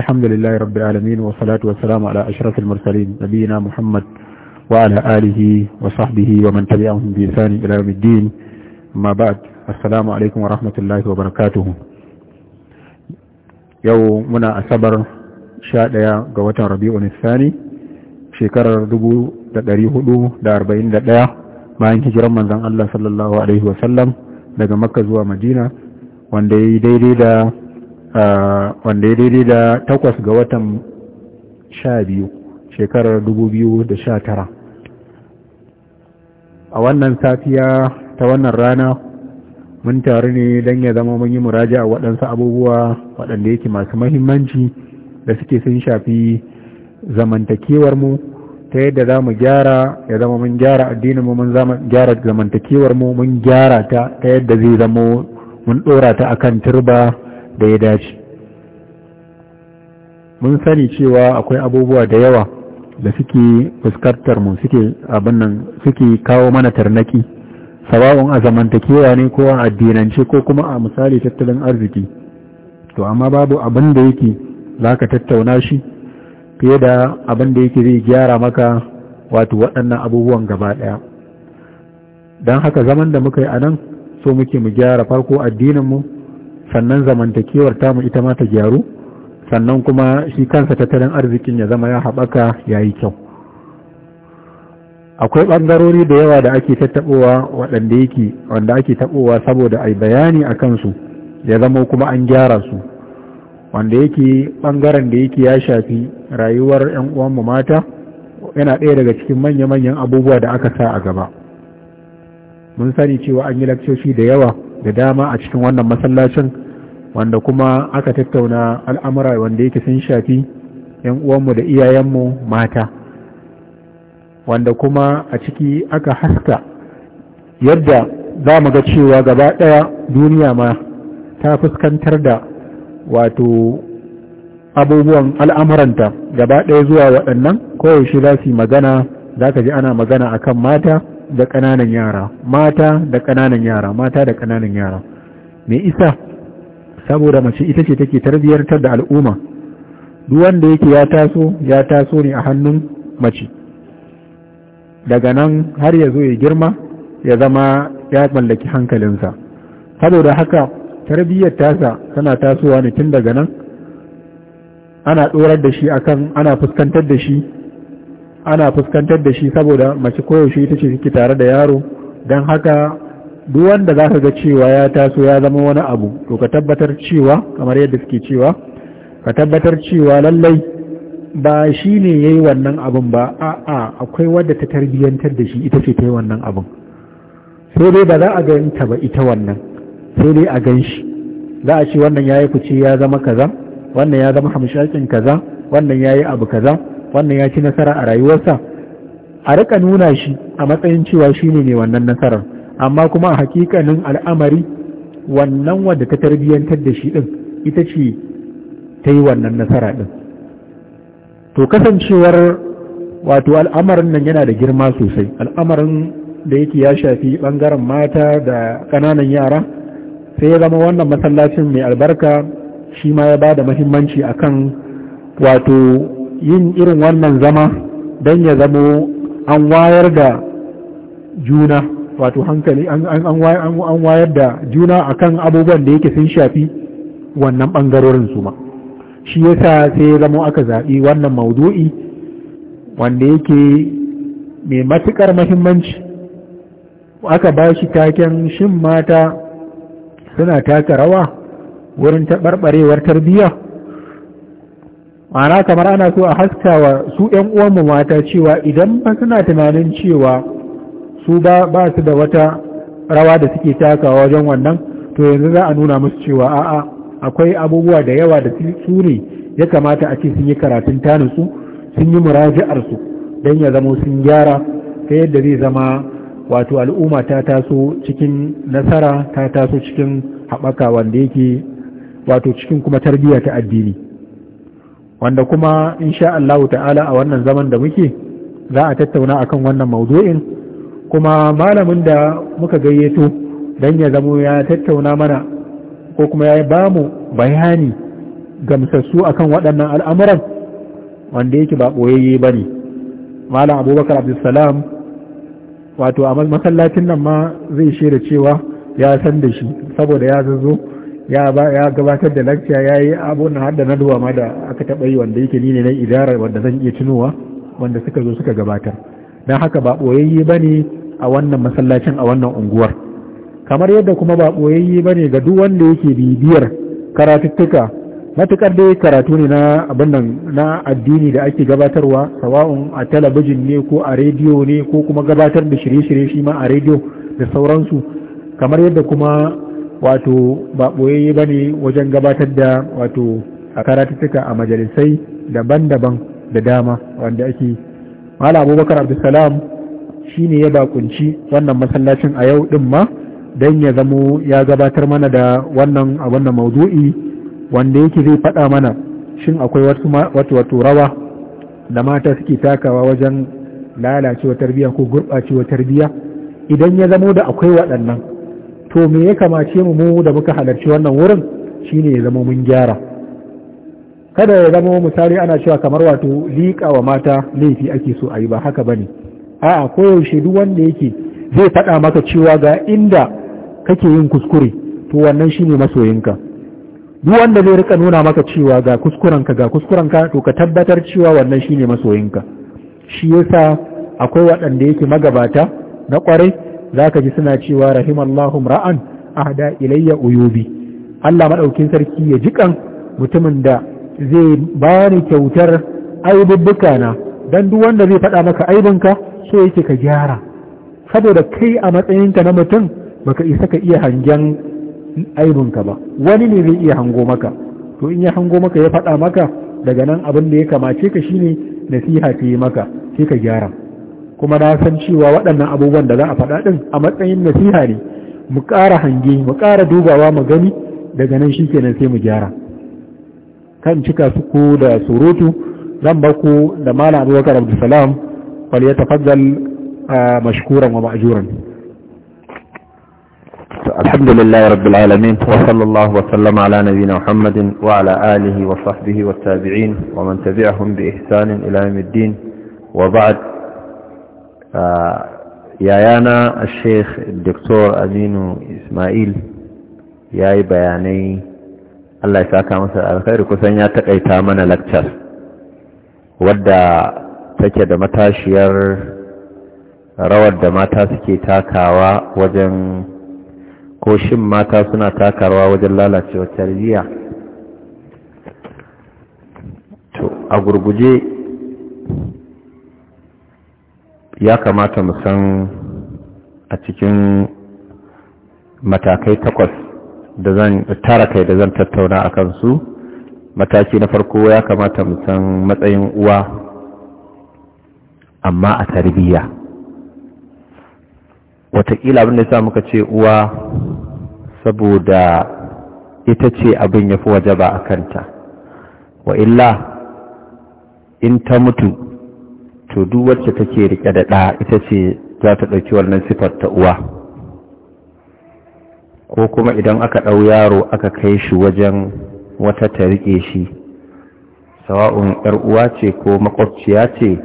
الحمد لله رب العالمين والصلاة والسلام على أشرف المرسلين نبينا محمد وعلى آله وصحبه ومن تبعهم بإحسان إلى يوم الدين ما بعد السلام عليكم ورحمة الله وبركاته يوم منا أسبر شاء ليا قوة ربيع الثاني شكر دبو دريه دو دار بين دليا ما إن هجر من الله صلى الله عليه وسلم daga makka zuwa madina wanda ya yi daidai da wanda ya daidai da takwas ga watan sha biyu shekarar tara. a wannan safiya ta wannan rana mun taru ne don ya zama mun yi muraja a waɗansu abubuwa waɗanda yake masu mahimmanci da suke sun shafi zamantakewar mu ta yadda za mu gyara ya zama mun gyara addinin mu mun gyara zamantakewar mu mun gyara ta ta yadda zai zama mun ɗora ta akan turba da ya dace mun sani cewa akwai abubuwa da yawa da suke fuskantar mu suke abin suke kawo mana tarnaki sawa'un a zamantakewa ne ko a addinance ko kuma a misali tattalin arziki to amma babu abin da yake za ka tattauna shi fiye da abin da yake zai gyara maka wato waɗannan abubuwan gaba ɗaya don haka zaman da muka yi a nan so muke mu gyara farko addinin mu. sannan zamantakewar tamu ita ma ta gyaru sannan kuma shi kansa tattalin arzikin ya zama ya haɓaka ya yi kyau akwai ɓangarori da yawa da ake tattaɓowa waɗanda yake wanda ake taɓowa saboda ai bayani a kansu ya zama kuma an gyara su wanda yake ɓangaren da yake ya shafi rayuwar 'yan uwanmu mata yana ɗaya daga cikin manya-manyan abubuwa da aka sa a gaba mun sani cewa an yi lakcoci da yawa da dama a cikin wannan masallacin wanda kuma aka tattauna al'amura wanda yake sun shafi ‘yan uwanmu da iyayenmu mata wanda kuma a ciki aka haska yadda za mu ga cewa gaba ɗaya duniya ma ta fuskantar da wato abubuwan al'amuranta gaba ɗaya zuwa waɗannan koyaushe za su yi magana za ka ji ana magana akan mata da ƙananan yara mata da ƙananan yara mata da ƙananan yara me isa saboda mace ita ce take tarbiyyartar da al'umma duk wanda yake ya taso ya taso ne a hannun mace daga nan har ya zo ya girma ya zama ya mallaki hankalinsa saboda haka tarbiyyar tasa tana tasowa ne tun daga nan ana tsorar da shi akan ana fuskantar da shi ana fuskantar da shi saboda mace koyaushe ita ce suke tare da yaro don haka duk wanda za ka ga cewa ya taso ya zama wani abu to ka tabbatar cewa kamar yadda suke cewa ka tabbatar cewa lallai ba shi ne ya yi wannan abin ba a'a akwai wadda ta tarbiyyantar da shi ita ce ta yi wannan abin sai dai ba za a ganta ba ita wannan sai dai a gan shi za a ce wannan ya yi fice ya zama kaza wannan ya zama hamshakin kaza wannan ya yi abu kaza wannan ya ci nasara a rayuwarsa a rika nuna shi a matsayin cewa shi ne mai wannan nasarar amma kuma a hakikanin al'amari wannan wadda ta tarbiyyantar da shi ɗin ita ce ta yi wannan nasara ɗin to kasancewar wato al'amarin nan yana da girma sosai al'amarin da yake ya shafi ɓangaren mata da ƙananan yara sai ya zama wannan masallacin mai albarka shi ma ya ba da mahimmanci akan wato yin irin wannan zama don ya zamo an wayar da juna wato hankali an wayar da juna a kan abubuwan da yake sun shafi wannan ɓangarorin su ma shi yasa sai zamo aka zaɓi wannan maudu'i wanda yake mai matuƙar mahimmanci aka ba shi taken shin mata suna taka rawa wurin taɓarɓarewar tarbiyya ma'ana kamar ana so a haska wa su ‘yan uwanmu mata cewa idan ba suna tunanin cewa su ba su da wata rawa da suke takawa wajen wannan to yanzu za a nuna musu cewa a'a akwai abubuwa da yawa da su ne ya kamata a ce sun yi karatun tanusu sun yi muraji'arsu don ya zama sun gyara ta yadda zai zama wato al'umma ta taso cikin nasara ta taso cikin haɓaka wanda yake wato cikin kuma tarbiyya ta addini wanda kuma insha Allah ta'ala a wannan zaman da muke za a tattauna akan wannan maudu'in kuma malamin da muka gayyato don ya zamo ya tattauna mana ko kuma ya ba mu bayani gamsassu akan waɗannan al'amuran wanda yake ba ɓoyayye ba ne malam abubakar abdulsalam wato a masallacin nan ma zai shaida cewa ya san da shi saboda ya zazzo ya gabatar da lakciya ya yi abun na da naduwa ma da aka taɓa yi wanda yake ni ne na idara wanda zan iya tunowa wanda suka zo suka gabatar don haka ba ɓoyayye ba ne a wannan masallacin a wannan unguwar kamar yadda kuma ba ɓoyayye ba ne ga duk wanda yake bibiyar karatuttuka matuƙar dai karatu ne na abin nan na addini da ake gabatarwa sawa'un a talabijin ne ko a rediyo ne ko kuma gabatar da shirye-shirye shi ma a rediyo da sauransu kamar yadda kuma wato ba ɓoyayye ba ne wajen gabatar da wato a karatuttuka a majalisai daban-daban da dama wanda ake mala abubakar abdulsalam shi ne ya bakunci wannan masallacin a yau ɗin ma don ya zamo ya gabatar mana da wannan a wannan maudu'i wanda yake zai faɗa mana shin akwai wato wato rawa da mata suke takawa wajen lalacewa tarbiyya ko gurɓacewa tarbiyya idan ya zamo da akwai waɗannan to me ya kamace mu mu da muka halarci wannan wurin shine ya zama mun gyara kada ya zama misali ana cewa kamar wato liƙa wa mata laifi ake so ayi ba haka bane a'a koyaushe duk wanda yake zai faɗa maka cewa ga inda kake yin kuskure to wannan shine masoyinka duk wanda zai rika nuna maka cewa ga kuskurenka ga kuskurenka to ka tabbatar cewa wannan shine masoyinka shi yasa akwai waɗanda yake magabata na ƙwarai Za ka ji suna cewa rahimallahu ra'an ahda ilayya uyubi Allah maɗaukin sarki ya jikan mutumin da zai bani kyautar aibubbuka na dan duk wanda zai faɗa maka aibinka so yake ka gyara saboda kai a matsayinka na mutum baka isa ka iya hangen aibinka ba wani ne zai iya hango maka to in ya hango maka ya faɗa maka daga nan abin da ya kamace ka shine nasiha ta yi maka sai ka gyara kuma na san cewa waɗannan abubuwan da za a faɗa ɗin a matsayin nasiha ne mu ƙara hange mu ƙara dubawa mu gani daga nan shi kenan sai mu gyara kan cika su ko da surutu zan ba ku da malam abubakar abdulsalam wal ya tafaddal mashkuran wa ma'juran alhamdulillah rabbil alamin wa sallallahu wa sallama ala nabiyyina muhammadin wa ala alihi wa sahbihi wa tabi'in wa man tabi'ahum bi ihsanin ila yawmiddin wa ba'd yayana sheikh doktor aminu ismail ya yi bayanai allah ya saka masa alkhairu kusan ya takaita mana lakcar wadda take da matashiyar rawar da mata suke takawa wajen ko shin mata suna takarwa wajen lalacewa tarbiyya to a gurguje ya kamata mu san a cikin matakai takwas da zan tara kai da zan tattauna a kansu mataki na farko ya kamata mu san matsayin uwa amma a tarbiyya watakila abin da ya sa muka ce uwa saboda ita ce abin ya fi waje ba a kanta wa illa in ta mutu to duk wacce take rike da ɗa ita ce za ta ɗauki wannan sifar ta uwa ko kuma idan aka ɗau yaro aka kai shi wajen wata ta rike shi sawa'un ‘yar uwa ce ko makwabciya ce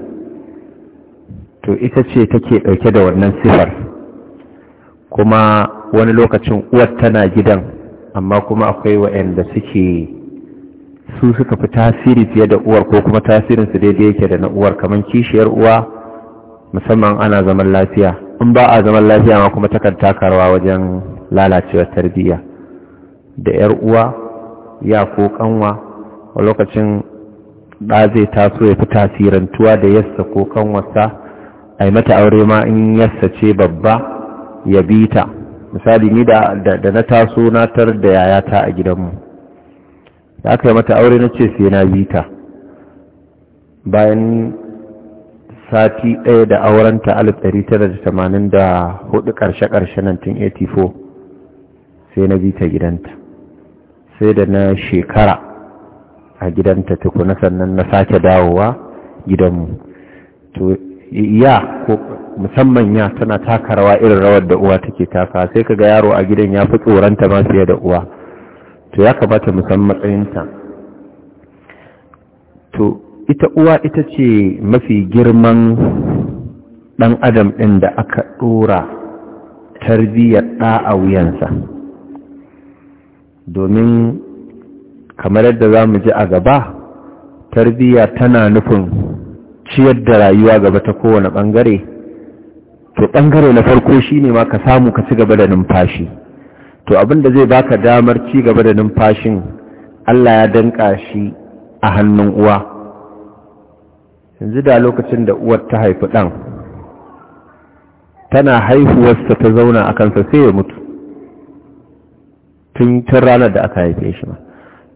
to ita ce take ɗauke da wannan sifar kuma wani lokacin uwar tana gidan amma kuma akwai wa'yanda suke su suka fi tasiri fiye da uwar ko kuma tasirinsu daidai yake da na uwar kamar kishiyar uwa musamman ana zaman lafiya in ba a zaman lafiya ma kuma takan taka rawa wajen lalacewar tarbiyya da yar uwa ya ko kanwa a lokacin da zai taso ya fi tasirantuwa da yassa ko kanwarsa a yi mata aure ma in yassa ce babba ya bi ta misali ni da na taso na tar da yayata a gidanmu da aka yi mata aure na ce sai na bi ta bayan sati ɗaya da aurenta 1984 ƙarshe-ƙarshe 1984 sai na bi ta gidanta sai da na shekara a gidanta tukuna sannan na sake dawowa gidanmu to ya ko musamman ya tana taka rawa irin rawar da uwa take taka sai kaga yaro a gidan ya fi tsoronta ma fiye da uwa to ya kamata mu san matsayinta to ita uwa ita ce mafi girman ɗan adam ɗin da aka ɗora tarbiyyar da a wuyansa domin kamar yadda za mu ji a gaba tarbiyya tana nufin ciyar da rayuwa gaba ta kowane ɓangare to ɓangare na farko shi ne ma ka samu ka ci gaba da numfashi to abinda zai baka damar ci gaba da numfashin Allah ya danka shi a hannun uwa yanzu da lokacin da uwar ta haifi ɗan tana sa ta zauna a kansa sai ya mutu tun tun ranar da aka haife shi ma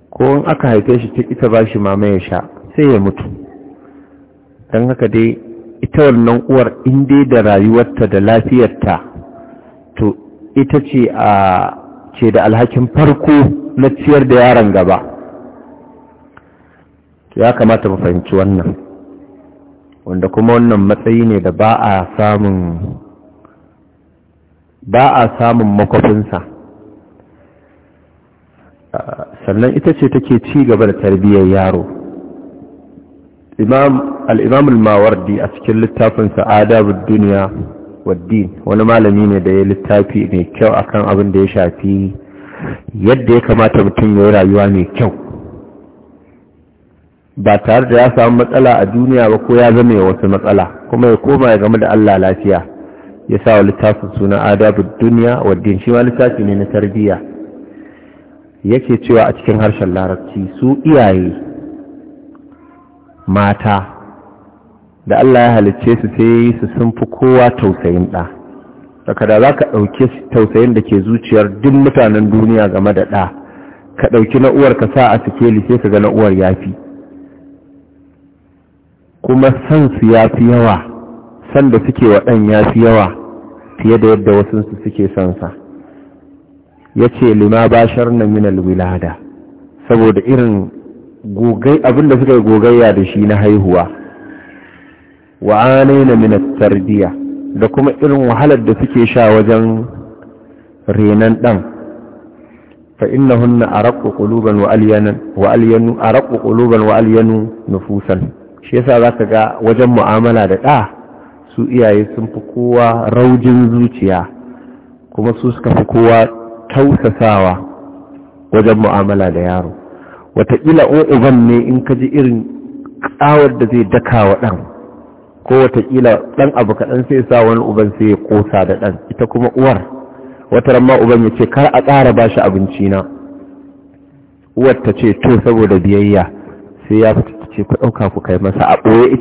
ko in aka haife shi ta ita ba shi mama ya sha sai ya mutu don haka dai ita wannan uwar in dai da rayuwarta da lafiyarta ita ce a ce da alhakin farko na ciyar da yaron gaba ya kamata mu fahimci wannan wanda kuma wannan matsayi ne da ba a samun ba a samun makwafinsa sannan ita ce take ci gaba da tarbiyyar yaro Al'imamul mawardi a cikin littafinsa adabin duniya waddin wani malami ne da ya littafi mai kyau akan abin da ya shafi yadda ya kamata mutum ya rayuwa mai kyau ba tare da ya samu matsala a duniya ba ko ya zama wasu matsala kuma ya koma ya game da Allah lafiya ya sa wa littafin suna adabu duniya waddin shi ma littafi ne na tarbiyya yake cewa a cikin harshen larabci su iyaye mata da Allah ya halicce su sai su sun fi kowa tausayin ɗa daga da za ka ɗauki tausayin da ke zuciyar duk mutanen duniya game da ɗa ka ɗauki na'uwar ka sa a sikeli sai ka ga na'uwar ya fi kuma san su ya fi yawa san da suke wa ɗan ya fi yawa fiye da yadda wasu su suke son sa ya ce lima shar na minal wilada saboda irin abinda suka yi gogayya da shi na haihuwa wa'anaina min at-tarbiya da kuma irin wahalar da suke sha wajen renan dan fa innahunna araqqu quluban wa alyanan wa alyanu araqqu quluban wa alyanu nufusan shi yasa zaka ga wajen mu'amala da da su iyaye sun fi kowa raujin zuciya kuma su suka fi kowa tausasawa wajen mu'amala da yaro wataƙila o uban ne in ka ji irin ƙawar da zai daka wa ɗan ko wataƙila ɗan abu kaɗan sai sa wani uban sai ya ƙosa da ɗan ita kuma uwar wata ramma uban ya ce kar a ƙara ba shi abinci na uwar ta ce to saboda biyayya sai ya fita ce ku ɗauka ku kai masa a ɓoye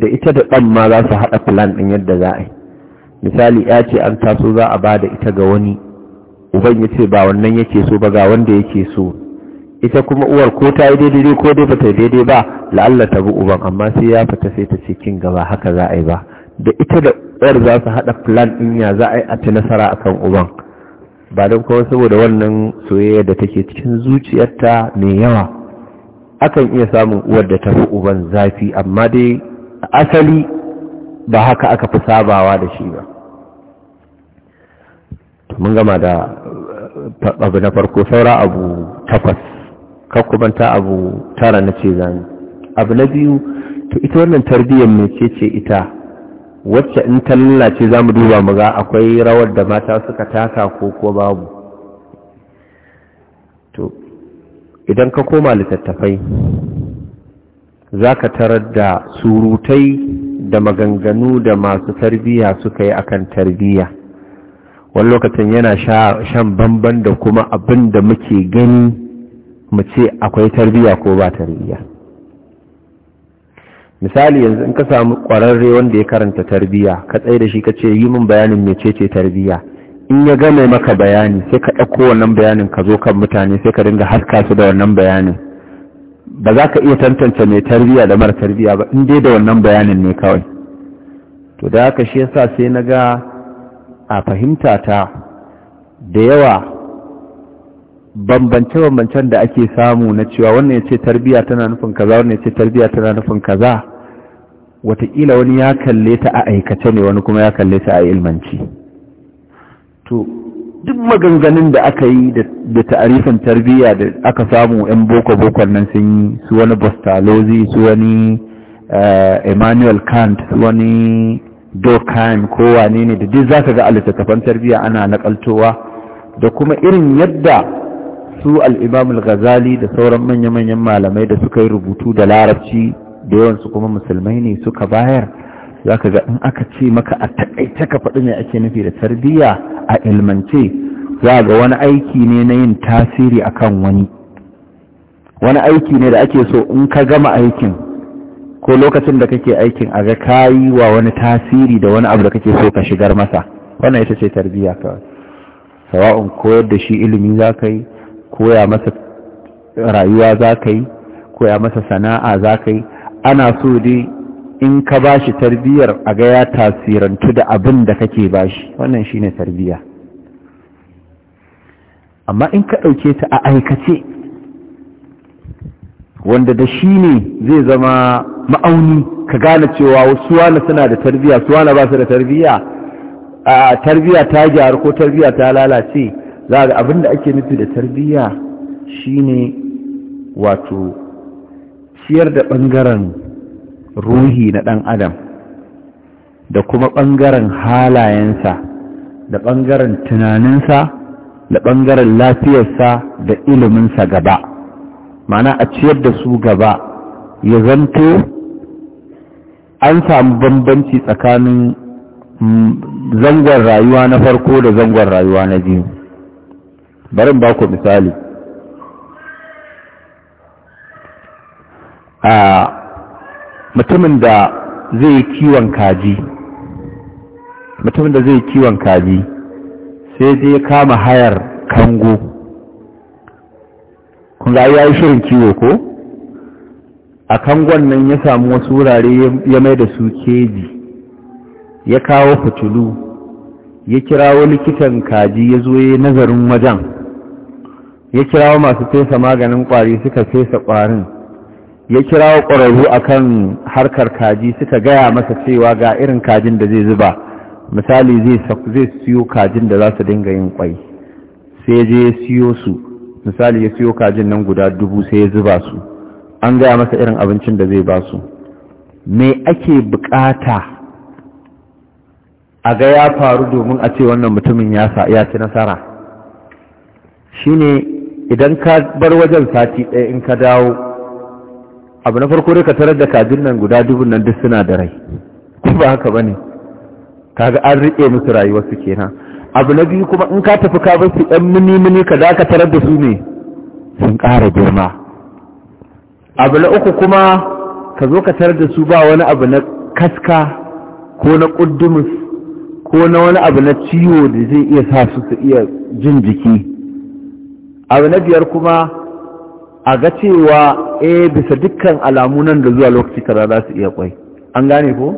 da ita da ɗan ma za su haɗa filan ɗin yadda za a yi misali ya ce an taso za a ba da ita ga wani uban ya ce ba wannan yake so ba ga wanda yake so ita kuma uwar ko ta yi daidai ko dai bata daidai ba la'alla ta bi uban amma sai ya fita sai ta ce kin gaba haka za a yi ba da ita da uwar za su haɗa plan ɗin ya za a yi a ci nasara akan uban ba don kuma saboda wannan soyayya da take cikin zuciyarta mai yawa akan iya samun uwar da ta fi uban zafi amma dai asali ba haka aka fi sabawa da shi ba mun gama da uh, abu na farko saura abu takwas kakubanta abu tara na ce zane abu na biyu to ita wannan tarbiyyar mace ce ita wacce in ta lalace za mu duba mu ga akwai rawar da mata suka taka ko ko babu to idan ka koma littattafai za ka tarar da surutai da maganganu da masu tarbiyya suka yi akan tarbiyya wani lokacin yana shan bamban da kuma abin da muke gani mu ce akwai tarbiya ko ba tarbiya misali yanzu in ka samu ƙwararre wanda ya karanta tarbiya ka tsaye da shi ka ce yi min bayanin cece tarbiya in ya gane maka bayani sai ka ɗauko wannan bayanin ka zo kan mutane sai ka dinga haska su da wannan bayanin ba za ka iya tantance mai tarbiya da mara tarbiya ba in dai da wannan bayanin ne kawai to da haka shi yasa sai na ga a fahimta ta da yawa bambance-bambancen da ake samu na cewa wannan ya ce tarbiya tana nufin kaza wannan ya ce tarbiya tana nufin kaza watakila wani ya kalle ta a aikace ne wani kuma ya kalle ta a ilmanci to duk maganganun da aka yi da ta'arifin tarbiyya da aka samu 'yan boko-bokon nan sun yi su wani bostalozi su wani eh, emmanuel kant su wani dokheim kowa ne ne da duk za ka ga a littattafan tarbiyya ana nakaltowa da kuma irin yadda su alimam da sauran manya-manyan malamai da suka yi rubutu da larabci da yawansu kuma musulmai ne suka bayar za ka ga in aka ce maka a taƙaice ka faɗi ne ake nufi da tarbiyya a ilmance za ga wani aiki ne na yin tasiri a kan wani wani aiki ne da ake so in ka gama aikin ko lokacin da kake aikin a ga kayi wa wani tasiri da wani abu da kake so ka shigar masa wannan ita ce tarbiyya kawai sawa'un koyar da shi ilimi za ka yi koya masa rayuwa za ka yi koya masa sana'a za ka yi ana so dai in ka ba shi tarbiyyar a ga ya tasirantu da abin da kake ba shi wannan shi ne tarbiyya amma in ka ɗauke ta a aikace wanda da shi ne zai zama ma'auni ka gane cewa wasu wani suna da tarbiyya su wani ba su da tarbiyya a tarbiyya ta gyaru ko tarbiyya ta lalace za a ga abin da ake nufi da tarbiyya shine wato ciyar da ɓangaren ruhi na ɗan adam da kuma ɓangaren halayensa da ɓangaren tunaninsa da ɓangaren lafiyarsa da iliminsa gaba mana a ciyar da su gaba ya zanto an samu bambanci tsakanin mm, zangon rayuwa na farko da zangon rayuwa na biyu barin ba ku misali a mutumin da zai kiwon kaji mutumin da zai kiwon kaji sai zai kama hayar kango kun ga ya yi shirin kiwo ko a kangon nan ya samu wasu wurare ya mai da su keji ya kawo fitilu, ya kirawo likitan kaji ya zo ya nazarin wajen ya kirawo masu fesa maganin kwari suka fesa kwarin ya kirawo ƙwararru kan harkar kaji suka gaya masa cewa ga irin kajin da zai zuba misali zai siyo kajin da za su dinga yin kwai sai je ya siyo su misali ya siyo kajin nan guda dubu sai ya zuba su an gaya masa irin abincin da zai ba su me ake bukata a ga ya faru domin a ce wannan mutumin ya ci nasara shi ne. idan ka bar wajen sati ɗaya in ka dawo abu na farko da ka tarar da kajin nan guda dubun nan duk suna da rai ko ba haka bane kaga an riƙe musu rayuwar su kenan abu na biyu kuma in ka tafi ka bar su ɗan mini mini ka da ka tarar da su ne sun ƙara girma abu na uku kuma ka zo ka tarar da su ba wani abu na kaska ko na ƙuddumus ko na wani abu na ciwo da zai iya sa su su iya jin jiki abu na biyar kuma a ga cewa eh bisa dukkan alamu nan da zuwa lokaci kaza za su iya kwai an gane ko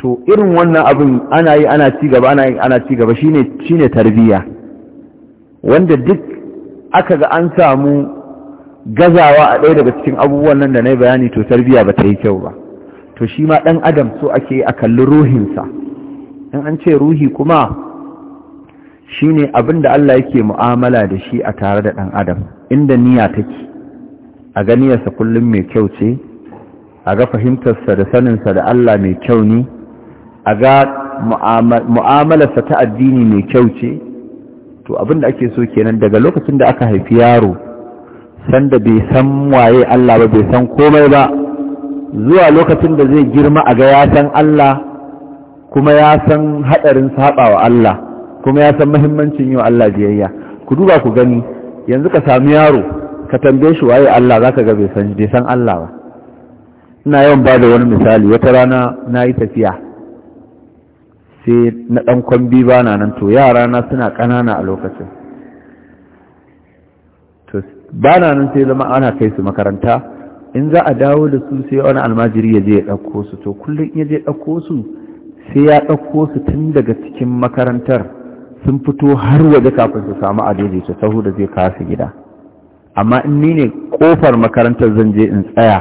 to irin wannan abin ana yi ana ci ana yi ana ci shine shine tarbiyya wanda duk aka ga an samu gazawa a ɗaya daga cikin abubuwan nan da na bayani to tarbiyya ba ta yi kyau ba to shi ma ɗan adam so ake a kalli ruhinsa in an ce ruhi kuma shine abin da Allah yake mu'amala da shi a tare da ɗan adam inda niyya take a ganiyarsa kullum mai kyau ce a ga fahimtarsa da saninsa da Allah mai kyau ne a ga mu'amalarsa ta addini mai kyau ce to abin da ake so kenan daga lokacin da aka haifi yaro sanda bai san waye Allah ba bai san komai ba zuwa lokacin da zai girma a ga ya san Allah kuma ya san haɗarin saɓa wa Allah kuma ya san mahimmancin yi wa Allah biyayya ku duba ku gani yanzu ka sami yaro ka tambaye shi waye Allah zaka ga bai san bai san Allah ba ina yawan ba da wani misali wata rana na yi tafiya sai na ɗan kwambi ba na nan to yara na suna ƙanana a lokacin to ba na nan sai zama ana kai su makaranta in za a dawo da su sai wani almajiri ya je ya ɗauko su to kullum ya je ɗauko su sai ya ɗauko su tun daga cikin makarantar sun fito har waje kafin su samu su, sahu da zai kawo su gida amma in ni ne kofar makarantar zan je in tsaya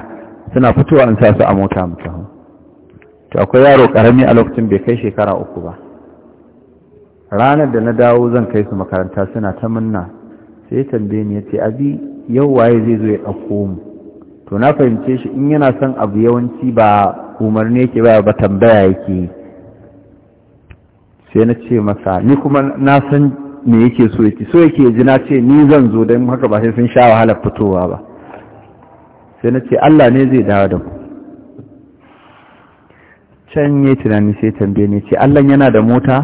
suna fitowa in sa su a mota mu taho to akwai yaro karami a lokacin bai kai shekara uku ba ranar da na dawo zan kai su makaranta suna ta munna sai ya tambaye ni ce abi yau waye zai zo ya ɗauko mu to na fahimce shi in yana son abu yawanci ba umarni yake ba ba tambaya yake yi sai na ce masa ni kuma na san me yake so yake so yake ji na ce ni zan zo don haka ba sai sun sha wahalar fitowa ba sai na ce Allah ne zai dawo da ku can yi tunani sai tambaye ne ce Allah yana da mota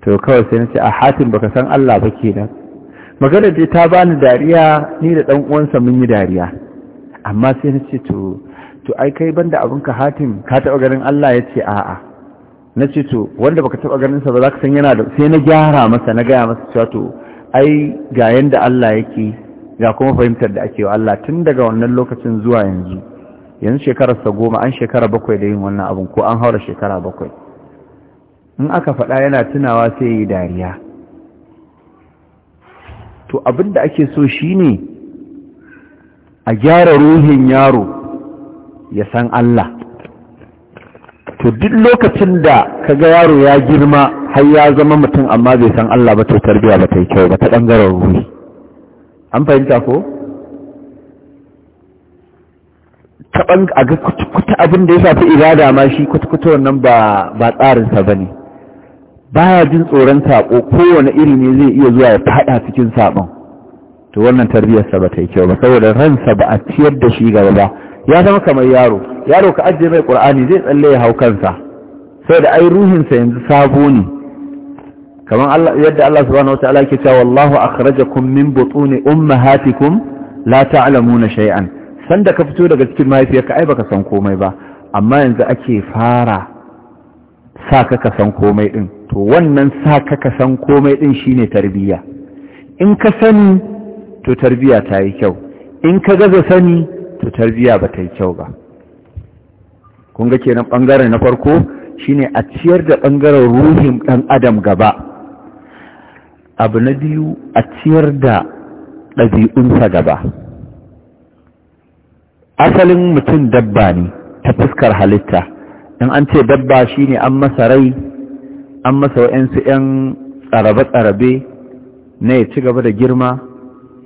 to kawai sai na ce a ah, hatin baka san Allah ba kenan maganar da ta bani dariya ni da dan uwansa mun yi dariya amma sai na ce to to ai kai banda abin ka hatim ka taɓa ganin Allah ya ce a'a na ce to wanda baka taɓa ganin sa ba za ka san yana da sai na gyara masa na gaya masa cewa to ai ga yanda Allah yake ga kuma fahimtar da ake wa Allah tun daga wannan lokacin zuwa yanzu yanzu shekararsa goma an shekara bakwai da yin wannan abin ko an haura shekara bakwai in aka faɗa yana tunawa sai yi dariya to abin da ake so shine a gyara ruhin yaro ya san Allah to duk lokacin da ka ga yaro ya girma har ya zama mutum amma bai san Allah ba to tarbiya ba ta yi kyau ba ta ɓangaren ruhi an fahimta ko a ga kuta abin da ya shafi ibada ma shi kuta wannan ba ba tsarinsa ba ne baya jin tsoron saƙo kowane iri ne zai iya zuwa ya faɗa cikin saɓon to wannan tarbiyarsa ba ta yi kyau ba saboda ransa ba a ciyar da shi gaba ba ya zama kamar yaro yaro ka ajiye mai qur'ani zai tsalle ya hau kansa saboda ai ruhinsa yanzu sabo ne kamar yadda Allah subhanahu wataala yake cewa wallahu akhrajakum min butuni ummahatikum la ta'lamuna shay'an sanda ka fito daga cikin mahaifiyarka ai baka san komai ba amma yanzu ake fara sa ka ka san komai din to wannan sa ka ka san komai din shine tarbiyya in ka sani to tarbiyya ta yi kyau in ka gaza sani to tarbiya ba ta yi kyau ba kun ga kenan ɓangare na farko shine a ciyar da ɓangaren ruhin ɗan adam gaba abu na biyu a ciyar da ɗabi'unsa gaba asalin mutum dabba ne ta fuskar halitta in an ce dabba shine an masa rai an masa wa'yansu 'yan tsarabe-tsarabe na ya ci gaba da girma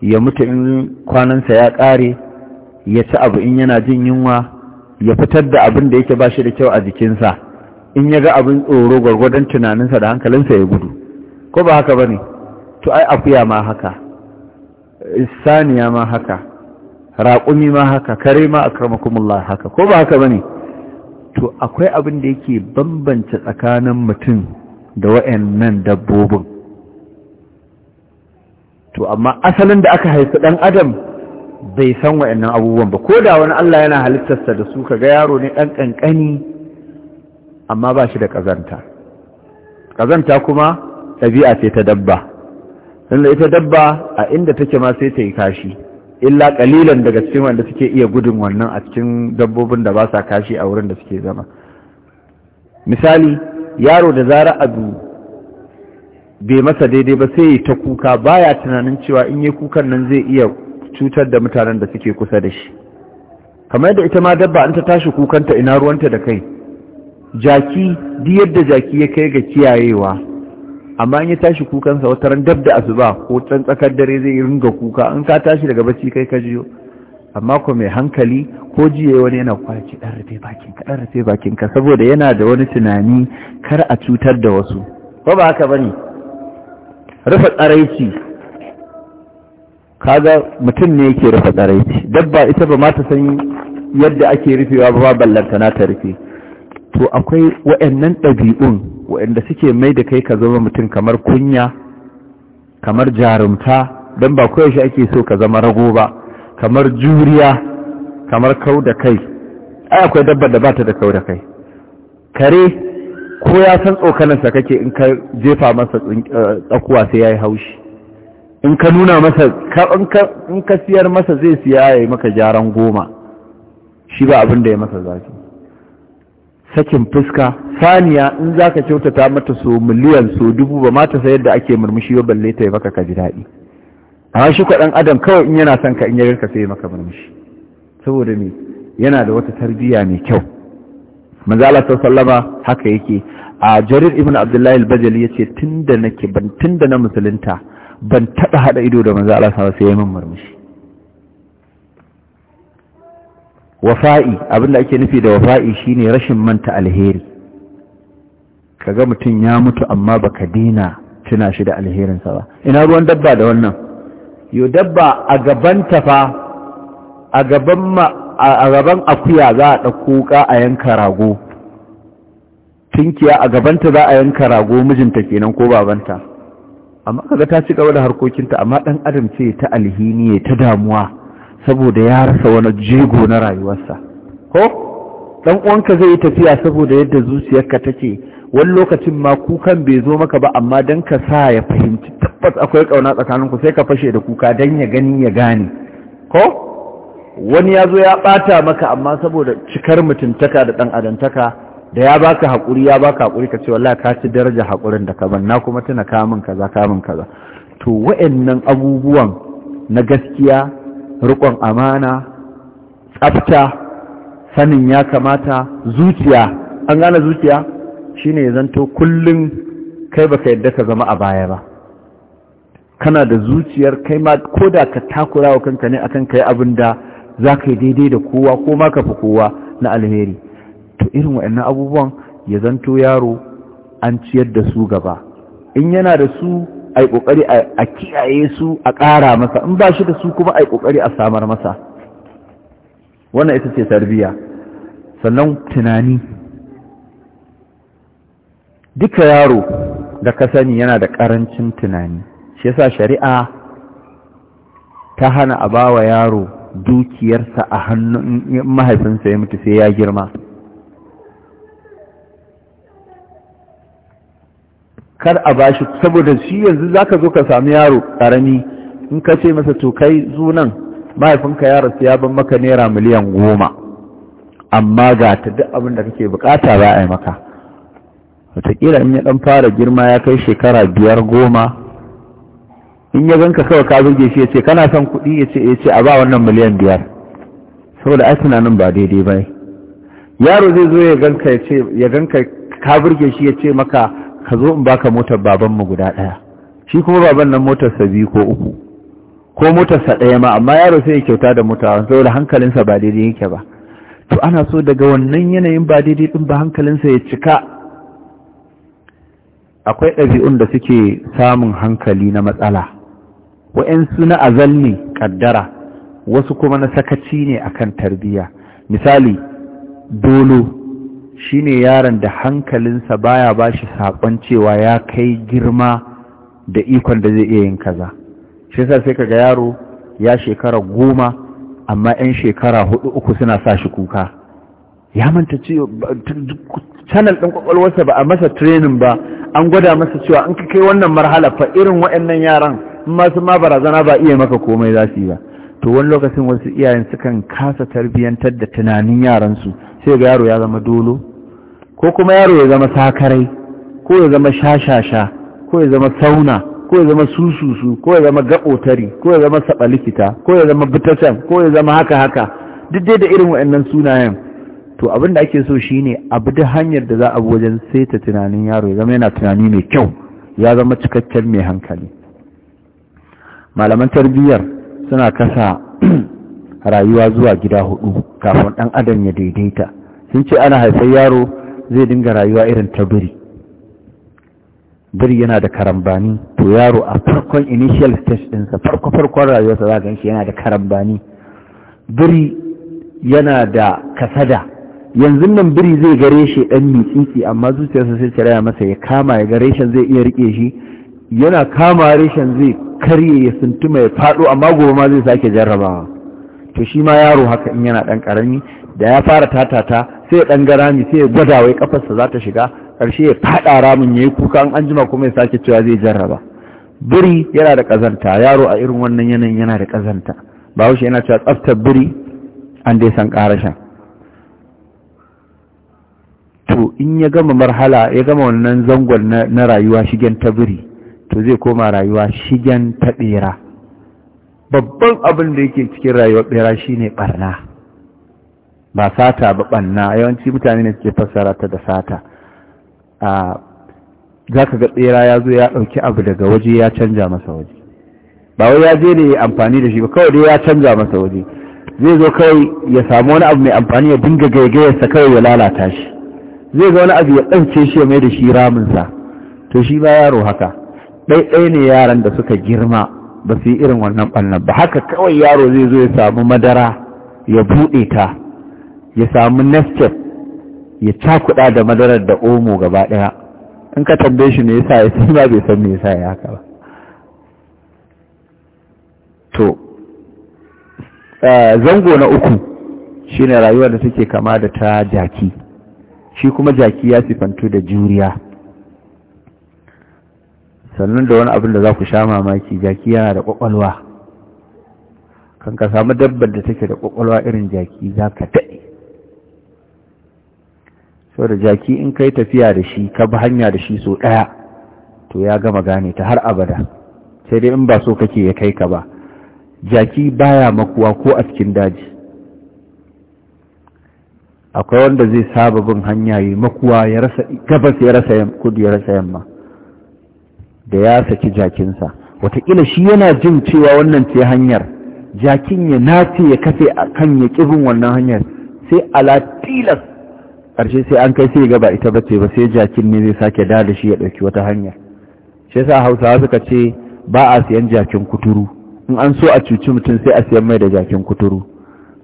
ya mutu in kwanansa ya ƙare ya ci abu in yana jin yunwa ya fitar da abin da yake ba shi da kyau a jikinsa in ya ga abin tsoro gwargwadon tunaninsa da hankalinsa ya gudu ko ba haka ba ne to ai akuya ma haka saniya ma haka raƙumi ma haka kare ma akramakumullah haka ko ba haka ba ne to akwai abin da yake bambance tsakanin mutum da wa'annan dabbobin to amma asalin da aka haifi ɗan adam bai san wa'annan abubuwan ba ko da wani Allah yana halittarsa da su ka ga yaro ne ɗan ƙanƙani amma ba shi da ƙazanta ƙazanta kuma ɗabi'a ce ta dabba inda ita dabba a inda take ma sai ta yi kashi illa ƙalilan daga cikin wanda suke iya gudun wannan a cikin dabbobin da ba sa kashi a wurin da suke zama misali yaro da zara abu bai masa daidai ba sai ta kuka baya tunanin cewa in yi kukan nan zai iya cutar da mutanen da suke kusa da shi kamar da ita ma dabba an ta tashi kukanta ina ruwanta da kai jaki duk yadda jaki ya kai ga kiyayewa amma in ya tashi kukansa wata ran dab da asuba ko can tsakar dare zai ringa kuka in ka tashi daga bacci kai ka jiyo amma ko mai hankali ko jiye wani yana kwaci dan rufe bakin ka dan rufe bakin ka saboda yana da wani tunani kar a cutar da wasu ko ba haka bane rufe tsaraici kaga mutum ne yake rufe tsaraici dabba ita ba ma ta san yadda ake rufewa ba ballanta na ta rufe to akwai wa'annan ɗabi'un wa'anda suke mai da kai ka zama mutum kamar kunya kamar jarumta don ba koyaushe ake so ka zama rago ba kamar juriya kamar kau da kai ai akwai dabba da ba da kau da kai kare ko ya san tsokanarsa kake in ka jefa masa eh, tsakuwa sai ya yi haushi in ka nuna masa in ka siyar masa zai siya ya yi maka jaran goma shi ba abin da ya masa zafi sakin fuska saniya in za ka kyautata mata so miliyan so dubu ba mata sayar da ake murmushi ba balle ta yi maka ka ji daɗi amma shi kwaɗan adam kawai in yana son ka in yi ka sai maka murmushi saboda me yana da wata tarbiyya mai kyau manzo Allah sallama haka yake a jarir ibn abdullahi al-bajali yace tunda nake ban tunda na musulunta ban taɓa haɗa ido da manzo Allah sallallahu sai ya min murmushi wafa'i abinda ake nufi da wafa'i shine rashin manta alheri kaga mutum ya mutu amma baka dina tuna shi da alherinsa ba ina ruwan dabba da wannan yo dabba a gaban ta fa? a gaban ma a gaban akuya za a dauko ka a yanka rago tinkiya a gaban ta za a yanka rago mijinta kenan ko babanta amma kaga ta ci gaba da harkokinta amma dan adam ce ta alhini ta damuwa saboda ya rasa wani jego na rayuwarsa ko dan uwanka zai tafiya saboda yadda zuciyarka take wani lokacin ma kukan bai zo maka ba amma dan ka sa ya fahimci tabbas akwai kauna ku sai ka fashe da kuka dan ya gani ya gane ko wani ya zo ya ɓata maka amma saboda cikar mutuntaka da ɗan adantaka da ya baka haƙuri ya baka haƙuri ka ce wallahi ka ci daraja haƙurin da ka ban na kuma tana kamun kaza kamun kaza to wa'annan abubuwan na gaskiya riƙon amana tsafta sanin ya kamata zuciya an gane zuciya shine ya zanto kullum kai baka yadda ka zama a baya ba kana da zuciyar kai ma ko da ka takurawa kanka ne akan kai abin da za ka yi daidai da kowa ko ma ka fi kowa na alheri to irin waɗannan abubuwan ya zanto yaro an ciyar da su gaba in yana da su a yi ƙoƙari a kiyaye su a ƙara masa in ba shi da su kuma a yi ƙoƙari a samar masa wannan ita ce tarbiyya sannan tunani duka yaro da ka sani yana da ƙarancin tunani shi yasa shari'a ta hana a ba wa yaro dukiyarsa a hannun mahaifinsa ya mutu sai ya girma kar a bashi saboda shi yanzu zaka zo ka sami yaro karami in ka ce masa to kai zunan mahaifinka ya rasu ya ban maka naira miliyan goma amma ga ta duk abin da kake bukata za a yi maka wataƙila in ya ɗan fara girma ya kai shekara biyar goma in ya ganka kawai ka burge shi ya ce kana son kuɗi ya ce ya eh, ce a ba wannan miliyan biyar saboda ai tunanin ba daidai ba yaro zai zo ya ganka ya ce ya ganka ka burge shi ya ce maka ka zo in baka motar babanmu guda ɗaya shi kuma baban nan motarsa biyu ko uku ko motarsa ɗaya ma amma yaro sai ya kyauta da mota saboda hankalinsa ba daidai yake ba to ana so daga wannan yanayin ba daidai ɗin ba hankalinsa ya cika akwai ɗabi'un da suke samun hankali na matsala wa'yansu na azal ne ƙaddara wasu kuma na sakaci ne akan tarbiyya misali dolo shine yaron da hankalinsa baya ba shi saƙon cewa ya kai girma da ikon da zai iya yin kaza shi yasa sai ga yaro ya shekara goma amma 'yan shekara hudu uku suna sa shi kuka ya manta cewa channel ɗin kwakwalwarsa ba a masa training ba an gwada masa cewa an kai wannan marhala fa irin wa'annan yaran masu ma barazana ba iya maka komai za su yi ba to wani lokacin wasu iyayen sukan kasa tarbiyyantar da tunanin yaransu sai ga yaro ya zama dolo ko kuma yaro ya zama sakarai ko ya zama shashasha ko ya zama sauna ko ya zama sususu ko ya zama gaɓotari ko ya zama sabalikita ko ya zama bitacan ko ya zama haka haka duk dai da irin waɗannan sunayen to abin da ake so shine abu da hanyar da za a wajen saita tunanin yaro ya zama yana tunani mai kyau ya zama cikakken mai hankali malaman tarbiyyar suna kasa rayuwa zuwa gida hudu kafin ɗan adam ya daidaita sun ce ana haifar yaro zai dinga rayuwa irin ta biri biri yana da karambani to yaro a farkon initial stage ɗinsa farko-farkon rayuwarsa za gan shi yana da karambani biri yana da kasada yanzu nan biri zai gare shi ɗan mitsitsi amma zuciyarsa sai tsiraya masa ya kama ya gare shi zai iya rike shi yana kama reshen zai karye ya suntuma ya faɗo amma gobe ma zai sake jarrabawa to shi ma yaro haka in yana ɗan ƙarami da ya fara tatata sai ya ɗan garami sai ya gwada wai ƙafarsa za ta shiga ƙarshe ya faɗa ramin ya yi kuka an anjima kuma ya sake cewa zai jarraba biri yana da ƙazanta yaro a irin wannan yanayin yana da ƙazanta ba wuce yana cewa tsaftar biri an dai san ƙarashin to in ya gama marhala ya gama wannan zangon na rayuwa shigen ta biri to zai koma rayuwa shigen ta ɓera babban abin da yake cikin rayuwar shi shine ɓarna, ba sata ba ɓanna yawanci mutane ne suke fassara ta da sata a za ka ga ɓera ya zo ya ɗauki abu daga waje ya canja masa waje ba wai ya je ne ya amfani da shi ba kawai dai ya canja masa waje zai zo kawai ya samu wani abu mai amfani ya dinga gaigayarsa kawai ya lalata shi zai ga wani abu ya ɗauke shi ya mai da shi raminsa to shi ba yaro haka ɗaiɗai ne yaran da suka girma ba su yi irin wannan ɓannan ba haka kawai yaro zai zo ya samu madara ya buɗe ta ya samu nescap ya cakuɗa da madarar da omo gaba ɗaya in ka tambaye shi me yasa ya sai ba bai san me yasa ya haka ba to eh, zango na uku shi ne rayuwar da take kama da ta jaki shi kuma jaki ya sifantu da juriya sannan da wani abin da za ku sha mamaki jaki yana da kwakwalwa kan ka samu dabbar da take da kwakwalwa irin jaki za ka taɗe sau da jaki in kai tafiya da shi ka bi hanya da shi so ɗaya to ya gama gane ta har abada sai dai in ba so kake ya kai ka ba jaki baya makuwa ko a cikin daji akwai wanda zai saba bin hanya yi makuwa ya rasa gabas ya rasa yamma da ya saki jakinsa wataƙila shi yana jin cewa wannan ce hanyar jakin ya nace ya kafe a kan ya ƙirin wannan hanyar sai alatilas ƙarshe sai an kai sai ga ba ita bace ba sai jakin ne zai sake da da shi ya ɗauki wata hanyar shi yasa hausawa suka ce ba a siyan jakin kuturu in an so a cuci mutum sai a siyan mai da jakin kuturu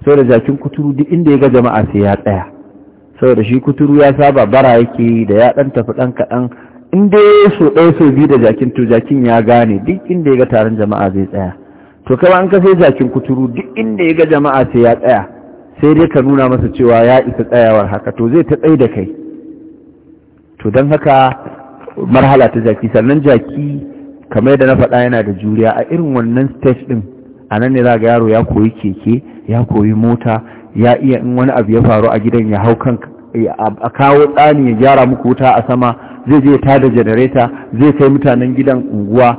sau da jakin kuturu duk inda ya ga jama'a sai ya tsaya saboda shi kuturu ya saba bara yake da ya ɗan tafi ɗan kaɗan in dai so ɗaya so biyu da jakin to jakin ya gane duk inda ya ga taron jama'a zai tsaya to kawai an kasai jakin kuturu duk inda ya ga jama'a sai ya tsaya sai dai ka nuna masa cewa ya isa tsayawar haka to zai ta tsaye da kai to don haka marhala ta jaki sannan jaki kamar da na faɗa yana da juriya a irin wannan stage ɗin a nan ne za ga yaro ya koyi keke ya koyi mota ya iya in wani abu ya faru a gidan ya hau kan a kawo tsani ya gyara muku wuta a sama zai je ta da janareta zai kai mutanen gidan unguwa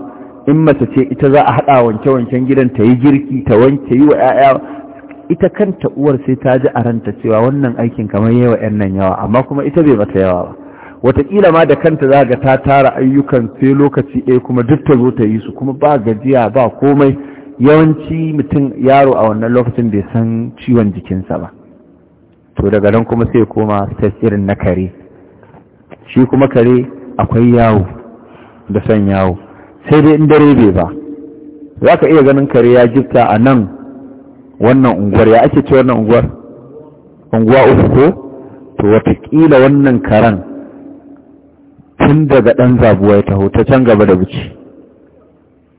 in mace ce ita za a haɗa wanke-wanken gidan ta yi girki ta wanke yi wa 'ya'ya ita kanta uwar sai ta ji a ranta cewa wannan aikin kamar yawa 'yan nan yawa amma kuma ita bai mata yawa ba wataƙila ma da kanta za ga ta tara ayyukan sai lokaci ɗaya kuma duk ta zo ta yi su kuma ba gajiya ba komai yawanci mutum yaro a wannan lokacin bai san ciwon jikinsa ba to daga nan kuma sai koma ta irin na kare shi kuma kare akwai yawo da son yawo sai dai in dare bai ba za ka iya ganin kare ya gifta a nan wannan unguwar ya ake ce wannan unguwar unguwa uku ko to watakila wannan karen tun daga ɗan zabuwa ya taho ta can gaba da buci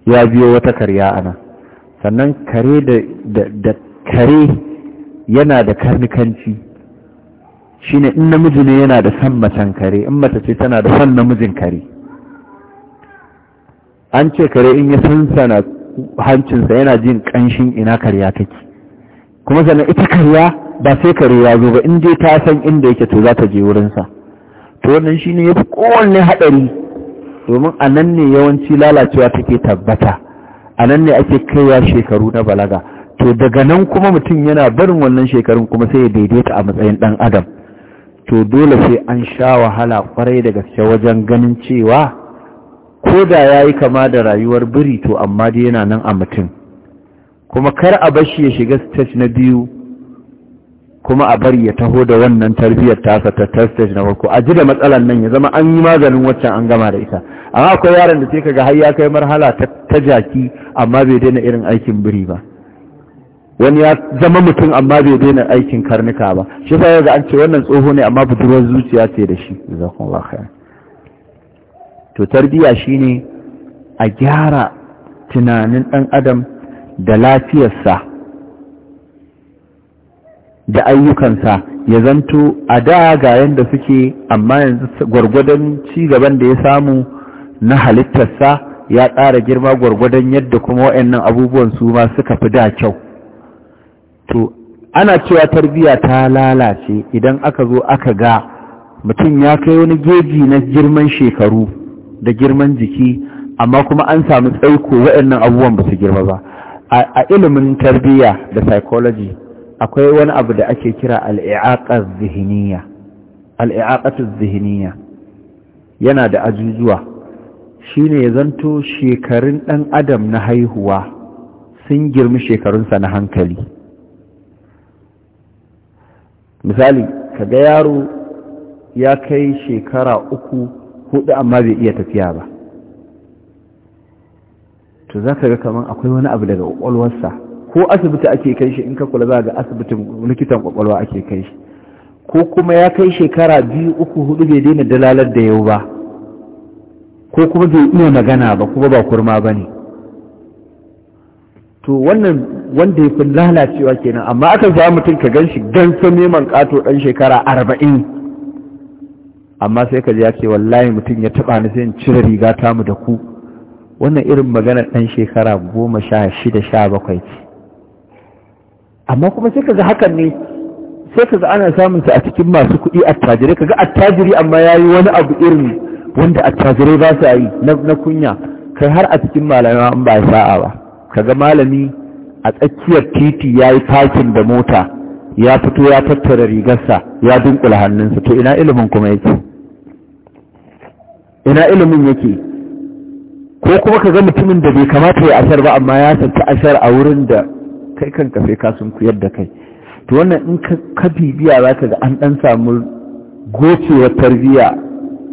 ya biyo wata karya a nan sannan kare da kare yana da karnikanci shine in namiji ne yana da san macen kare in mace ce tana da san namijin kare an ce kare in ya sansana hancinsa yana jin kanshin ina karya take kuma sannan ita karya ba sai kare ya zo ba in dai ta san inda yake to za ta je wurinsa to wannan shi ne ya fi kowanne haɗari, domin a nan ne yawanci lalacewa take tabbata a nan ne ake kaiwa shekaru na balaga to daga nan kuma mutum yana barin wannan shekarun kuma sai ya daidaita a matsayin ɗan adam to dole sai an sha wahala kwarai da gaske wajen ganin cewa ko da ya yi kama da rayuwar biri to amma dai yana nan a mutum kuma kar a bashi ya shiga stage na biyu kuma a bari ya taho da wannan tarbiyyar tasa ta stage na farko a ji da matsalan nan ya zama an yi maganin waccan an gama da ita amma akwai yaron da sai kaga har ya kai marhala ta jaki amma bai daina irin aikin biri ba wani ya zama mutum amma bai daina aikin karnuka ba shi sai ga an ce wannan tsoho ne amma budurwar zuciya ce da shi jazakumullahu khair to tarbiya shine a gyara tunanin dan adam da lafiyarsa da ayyukansa ya zanto a da ga yanda suke amma yanzu ci gaban da ya samu na halittarsa ya ƙara girma gwargwadon yadda kuma waɗannan abubuwan su ma suka fi da kyau to ana cewa tarbiya ta lalace idan aka zo aka ga mutum ya kai wani geji na girman shekaru da girman jiki amma kuma an samu tsaiko waɗannan abubuwan ba su girma ba a ilimin tarbiyya da psychology akwai wani abu da ake kira al'i'aƙar zihiniya al'i'aƙatar zihiniya yana da ajujuwa shi ne zanto shekarun ɗan adam na haihuwa sun girmi shekarunsa na hankali misali kaga yaro ya kai shekara uku hudu amma bai iya tafiya ba to za ka ga kamar akwai wani abu daga kwakwalwarsa ko asibiti ake kai shi in ka kula za ga asibitin likitan kwakwalwa ake kai shi ko kuma ya kai shekara biyu uku hudu bai daina dalalar da yau ba ko kuma bai iya magana ba kuma ba kurma ba ne to wannan wanda ya fi lalacewa kenan amma aka samu mutum ka gan shi gansan neman ƙato ɗan shekara arba'in amma sai ka ji ya ce wallahi mutum ya taɓa ni sai in cire riga mu da ku wannan irin maganar ɗan shekara goma sha shida sha bakwai ce amma kuma sai ka ga hakan ne sai ka ga ana samun sa a cikin masu kuɗi attajirai ka ga attajiri amma ya yi wani abu irin wanda attajirai ba su yi na kunya kai har a cikin malamai an ba sa'a ba ka ga malami a tsakiyar titi ya yi fakin da mota ya fito ya tattara rigarsa ya dunkula hannunsa to ina ilimin kuma yake ina ilimin yake ko kuma ka ga mutumin da bai kamata ya ashar ba amma ya saki ashar a wurin da kai kan kafe ka sun kuyar da kai to wannan in ka bibiya za ka ga an dan samu gocewar tarbiyya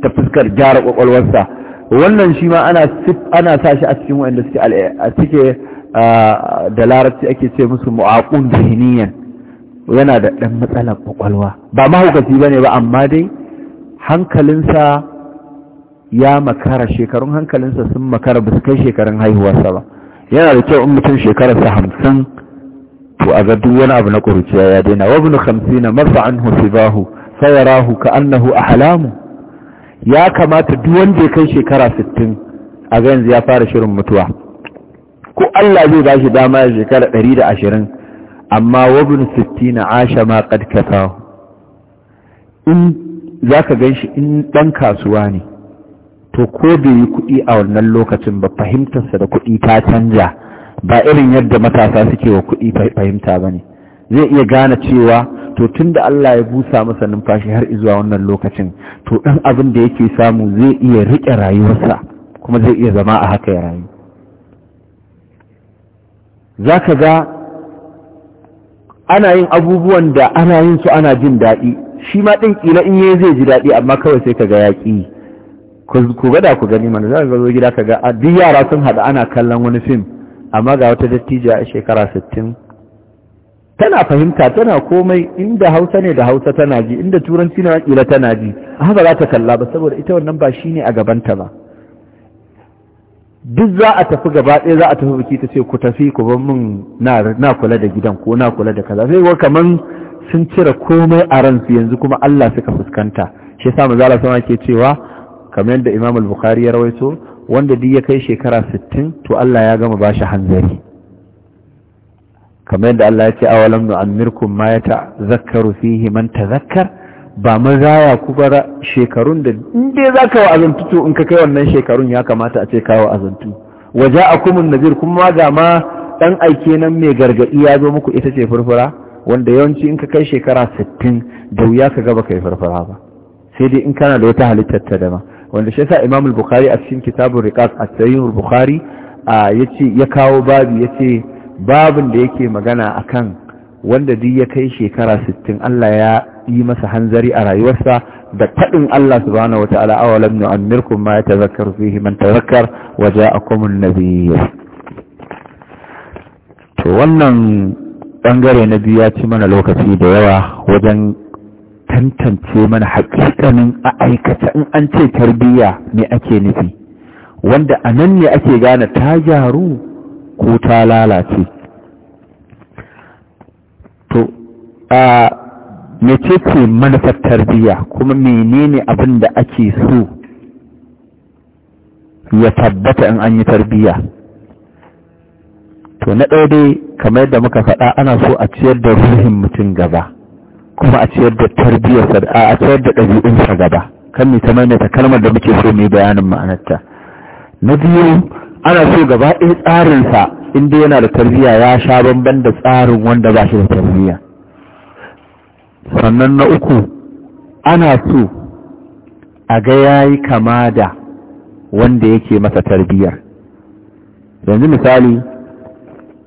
ta fuskar gyara kwakwalwarsa wannan shi ma ana sa shi a cikin wanda suke da larabci ake ce musu mu'aqun zihniyan yana da ɗan matsalar kwakwalwa ba mahaukaci ba ne ba amma dai hankalinsa ya makara shekarun hankalinsa sun makara ba kai shekarun haihuwarsa ba yana da kyau in mutum shekararsa hamsin to a ga duk abu na ƙuruciya ya daina wa bin na? marfa an husibahu sayarahu ka annahu a ahlamu ya kamata duk wanda ya kai shekara sittin a ga yanzu ya fara shirin mutuwa ko Allah zai ba shi dama ya shekara ɗari da ashirin amma wabin na asha ma kad kasahu in za ka gan shi in ɗan kasuwa ne to ko bai yi kuɗi a wannan lokacin ba fahimtarsa da kuɗi ta canja ba irin yadda matasa suke wa kuɗi fahimta ba ne zai iya gane cewa to tun da Allah ya busa masa numfashi har izuwa wannan lokacin to ɗan abin da yake samu zai iya riƙe rayuwarsa kuma zai iya zama a haka ya rayu za ka ga ana yin abubuwan da ana yin su ana jin daɗi shi ma ɗin ƙila in yi zai ji daɗi amma kawai sai ka ga ya ƙi ku gada ku gani mana za ka zo gida ka ga duk yara sun haɗu ana kallon wani fim amma ga wata dattija a shekara sittin tana fahimta tana komai inda hausa ne da hausa tana ji inda turanci na ƙila tana ji haka za ta kalla ba saboda ita wannan ba shi ne a gabanta ba duk za a tafi gaba ɗaya za a tafi biki ta ce ku tafi ku ban min na kula da gidan ko na kula da kaza sai kaman sun cire komai a ransu yanzu kuma Allah suka fuskanta shi yasa manzo sama ke cewa kamar yadda Imam al-Bukhari ya rawaito wanda duk ya kai shekara 60 to Allah ya gama bashi hanzari kamar yadda Allah ya ce awalam nu'ammirkum ma zakkaru fihi man tazakkar ba mun raya ku ba shekarun da inda za ka wa'azantu to in ka kai wannan shekarun ya kamata a ce ka wa'azantu waje a kumin nazir kuma ga ma ɗan aike nan mai gargaɗi ya zo muku ita ce furfura wanda yawanci in ka kai shekara sittin da wuya ka gaba kai furfura ba sai dai in kana da wata halittar ta dama wanda shi yasa imam al-bukhari a cikin kitabun riqas at tayyib al-bukhari yace ya kawo babu yace babin da yake magana akan wanda duk ya kai shekara sittin Allah ya yi masa hanzari a rayuwarsa da faɗin Allah subhanahu wata'ala awalam nu'ammirkum ma yatazakkaru fihi man tazakkar wa ja'akumun nabiyyu to wannan bangare na biyu ya ci mana lokaci da yawa wajen tantance mana hakikanin a aikata in an ce tarbiyya me ake nufi wanda a nan ne ake gane ta gyaru ko ta lalace to a mece ce manufar tarbiyya kuma menene abin da ake so ya tabbata in an yi tarbiyya to na ɗaya dai kamar yadda muka faɗa ana so a ciyar da ruhin mutum gaba kuma a ciyar da tarbiyyarsa a ciyar da ɗabi'unsa gaba kan ne ta maimaita kalmar da muke so mai bayanin ma'anarta na biyu ana so gaba ɗaya tsarinsa inda yana da tarbiyya ya sha bamban da tsarin wanda ba shi da tarbiyya sannan na uku ana so a ga yayi kama da wanda yake masa tarbiyar yanzu misali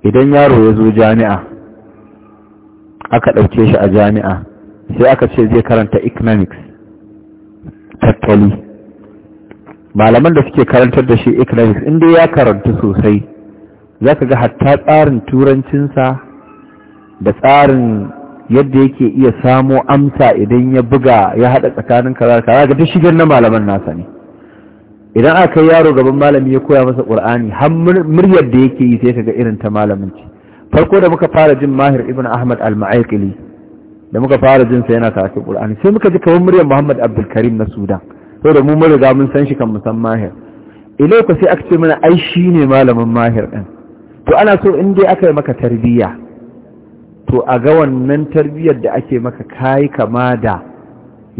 idan yaro ya zo jami'a aka ɗauke shi a jami'a sai aka ce zai karanta economics tattali malaman da suke karantar da shi economics inda ya karanta sosai za ka ga hatta tsarin turancinsa da tsarin yadda yake iya samo amsa idan ya buga ya haɗa tsakanin kaza kaza ga duk shigar na malaman nasa ne idan aka yi yaro gaban malami ya koya masa qur'ani har muryar da yake yi sai ka ga irin ta malamin ci. farko da muka fara jin mahir ibn ahmad al-ma'aikili da muka fara jin sa yana karatu qur'ani sai muka ji kamar muryar muhammad abdul karim na sudan to da mu mun riga mun san shi kan musan mahir ilo ka sai aka ce mana ai shine malamin mahir din to ana so in dai aka yi maka tarbiyya to a ga wannan tarbiyyar da ake maka kai kama da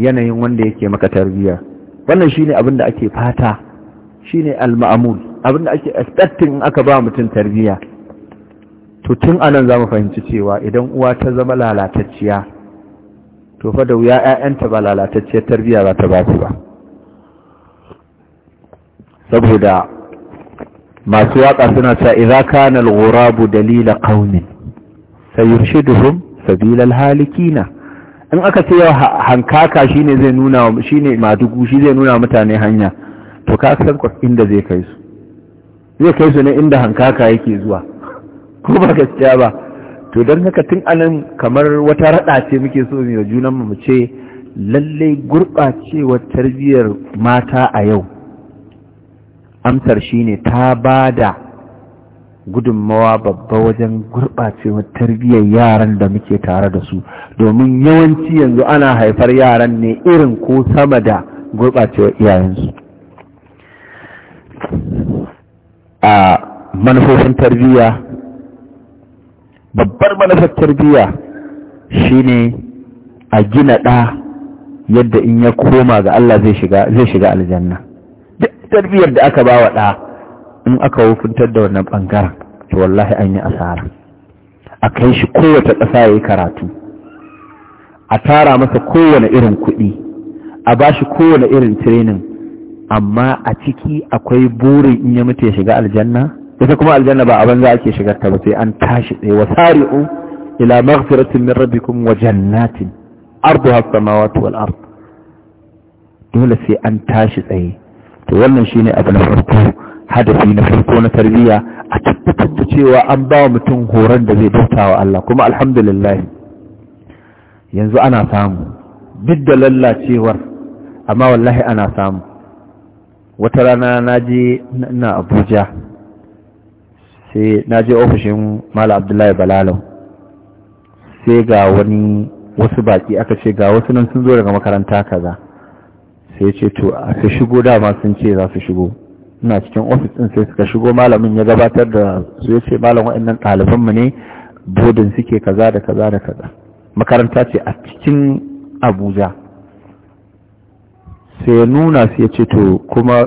yanayin wanda yake maka tarbiyyar wannan shine abin da ake fata shine al-ma'mul abin da ake expecting in aka ba mutum tarbiyya to tun anan zamu fahimci cewa idan uwa ta zama lalatacciya to fa da wuya ƴaƴanta ba lalatacciyar tarbiyya za ta ba su ba saboda masu waka suna cewa idza kana al-ghurabu dalila qaumin sayurshiduhum sabilal halikina in aka ce yau hankaka shine zai nuna shine madugu shi zai nuna mutane hanya to ka san inda zai kai su zai kai su ne inda hankaka yake zuwa ko ba gaskiya ba to don haka tun anan kamar wata rada ce muke so ne da junan mu ce lalle gurɓacewar tarbiyyar mata a yau amsar shine ta bada gudunmawa babba wajen gurɓacewar tarbiyyar yaran da muke tare da su domin yawanci yanzu ana haifar yaran ne irin ko sama da gurɓacewar iyayensu a manufofin tarbiyya babbar manufar tarbiyya shine a gina ɗa yadda in ya koma ga Allah zai shiga aljanna duk tarbiyyar da aka ba wa ɗa in aka wufuntar da wannan ɓangaren to wallahi an yi asara a kai shi kowace ƙasa ya yi karatu a tara masa kowane irin kuɗi a ba shi kowane irin tirenin amma a ciki akwai burin in ya mutu ya shiga aljanna ita kuma aljanna ba a banza shigar ta ba sai an tashi tsaye wa sari'u ila maghfiratin min rabbikum wa jannatin ardu as-samawati wal ard dole sai an tashi tsaye to wannan shine abu na farko hadafi na farko na tarbiyya a tabbatar da cewa an ba wa mutum horon da zai bauta wa Allah kuma alhamdulillah yanzu ana samu duk da lallacewar amma wallahi ana samu wata rana na je na Abuja sai na je ofishin Malam Abdullahi Balalo sai ga wani wasu baki aka ce ga wasu nan sun zo daga makaranta kaza sai ce to a su shigo dama sun ce za su shigo ina cikin ofis ɗin sai suka shigo malamin ya gabatar da su ya ce malam wa'annan ɗalibanmu ne bodin suke kaza da kaza da kaza makaranta ce a cikin abuja sai ya nuna su ya ce to kuma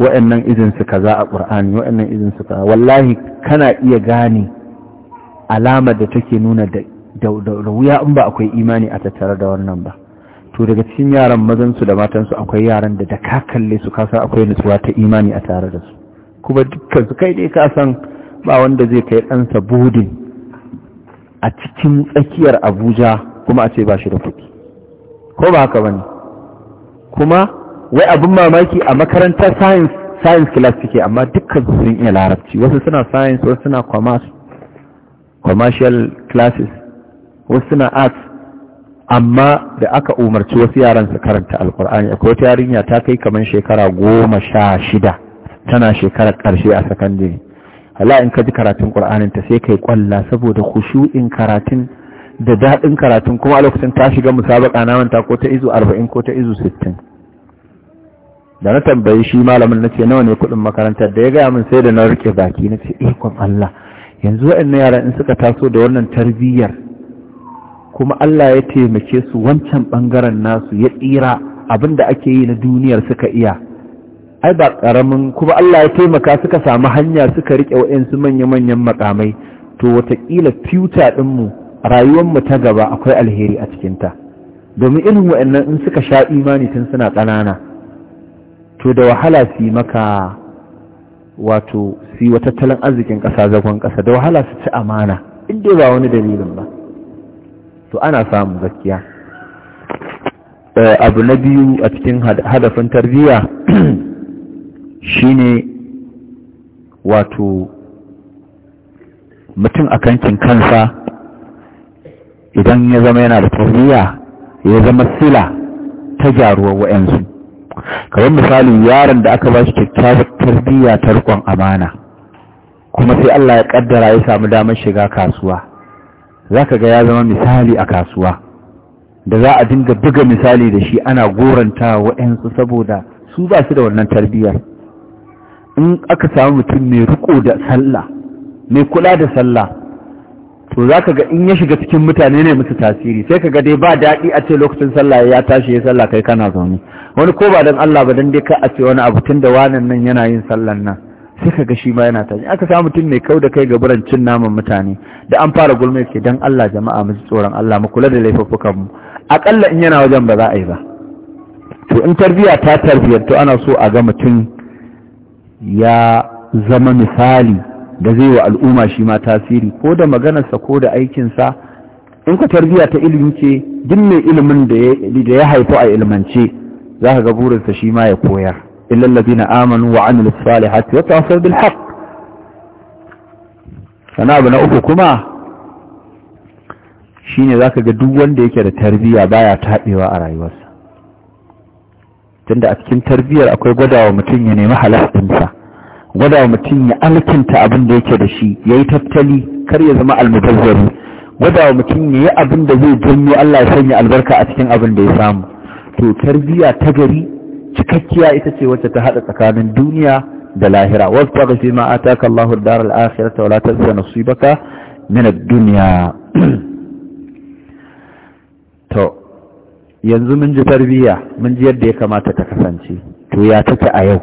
wa'annan su kaza a ƙur'ani wa'annan su kaza wallahi kana iya gane alamar da take nuna da wuya in ba akwai imani a tattare da wannan ba to daga cikin yaran mazan su da matan su akwai yaran da da ka kalle su kasa akwai nutsuwa ta imani a tare da su kuma dukkan su kai dai ka san ba wanda zai kai ɗansa budin a cikin tsakiyar abuja kuma a ce ba shi da kuɗi ko ba haka bane kuma wai abin mamaki a makarantar science science class suke amma dukkan su sun iya larabci wasu suna science wasu suna commercial classes wasu suna arts amma da aka umarci wasu yaran su karanta alkur'ani akwai wata yarinya ta kai kamar shekara goma sha shida tana shekarar ƙarshe a sakandare hala in ka ji karatun ƙur'anin ta sai kai kwalla saboda kushu'in karatun da daɗin karatun kuma a ta shiga musabaka na manta ko ta izu arba'in ko ta izu sittin da na tambayi shi malamin na ce nawa ne kuɗin makarantar da ya gaya min sai da na rike baki na ce ikon allah yanzu waɗannan yaran in suka taso da wannan tarbiyyar kuma Allah ya taimake su wancan ɓangaren nasu ya tsira abinda ake yi na duniyar suka iya ai ba ƙaramin kuma Allah ya taimaka suka samu hanya suka riƙe waɗansu manya-manyan makamai to watakila future ɗinmu mu ta gaba akwai alheri a cikinta domin irin wa'annan in suka sha imani tun suna ƙanana to da wahala su yi maka wato su yi wa tattalin arzikin ƙasa zagon ƙasa da wahala su ci amana in dai ba wani dalilin ba to ana samu gaskiya eh, abu na biyu a cikin hadafin tarbiyya shine wato mutum a kankin kansa idan ya zama yana da tarbiyya ya zama sila ta jaruwar wa'yansu kamar misali yaron da aka ba shi kyakkyawar tarbiyya ta rikon amana kuma sai Allah ya kaddara ya samu damar shiga kasuwa za ka ga ya zama misali a kasuwa da za a dinga buga misali da shi ana goranta waɗansu saboda su ba su da wannan tarbiyyar in aka samu mutum mai riko da sallah mai kula da sallah to za ka ga in ya shiga cikin mutane ne musu tasiri sai ka ga dai ba daɗi a ce lokacin sallah ya tashi ya sallah kai kana zaune wani ko ba don Allah ba don dai ka a ce wani abu tun da wanan nan yana yin sallan nan sai ka ga shi ma yana tashi aka samu mutum mai kau da kai ga burancin naman mutane da an fara gulma ke dan Allah jama'a mu tsoron Allah mu kula da laifukan mu akalla in yana wajen ba za a yi ba to in tarbiya ta tarbiyar to ana so a ga mutum ya zama misali da zai wa al'umma shi ma tasiri ko da maganarsa ko da aikin sa in ka tarbiya ta ilimi ce duk mai ilimin da ya haifu a ilimance zaka ka ga burinsa shi ma ya koyar إلا الذين آمنوا وعملوا الصالحات وتواصوا بالحق sana'abna uku kuma shine zaka ga duk wanda yake da tarbiya baya taɓewa a rayuwarsa tunda a cikin tarbiyar akwai gwadawa mutum ya nemi halalinsa gwadawa mutum ya alkinta abin da yake da shi yayi tattali kar ya zama almubazzari gwadawa mutum ya yi abin da zai janyo Allah ya sanya albarka a cikin abin da ya samu to tarbiyya ta gari cikakkiya ita ce wacce ta haɗa tsakanin duniya da lahira wasu ta fi ma a taka ta darar al'akhirata wa na sa nasibaka min duniya to yanzu mun ji tarbiyya mun ji yadda ya kamata ta kasance to ya take a yau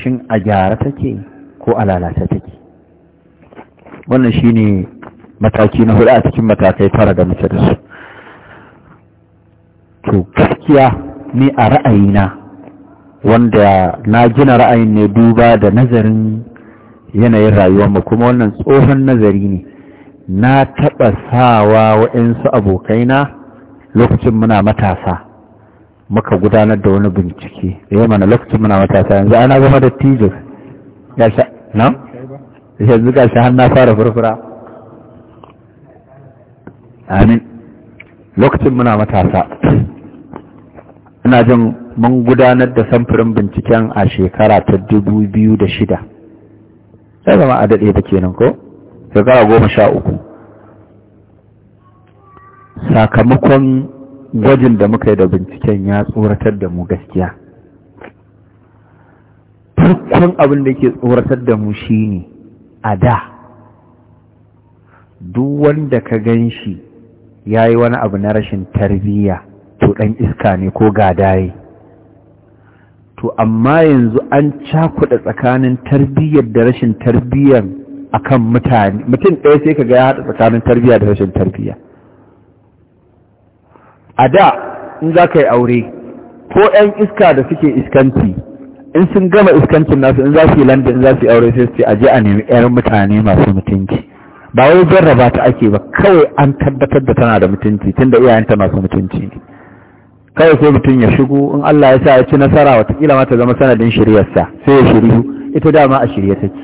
shin a gyara take ko a lalata take wannan shine mataki na hudu a cikin matakai fara da mace da su to gaskiya ni a ra'ayina wanda na gina ra'ayin ne duba da nazarin yanayin rayuwarmu kuma wannan tsohon nazari ne na taɓa sawa wa'insu abokaina lokacin muna matasa muka gudanar da wani bincike da eh yi mana lokacin muna matasa yanzu ana zama da tijo yanzu ga shi har na fara furfura amin lokacin muna matasa ina jin mun gudanar da samfurin binciken a shekara ta dubu biyu da shida sai zama a daɗe ba kenan ko shekara goma sha uku sakamakon gwajin da muka yi da binciken ya tsoratar da mu gaskiya farkon abin da ke tsoratar da mu shine a da duk wanda ka gan shi ya yi wani abu na rashin tarbiyya to ɗan iska ne ko gadaye to amma yanzu an cakuɗa tsakanin tarbiyyar da rashin tarbiyyar a kan mutane mutum ɗaya sai ka ga ya haɗa tsakanin tarbiyya da rashin tarbiyya a da in za ka yi aure ko 'yan iska da suke iskanti in sun gama iskancin nasu in za su yi landa in za su yi aure sai su ce aje a nemi 'yan mutane masu mutunci ba wai zarraba ta ake ba kawai an tabbatar da tana da mutunci tun da iyayenta masu mutunci ne kawai sai mutum ya shigo in Allah ya sa ya ci nasara watakila ma ta zama sanadin shiryarsa sai ya shiryu ita dama a shirye take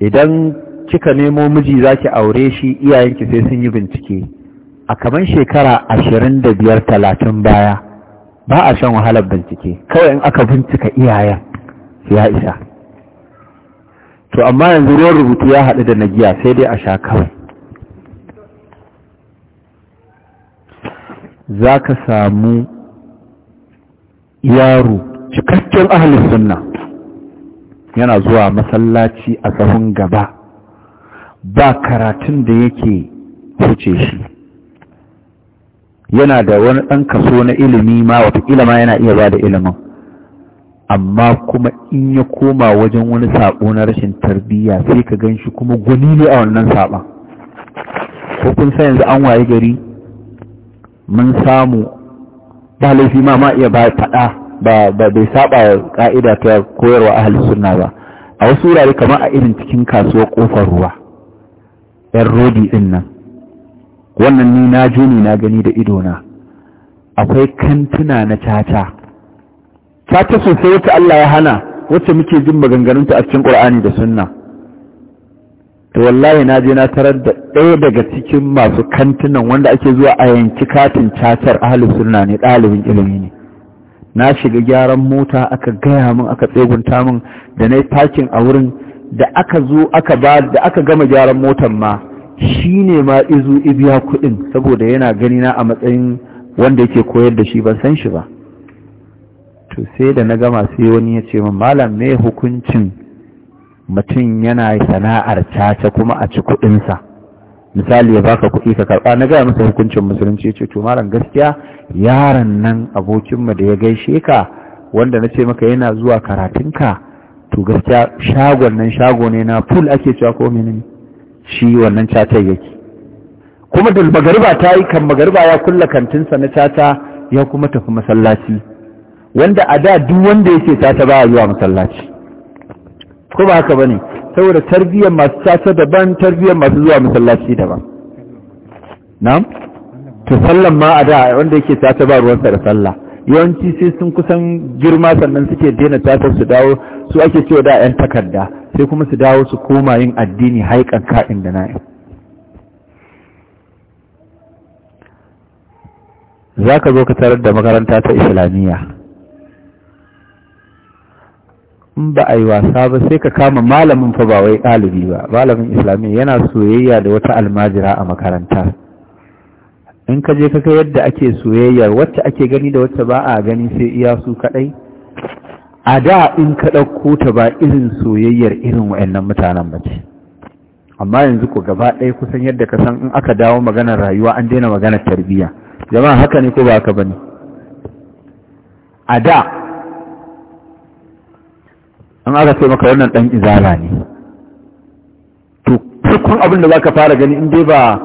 idan kika nemo miji zaki aure shi iyayenki sai sun yi bincike a kaman shekara ashirin da biyar talatin baya ba a shan wahalar bincike kawai in aka bincika iyayen ya isa to amma yanzu ruwan rubutu ya haɗu da nagiya sai dai a sha kawai za ka samu yaro cikakken ahalin sunna yana zuwa masallaci a tsawon gaba ba karatun da yake huce shi yana da wani ɗan kaso na ilimi ma wata ilima yana iya ba da ilimin amma kuma in ya koma wajen wani saɓo na rashin tarbiyya sai ka gan shi kuma gwani ne a wannan saɓa ko kun sa yanzu an waye gari mun samu ba laifi ma ma iya faɗa ba bai saba ka'ida ta koyarwa ahli sunna ba a wasu wurare kamar a irin cikin kasuwar kofar ruwa yan rodi din nan wannan ni na juni na gani da idona akwai kantuna na caca caca sosai wata Allah ya hana wacce muke jin maganganunta a cikin Ƙur'ani da sunna to wallahi na je na tarar da ɗaya daga cikin masu kantunan wanda ake zuwa a yanki katin cacar ahalin suna ne ɗalibin ilimi ne na shiga gyaran mota aka gaya min aka tsegunta min da na yi takin a wurin da aka zo aka ba da aka gama gyaran motan ma shi ne ma izu ibiya kuɗin saboda yana gani na a matsayin wanda yake koyar da shi ban san shi ba to sai da na gama sai wani ya ce min malam me hukuncin mutum yana sana'ar caca kuma a ci kuɗinsa misali ya baka kuɗi ka karɓa na gaya masa hukuncin musulunci ce to malam gaskiya yaron nan abokinmu da ya gaishe ka wanda na ce maka yana zuwa karatunka to gaskiya shagon nan shago ne na pul ake cewa ko menene shi wannan caca yake kuma da magariba ta yi kan magariba ya kulla kantinsa na caca ya kuma tafi masallaci wanda a da duk wanda yake caca baya zuwa masallaci ko ba haka bane saboda tarbiyyar masu caca daban tarbiyyar masu zuwa masallaci daban na'am to sallan ma a da wanda yake caca ba ruwansa da sallah yawanci sai sun kusan girma sannan suke daina tatar su dawo su ake cewa da 'yan takarda sai kuma su dawo su koma yin addini haikan ka'in da na'in za ka zo ka tarar da makaranta ta islamiyya in ba a yi wasa ba sai ka kama malamin fa ba wai ɗalibi ba malamin islamiyya yana soyayya da wata almajira a makaranta in ka je kaka yadda ake soyayya wacce ake gani da wacce ba a gani sai iya su kaɗai a da in ka ɗauko ta ba irin soyayyar irin wa'annan mutanen ba ce amma yanzu ku gaba ɗaya kusan yadda ka san in aka dawo maganar rayuwa an daina maganar tarbiyya jama'a haka ne ko ba haka ba ne a da an aka ce maka wannan dan izala ne to dukkan abin da zaka fara gani in dai ba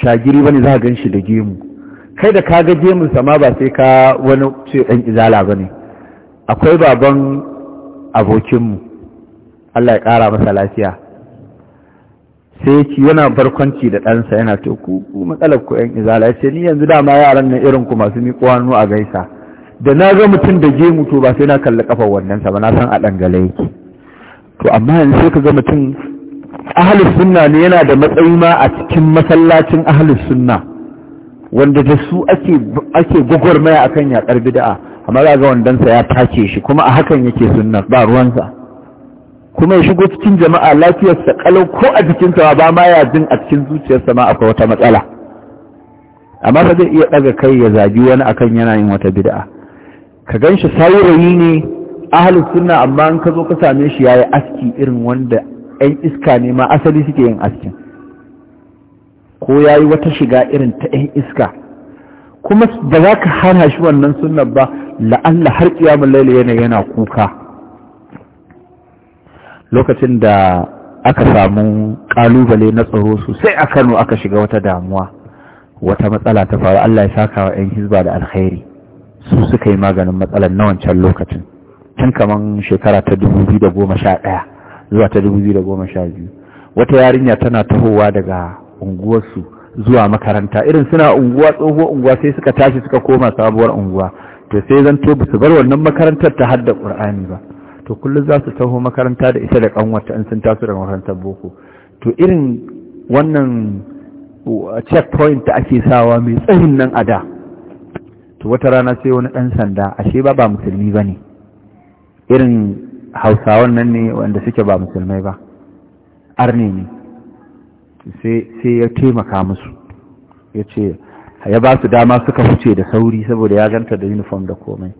shagiri ba zaka za gan da gemu kai da kaga ga sa ma ba sai ka wani ce dan izala ba akwai baban abokinmu Allah ya ƙara masa lafiya sai ya yana barkwanci da ɗansa yana to ku matsalar ku ‘yan izala ya ni yanzu dama yaran na irin ku masu miƙo hannu a gaisa da na ga mutum da je mutu ba sai na kalli kafar wannan sa ba na san a dangale yake to amma yanzu sai ka ga mutum ahlus sunna ne yana da matsayi ma a cikin masallacin ahlus sunna wanda da su ake ake maya akan yakar bid'a amma za ga wannan sa ya take shi kuma a hakan yake sunna ba ruwansa kuma ya shigo cikin jama'a lafiyarsa kalau ko a jikinsa ba ma ya jin a cikin zuciyarsa ma akwai wata matsala amma ba zai iya daga kai ya zagi wani akan yana yin wata bid'a ka gan shi sayurayi ne ahalin suna, amma in ka zo ka same shi ya yi aski irin wanda 'yan iska ne ma asali suke yin aski. ko ya yi wata shiga irin ta 'yan iska kuma ba za ka hana shi wannan suna ba la'alla har kiyamun laila yana yana kuka lokacin da aka samu ƙalubale na tsaro sosai a kano aka shiga wata damuwa wata matsala ta faru allah ya saka wa 'yan hizba da alkhairi su suka yi maganin matsalar na wancan lokacin tun kamar shekara ta ɗaya zuwa ta biyu. wata yarinya tana tahowa daga unguwarsu zuwa makaranta irin suna unguwa tsohuwar unguwa sai suka tashi suka koma sabuwar unguwa to sai zan to su bar wannan makarantar ta hadda ƙur'ani ba to kullum za su taho makaranta da ita da ƙanwata in sun taso daga makarantar boko to irin wannan checkpoint da ake sawa mai tsayin nan a da to wata rana sai wani ɗan sanda ashe ba ba musulmi ba ne irin hausawan nan ne wanda suke ba musulmai ba arne ne sai ya taimaka musu ya ce ya ba su dama suka fice da sauri saboda ya ganta da uniform da komai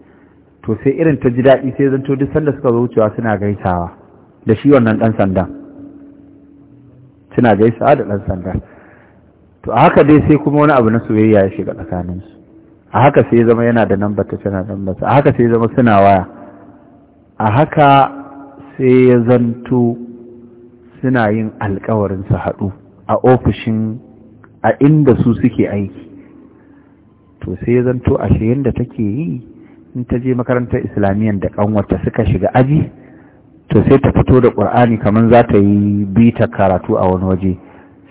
to sai irin ta ji daɗi sai zan duk sanda suka zo wucewa suna gaisawa da shi wannan ɗan sanda suna gaisawa da ɗan sanda to a haka dai sai kuma wani abu na soyayya ya shiga tsakaninsu a haka sai zama yana da nan bata tana bata a haka sai zama suna waya a haka sai ya zanto suna yin alkawarin su haɗu a ofishin a inda su suke aiki to sai ya zanto a shayin da take yi in ta je makarantar islamiyyar da ƙanwata suka shiga aji to sai ta fito da ƙur'ani kamar za ta yi bita karatu a wani waje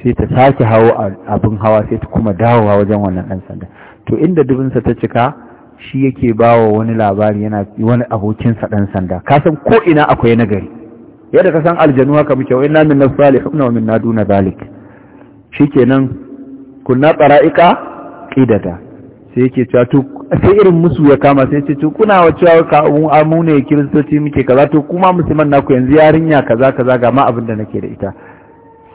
sai ta sake hawo abin hawa sai ta kuma dawowa wajen wannan ɗan sanda to inda dubinsa ta cika shi yake bawa wani labari yana wani abokinsa ɗan sanda ka san ko ina akwai nagari yadda ka san aljanu haka muke wa inna minna salihuna wa minna duna zalik nan, kunna qara'ika qidada sai yake cewa to sai irin musu ya kama sai ce to kuna wa cewa ka mu ne kiristoci muke kaza to kuma musulman naku yanzu yarinya kaza kaza ga ma abin da nake da ita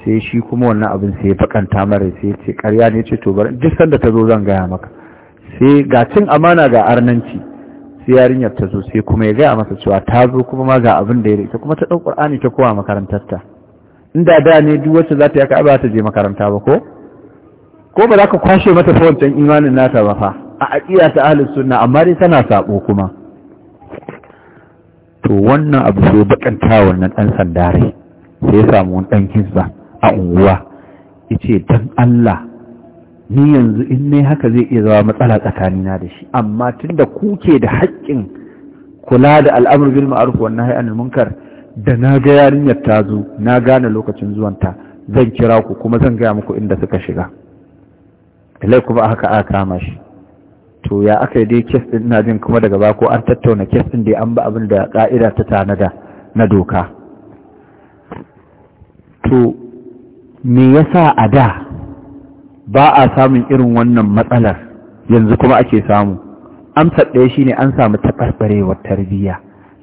sai shi kuma wannan abin sai ya fakanta mara sai ya ce ƙarya ne ce to bar duk sanda ta zo zan gaya maka sai ga cin amana ga arnanci sai yarinyar ta zo sai kuma ya gaya masa cewa ta zo kuma ma ga abin da ya ita kuma ta ɗau ƙur'ani ta kowa makarantarta inda da ne duk wacce za ta yaka ba ta je makaranta ba ko ko ba za ka kwashe mata fa imanin nata ba fa a aƙida ta ahalin sunna amma dai tana saɓo kuma to wannan abu so bakanta wannan dan sanda rai sai ya samu wani ɗan kinsa a unguwa Ya ce dan Allah ni yanzu in ne haka zai iya zama matsala tsakanina da shi amma tunda kuke da haƙƙin kula da al'amur bil ma'ruf wa nahi anil munkar da na ga yarinyar ta zo na gane lokacin zuwan ta zan kira ku kuma zan gaya muku inda suka shiga lai kuma haka aka kama shi to ya aka yi dai kes din na jin kuma daga bako an tattauna kes din dai an ba abin da ka'ida ta tanada na doka to me yasa a da ba a samun irin wannan matsalar yanzu kuma ake samu amsar ɗaya shine an samu taɓarɓarewar tarbiyya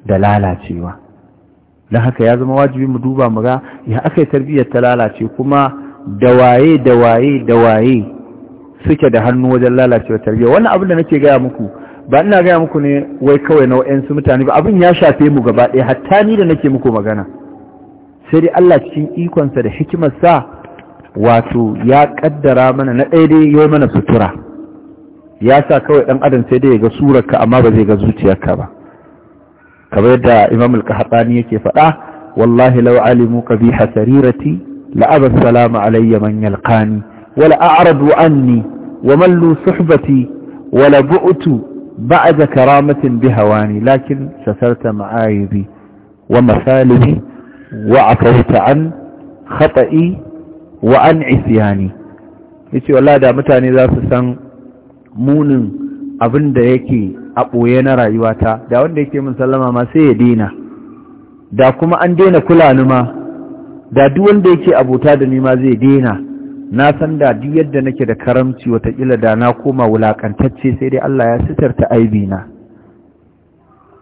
da lalacewa don haka ya zama wajibi mu duba mu ga ya aka yi tarbiyyar ta lalace kuma da waye da waye da waye suke da hannu wajen lalacewar tarbiyya wannan abin da nake gaya muku ba ina gaya muku ne wai kawai na wa'yansu mutane ba abin ya shafe mu gaba ɗaya hatta ni da nake muku magana sai dai Allah cikin ikonsa da hikimarsa wato ya kaddara mana na ɗaya dai yau mana sutura ya sa kawai ɗan adam sai dai ya ga surarka amma ba zai ga zuciyarka ba kamar yadda imam al-qahtani yake faɗa wallahi law alimu qabiha sarirati la aba salamu alayya man yalqani wala a'radu anni wa mallu suhbati wala bu'tu ba'da karamatin bihawani lakin satarta ma'ayibi wa masalihi wa afawta an khata'i wa an isyani yace wallahi da mutane za su san munin abin da yake a boye na rayuwata da wanda yake min sallama ma sai ya daina da kuma an daina kula ni ma da duk wanda yake abota da ni ma zai daina na san da duk yadda nake da karamci wata kila, da na koma wulakantacce sai dai Allah ya sitarta aibi na,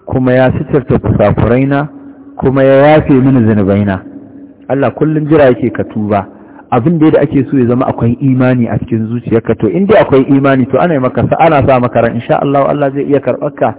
kuma ya sitarta kusakuraina kuma ya yafe mini zunubaina Allah kullum jira yake ka tuba abin da ake so ya zama akwai imani a cikin zuciyarka to in dai akwai imani to ana maka sa ana sa maka ran insha Allah Allah zai iya karɓar ka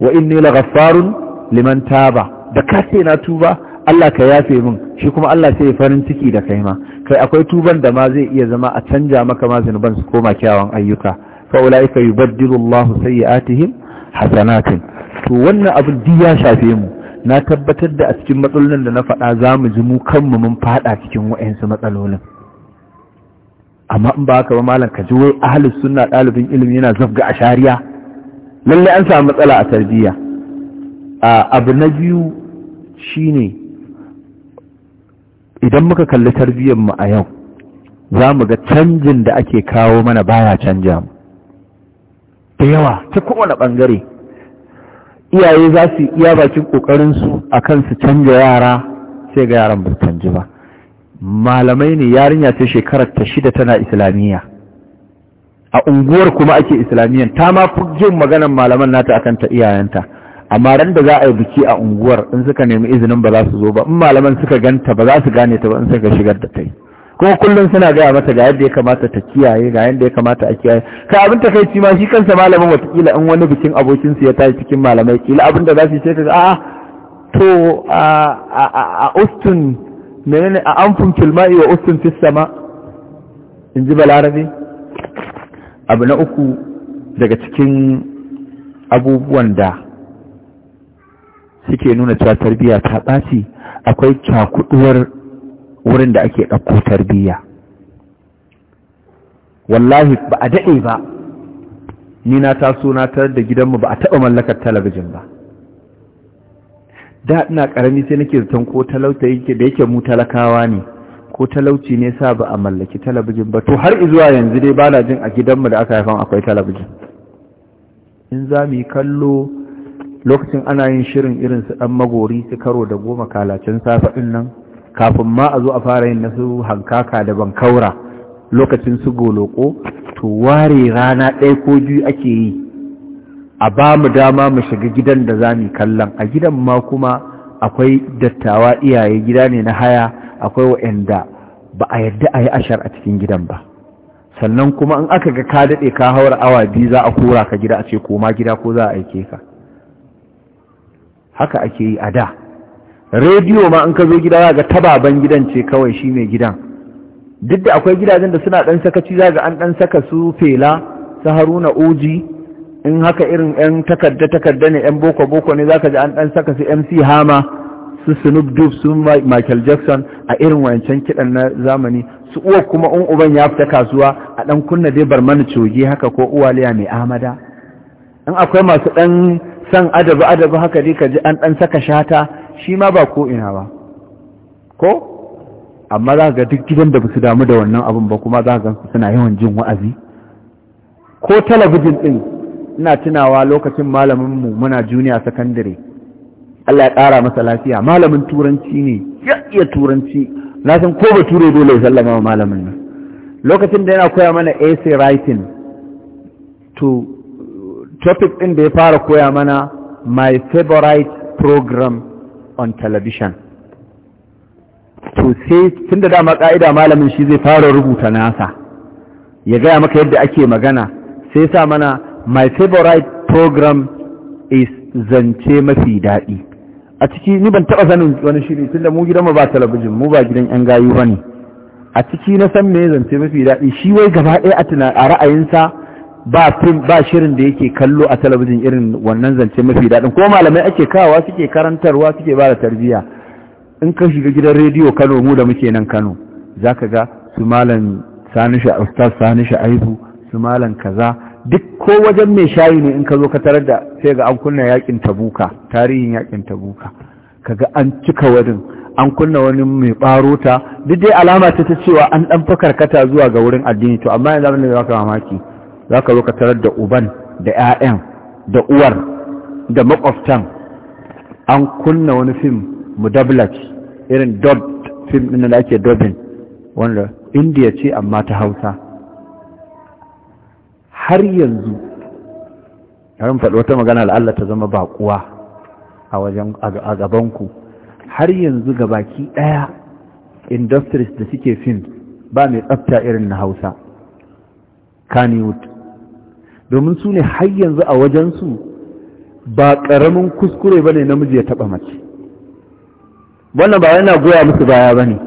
wa inni laghaffarun liman taba da ka ce na tuba Allah ka yafe min shi kuma Allah sai ya farin ciki da kai ma kai akwai tuban da ma zai iya zama a canja maka ma zanuban su koma kyawun ayyuka fa ulaika yubaddilu Allahu sayyi'atihim hasanatin to wannan abun duk ya shafe mu na tabbatar da a cikin matsalolin da na faɗa za mu ji mu kanmu mun faɗa cikin wa'yansu matsalolin amma in ba haka ba malam ka ji wai ahli sunna ɗalibin ilimi yana zafga a shari'a lallai an samu matsala a tarbiyya abu na biyu shine idan muka kalli tarbiyyar mu a yau za mu ga canjin da ake kawo mana baya canja mu da yawa ta kowane ɓangare iyaye za su iya bakin ƙoƙarinsu a kan su canja yara sai ga yaran ba canji ba malamai ne yarinya ce shekarar ta shida tana islamiyya a unguwar kuma ake islamiyyan ta ma fi jin maganar malaman nata akan ta iyayenta amma ran da za a yi biki a unguwar in suka nemi izinin ba za su zo ba in malaman suka ganta ba za su gane ta ba in suka shigar da ta yi ko kullum suna gaya mata ga yadda ya kamata ta kiyaye ga yadda ya kamata a kiyaye ka abin ta kai ma shi kansa malamin watakila in wani bikin abokinsu ya tashi cikin malamai kila abin da za su ce kaga a to a ustun menene a amfun kilma'i wa ustun fis sama in ji balarabe abu na uku daga cikin abubuwan da suke nuna cewa tarbiyya ta ɓaci akwai cakuduwar wurin da ake ɗauko tarbiyya wallahi ba a daɗe ba ni na taso na tarar da gidanmu ba a taɓa mallakar talabijin ba da ina ƙarami sai nake zaton ko talauta yake da yake mu talakawa ne ko talauci ne sa ba a mallaki talabijin ba to har zuwa yanzu dai bana jin a gidanmu da aka haifan akwai talabijin in za mu yi kallo lokacin ana yin shirin irin su ɗan magori su karo da goma kalacin safa ɗin nan kafin ma a zo a fara yin nasu hankaka da bankaura lokacin su goloko to ware rana ɗaya ko biyu ake yi a ba mu dama mu shiga gidan da za mu kallon a gidan ma kuma akwai dattawa iyaye gida ne na haya akwai wa'anda ba a yadda a yi ashar a cikin gidan ba sannan kuma in aka ga ka daɗe ka haura awa biyu za a kora ka gida a ce koma gida ko za a aike ka haka ake yi a da rediyo ma an ka zo gida ga tababan gidan ce kawai shi ne gidan duk da akwai gidajen da suna ɗan sakaci za ga an ɗan saka su fela su haruna oji in haka irin 'yan takarda-takarda ne 'yan boko-boko ne za ka ji an ɗan saka su mc hama su snoop dub su michael jackson a irin wancan kiɗan na zamani su uwa kuma un uban ya fita kasuwa a ɗan kunna dai bar mana coge haka ko uwaliya mai amada in akwai masu ɗan san adabu adabu haka dai ka ji an ɗan saka shata shi ma ba ko ina ba ko amma za ga duk gidan da su damu da wannan abin ba kuma za ga suna yawan jin wa'azi ko talabijin din ina tunawa lokacin malamin mu muna junior secondary Allah ya ƙara masa lafiya malamin turanci ne ya iya turanci na san ko ba ture dole ya sallama wa malamin nan lokacin da yana koya mana essay writing to topic ɗin da ya fara koya mana my favorite program on television to sai tun da dama ka'ida malamin shi zai fara rubuta nasa ya gaya maka yadda ake magana sai sa mana my favorite program is zance mafi daɗi a ciki ni ban taɓa sanin wani shiri tun da mu gidanmu ba talabijin mu ba gidan yan gayu ba ne a ciki na san me zance mafi daɗi shi wai gaba ɗaya a ra'ayinsa ba fim ba shirin da yake kallo a talabijin irin wannan zance mafi daɗin ko malamai ake kawa suke karantarwa suke ba da tarbiyya in ka shiga gidan rediyo kano mu da muke nan kano za ka ga su malam sanisha ustaz sanisha aibu su malam kaza duk ko wajen mai shayi ne in ka zo ka tarar da sai ga an kunna yakin tabuka tarihin yakin tabuka kaga an cika wadin an kunna wani mai barota duk dai alama ta ta cewa an dan fakar karkata zuwa ga wurin addini to amma yanzu ne zaka mamaki za ka zo ka tarar da uban da 'ya'yan da uwar da makwabtan an kunna wani fim mu mudablat irin dot fim ɗin da ake dobin wanda indiya ce amma ta hausa har yanzu yarin faɗi wata magana la'alla ta zama baƙuwa a gabanku har yanzu ga baki ɗaya industries da suke fim ba mai tsafta irin na hausa kaniwood domin su ne har yanzu a wajensu ba ƙaramin kuskure ba ne namiji ya taɓa mace wannan ba yana goya musu baya ba ne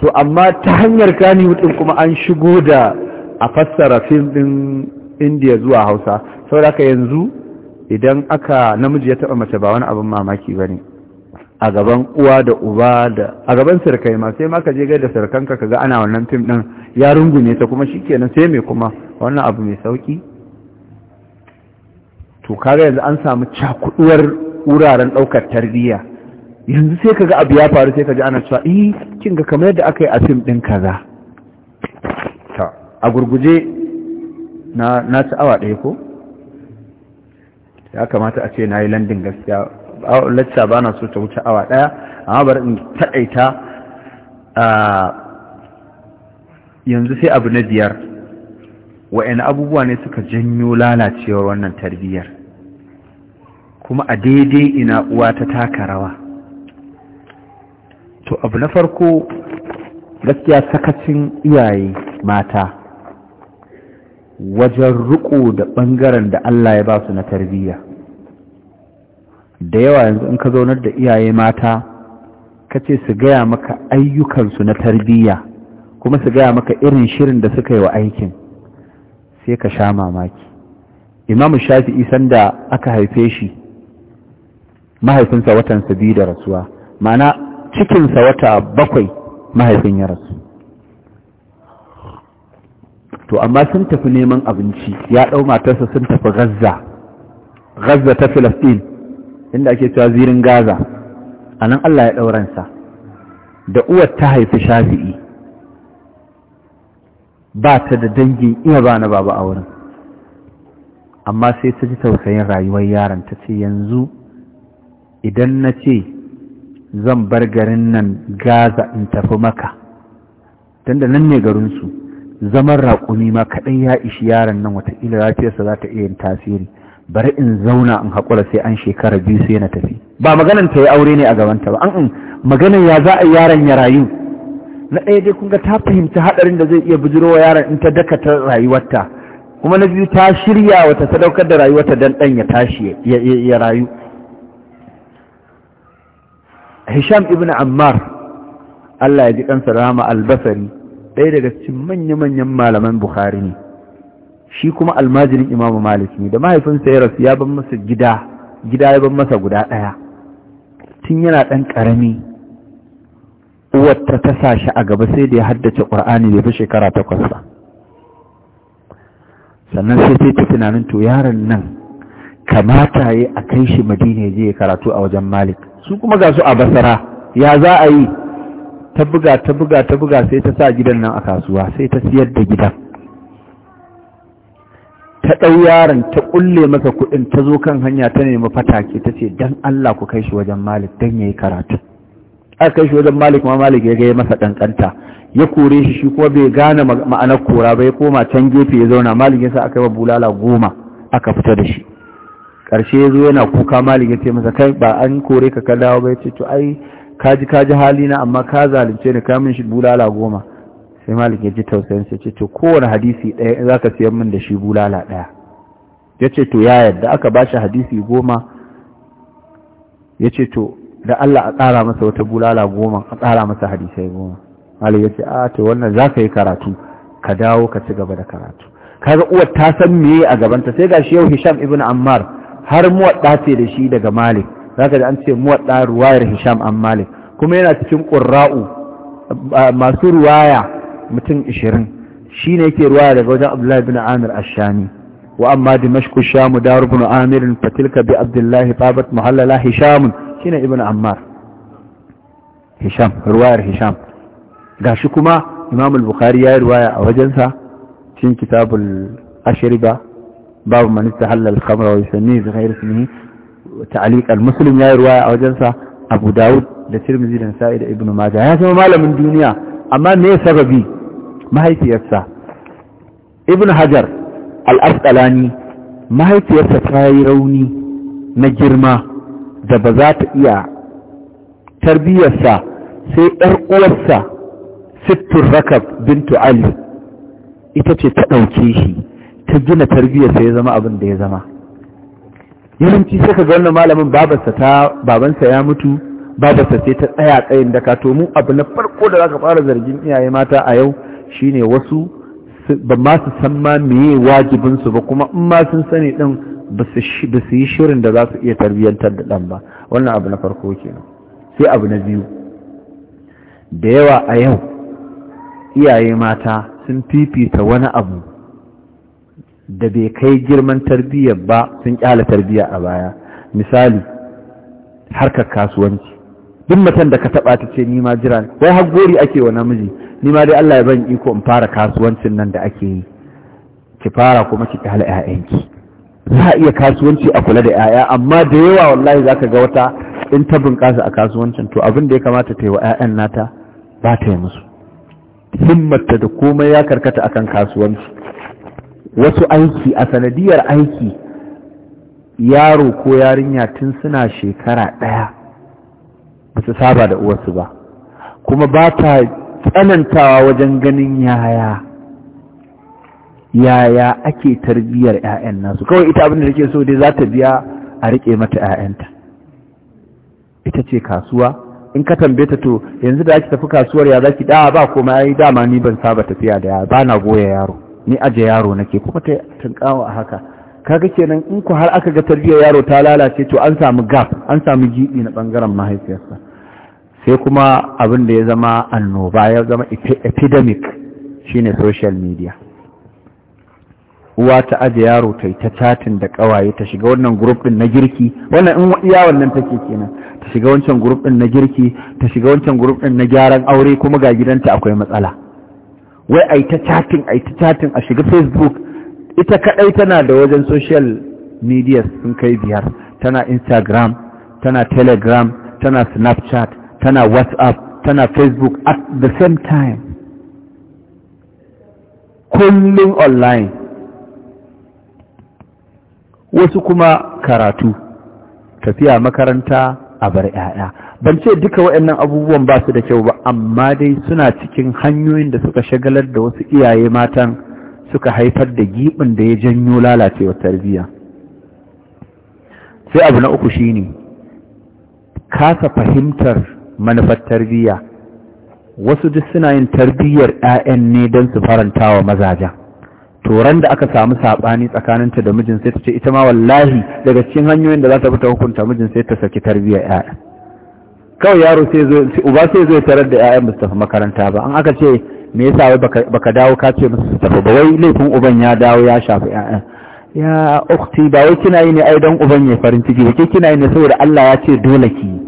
to amma ta hanyar kani hudun kuma an shigo da a fassara fim ɗin indiya zuwa hausa sau aka yanzu idan aka namiji ya taɓa mace ba wani abin mamaki ba ne a gaban uwa da uba da a gaban sirkai ma sai ma ka je da sirkanka ka ga ana wannan fim din ya rungume ta kuma shikenan sai me kuma wannan abu mai sauki to kaga yanzu an samu cakuduwar wuraren daukar tarbiyya yanzu sai kaga abu ya faru sai kaji ana cewa eh kin ga kamar yadda aka yi a fim din kaza ta a gurguje na na ci awa ɗaya ko ya kamata a ce na yi landin gaskiya lacca ba na so ta wuce awa ɗaya amma bari in taƙaita yanzu sai abu na biyar wa'in abubuwa ne suka janyo lalacewar wannan tarbiyyar kuma a daidai ina uwa ta taka rawa to abu na farko gaskiya sakacin iyaye mata wajen riko da ɓangaren da Allah ya ba su na tarbiyya da yawa yanzu in ka zaunar da iyaye mata ka ce su gaya maka ayyukansu na tarbiyya kuma su gaya maka irin shirin da suka yi wa aikin sai ka sha mamaki imamu shafi'i sanda aka haife shi mahaifinsa watansa biyu da rasuwa ma'ana cikinsa wata bakwai mahaifin ya rasu to amma sun tafi neman abinci ya ɗau matarsa sun tafi gazza gazza ta filistin inda ake cewa zirin gaza a nan Allah ya ɗauransa da uwar ta haifi shafi'i ba ta da dangin iya ba na baba a wurin amma sai ta ji tausayin rayuwar yaron ta ce yanzu idan na ce zan bar garin nan gaza in tafi maka don da nan ne garinsu zaman raƙumi ma kaɗai ya ishi yaron nan watakila lafiyarsa za ta iya yin tasiri bari in zauna in haƙura sai an shekara biyu sai na tafi ba maganan ta yi aure ne a gabanta ba an maganan ya za a yi yaron ya rayu na ɗaya dai kun ga ta fahimci haɗarin da zai iya bujiro wa yaron in ta daka ta rayuwarta kuma na biyu ta shirya ta sadaukar da rayuwarta dan ɗan ya tashi ya rayu hisham ibn ammar allah ya ji kansa rama albasari ɗaya daga cikin manya-manyan malaman bukhari ne shi kuma almajirin imamu malik ne da mahaifinsa ya rasu ya ban masa gida gida ya ban masa guda ɗaya tun yana ɗan ƙarami uwarta ta sa shi a gaba sai da ya haddace ƙur'ani da fi shekara takwas ba sannan sai sai ta tunanin to yaron nan kamata ya a kai shi madina ya je ya karatu a wajen malik su kuma ga su a basara ya za a yi ta buga ta buga ta buga sai ta sa gidan nan a kasuwa sai ta siyar da gidan ta ɗau yaron ta ƙulle masa kuɗin ta zo kan hanya ta nemi fatake ta ce don Allah ku kai shi wajen malik don ya yi karatu aka kai shi wajen malik ma malik ya gaya masa ɗanƙanta ya kore shi shi kuma bai gane ma'anar kora ba ya koma can gefe ya zauna malik ya sa aka yi wa bulala goma aka fita da shi ƙarshe ya zo yana kuka malik ya ce masa kai ba an kore ka ka dawo ba ya ce to ai kaji kaji halina amma ka zalunce ni ka min shi bulala goma sai malik ya ji tausayin sai ce to kowane hadisi ɗaya za ka siyan min da shi bulala ɗaya ya ce to ya yadda aka ba shi hadisi goma ya ce to da Allah a tsara masa wata bulala goma a tsara masa hadisai goma malik ya ce a to wannan za ka yi karatu ka dawo ka ci gaba da karatu kaga uwar ta san meye a gabanta sai ga shi yau hisham ibn ammar har wadda ce da shi daga malik zaka ji an ce muwadda ruwayar hisham an malik kuma yana cikin qurra'u masu ruwaya mutum ishirin shi ne yake ruwa daga wajen Abdullahi bin Amir Ashani wa amma Dimashq Sham dar ibn Amir fatilka bi Abdullahi babat muhallala Hishamun shi ne ibn Ammar Hisham ruwayar Hisham gashi kuma Imam al-Bukhari ya ruwaya a wajensa cin kitabul ashriba babu manista istahalla kamar khamra wa yusanni da ghayri ismihi ta'liq al-muslim ya ruwaya a wajensa Abu Dawud da Tirmidhi da Sa'id Ibn Majah ya zama malamin duniya amma me sababi mahaifiyarsa ibn hajar al-asqalani mahaifiyarsa ta yi rauni na girma da ba za ta iya tarbiyyarsa sai ɗan uwarsa sittun rakab bintu ali ita ce ta ɗauke shi ta gina tarbiyarsa ya zama abin da ya zama yawanci sai ka ga wannan malamin babarsa ta babansa ya mutu babarsa sai ta tsaya tsayin daka to mu abu na farko da za ka fara zargin iyaye mata a yau shine wasu ba ma su san ma meye wajibinsu ba kuma in ma sun sani din ba su yi shirin da za su iya tarbiyyantar da ɗan ba wannan abu na farko kenan sai abu na biyu da yawa a yau iyaye mata sun fifita wani abu da bai kai girman tarbiyyar ba sun kyala tarbiyya a baya misali harkar kasuwanci duk matan da ka taɓa ta ce ni ma jira wai har gori ake wa namiji ni ma dai Allah ya ban iko in fara kasuwancin nan da ake yi ki fara kuma ki kala ƴaƴanki za a iya kasuwanci a kula da ƴaƴa amma da yawa wallahi zaka ga wata in ta bunƙasa a kasuwancin to abin da ya kamata ta yi wa ƴaƴan nata ba ta yi musu himmata da komai ya karkata akan kasuwanci wasu aiki a sanadiyar aiki yaro ko yarinya tun suna shekara ɗaya ba su saba da uwarsu ba kuma ba ta tsanantawa wajen ganin yaya yaya ake tarbiyyar 'ya'yan nasu kawai ita abin da take so dai za ta biya a riƙe mata 'ya'yanta ita ce kasuwa in ka tambe ta to yanzu da ake tafi kasuwar ya zaki da ba kuma yi dama ni ban saba tafiya da yaro ba na goya yaro ni aje yaro nake kuma ta tunkawa a haka kaga kenan in ku har aka ga tarbiyyar yaro ta lalace to an samu gap an samu gidi na bangaren mahaifiyarsa sai kuma abin da ya zama annoba ya zama epidemic shine social media uwa ta aje yaro ta yi ta chatin da kawaye ta shiga wannan group din na girki wannan in iya wannan take kenan ta shiga wancan group din na girki ta shiga wancan group din na gyaran aure kuma ga gidanta akwai matsala wai ai ta chatin ai ta chatin a shiga facebook ita kadai tana da wajen social media sun kai biyar tana instagram tana telegram tana snapchat tana whatsapp tana facebook at the same time kullum online wasu kuma karatu tafiya makaranta a bar 'ya'ya ban ce duka waɗannan abubuwan ba su da kyau ba amma dai suna cikin hanyoyin da suka shagalar da wasu iyaye matan suka haifar da giɓin da ya janyo lalacewa tarbiyya sai abu na uku shine kasa fahimtar manufar tarbiyya wasu duk suna yin tarbiyyar 'ya'yan ne don su faranta wa mazajen turan da aka samu saɓani tsakaninta da mijin sai ta ce ita ma wallahi daga cikin hanyoyin da za ta fita hukunta mijin sai ta saki tarbiyyar ɗaya kawai yaro sai zo uba sai zo tarar da 'ya'yan musu tafi makaranta ba an aka ce me yasa wai baka dawo ka ce musu su tafi ba wai laifin uban ya dawo ya shafi 'ya'yan ya ukhti ba wai kina yi ne ai dan uban ya farin ciki ba ke kina yi ne saboda Allah ya ce dole ki yi.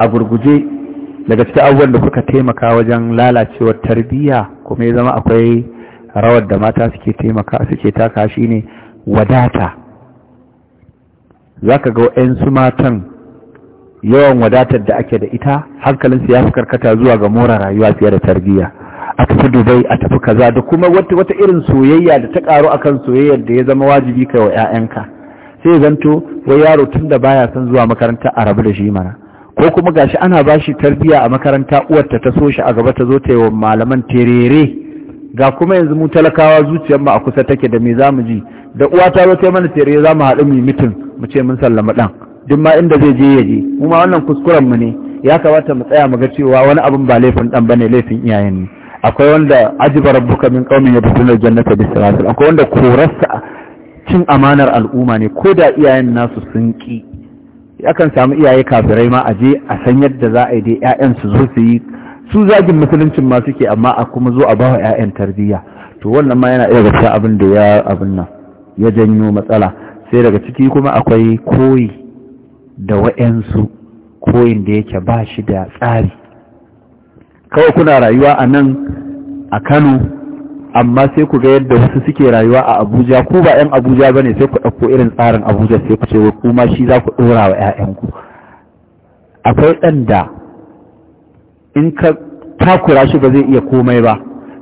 a gurguje daga cikin abubuwan da suka taimaka wajen lalacewar tarbiyya kuma ya zama akwai rawar da mata suke taimaka suke taka ne wadata ka ga 'yansu matan yawan wadatar da ake da ita hankalinsu ya fi karkata zuwa ga mora rayuwa fiye da tarbiyya a tafi dubai a tafi kaza da kuma wata irin soyayya da ta karu akan soyayyar da ya zama wajibi kai wa 'ya'yanka sai zanto wai yaro tun da baya son zuwa makaranta a rabu da shi mana ko kuma gashi ana bashi tarbiya a makaranta uwarta ta so shi a gaba ta zo ta yi malaman terere ga kuma yanzu mu talakawa zuciyar mu a kusa take da me zamu ji da uwa ta zo ta yi mana terere mu haɗu mu mitin mu ce mun sallama dan duk ma inda zai je ya je mu ma wannan kuskuren mu ne ya kamata mu tsaya mu ga cewa wani abin ba laifin dan bane laifin iyayen ne akwai wanda ajibar rabbuka min qaumin yadkhuluna jannata bisiratil akwai wanda korarsa cin amanar al'umma ne ko da iyayen nasu sun ki akan samu iyaye kafirai ma a je a san yadda za a yi dai 'ya'yan su zo su yi su zagin musuluncin ma suke amma a kuma zo a wa 'ya'yan tarbiyya to wannan ma yana iya gaskiya abin da ya abin nan ya janyo matsala sai daga ciki kuma akwai koyi da wa'yansu koyin da yake ba shi da tsari kawai kuna rayuwa a nan a kano amma sai ku ga yadda wasu suke rayuwa a Abuja ku ba 'yan Abuja ba ne sai ku ɗauko irin tsarin Abuja sai ku ce wai kuma shi za ku ɗora wa 'ya'yanku akwai ɗan da in ka takura shi ba zai iya komai ba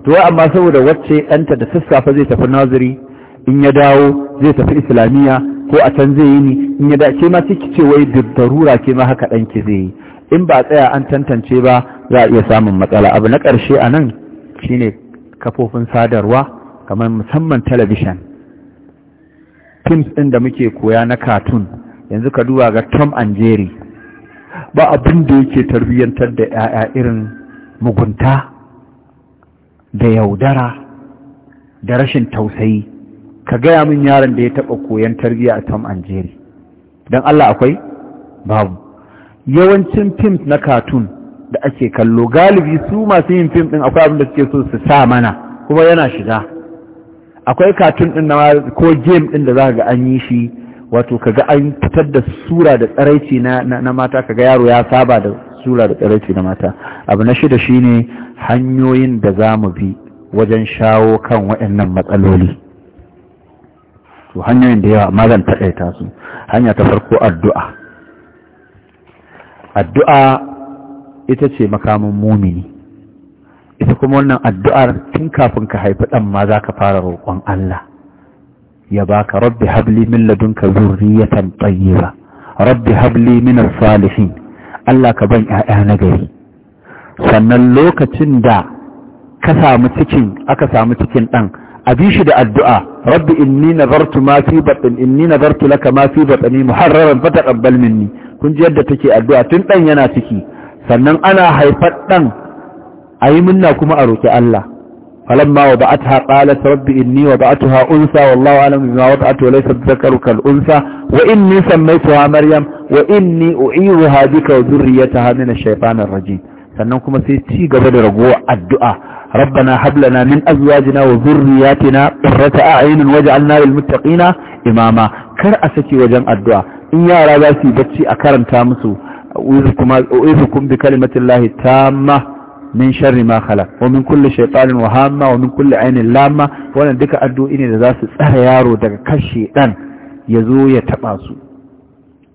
to amma saboda wacce ɗanta da sassafe zai tafi naziri in ya dawo zai tafi islamiyya ko a can zai yi ni in ya ke ma ki ce wai darura ke ma haka ɗanki zai yi in ba tsaya an tantance ba za a iya samun matsala abu na ƙarshe a nan shine kafofin sadarwa kamar musamman talabishin films ɗin da muke koya na katun, yanzu ka duba ga Tom and Jerry ba abin da yake tarbiyyantar da ‘ya'ya irin mugunta da yaudara da rashin tausayi ka gaya min yaron da ya taɓa koyon tarbiyya a Tom and Jerry don Allah akwai babu yawancin films na katun. da ake kallo galibi su masu yin fim ɗin akwai abinda da suke so su sa mana kuma yana shiga akwai katun ɗin na ko game ɗin da za ga an yi shi wato kaga an fitar da sura da tsaraici na mata kaga yaro ya saba da sura da tsaraici na mata abu na shida shine hanyoyin da za mu bi wajen shawo kan waɗannan matsaloli to hanyoyin da yawa amma zan taƙaita su hanya ta farko addu'a addu'a ita ce makamin mumini ita kuma wannan addu'ar tun kafin ka haifi ɗan ma za ka fara roƙon Allah ya baka rabbi habli min ladunka zurriyatan tayyiba rabbi habli min salihin Allah ka ban 'ya'ya na gari sannan lokacin da ka samu cikin aka samu cikin ɗan bi shi da addu'a rabbi inni nazartu ma fi batn inni nazartu laka ma fi batni muharraran fataqabbal minni kun ji yadda take addu'a tun ɗan yana ciki sannan ana haifar ɗan a yi minna kuma a roƙi Allah falamma wa ba'atha qalat rabbi inni wa ba'atuha unsa wallahu a'lam bima wada'tu wa laysa dhakaru kal unsa wa inni sammaytuha maryam wa inni u'iruha bika wa dhurriyyataha min ash-shaytanir rajim sannan kuma sai ci gaba da ragowa addu'a rabbana hab lana min azwajina wa dhurriyyatina qurrata a'yunin waj'alna lil muttaqina imama kar a saki wajen addu'a in yara za su yi bacci a karanta musu أعوذكم بكلمة الله تامة من شر ما خلق ومن كل شيطان وهامة ومن كل عين لامة وانا دك أدو إني لذاس سهيارو دك كشي أن يزو يتقاسو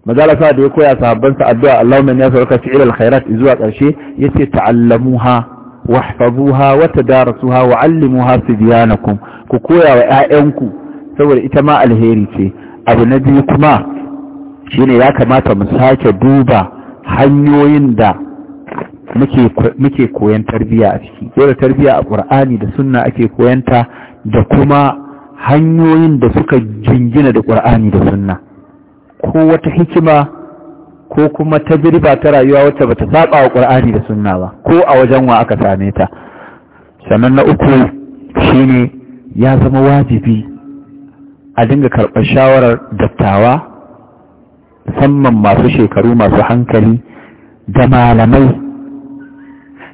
مدالة سعد يقول يا صحابان سأدعى اللهم أن يسألك فعل الخيرات إزوات الشيء يتي تعلموها واحفظوها وتدارسوها وعلموها سبيانكم كوكويا وآئنكم سوى إتماء الهيري أبو نبي كما shine ya kamata mu sake duba hanyoyin da muke koyan tarbiyya a ciki dole tarbiyya a ƙur'ani da suna ake koyanta da kuma hanyoyin da suka jingina da ƙur'ani da suna ko wata hikima ko kuma ta tajriba ta rayuwa wacce bata saba wa ƙur'ani da suna ba ko a wajen wa aka same ta sannan na uku ne ya zama wajibi a dinga karɓar shawarar dattawa musamman masu shekaru masu hankali da malamai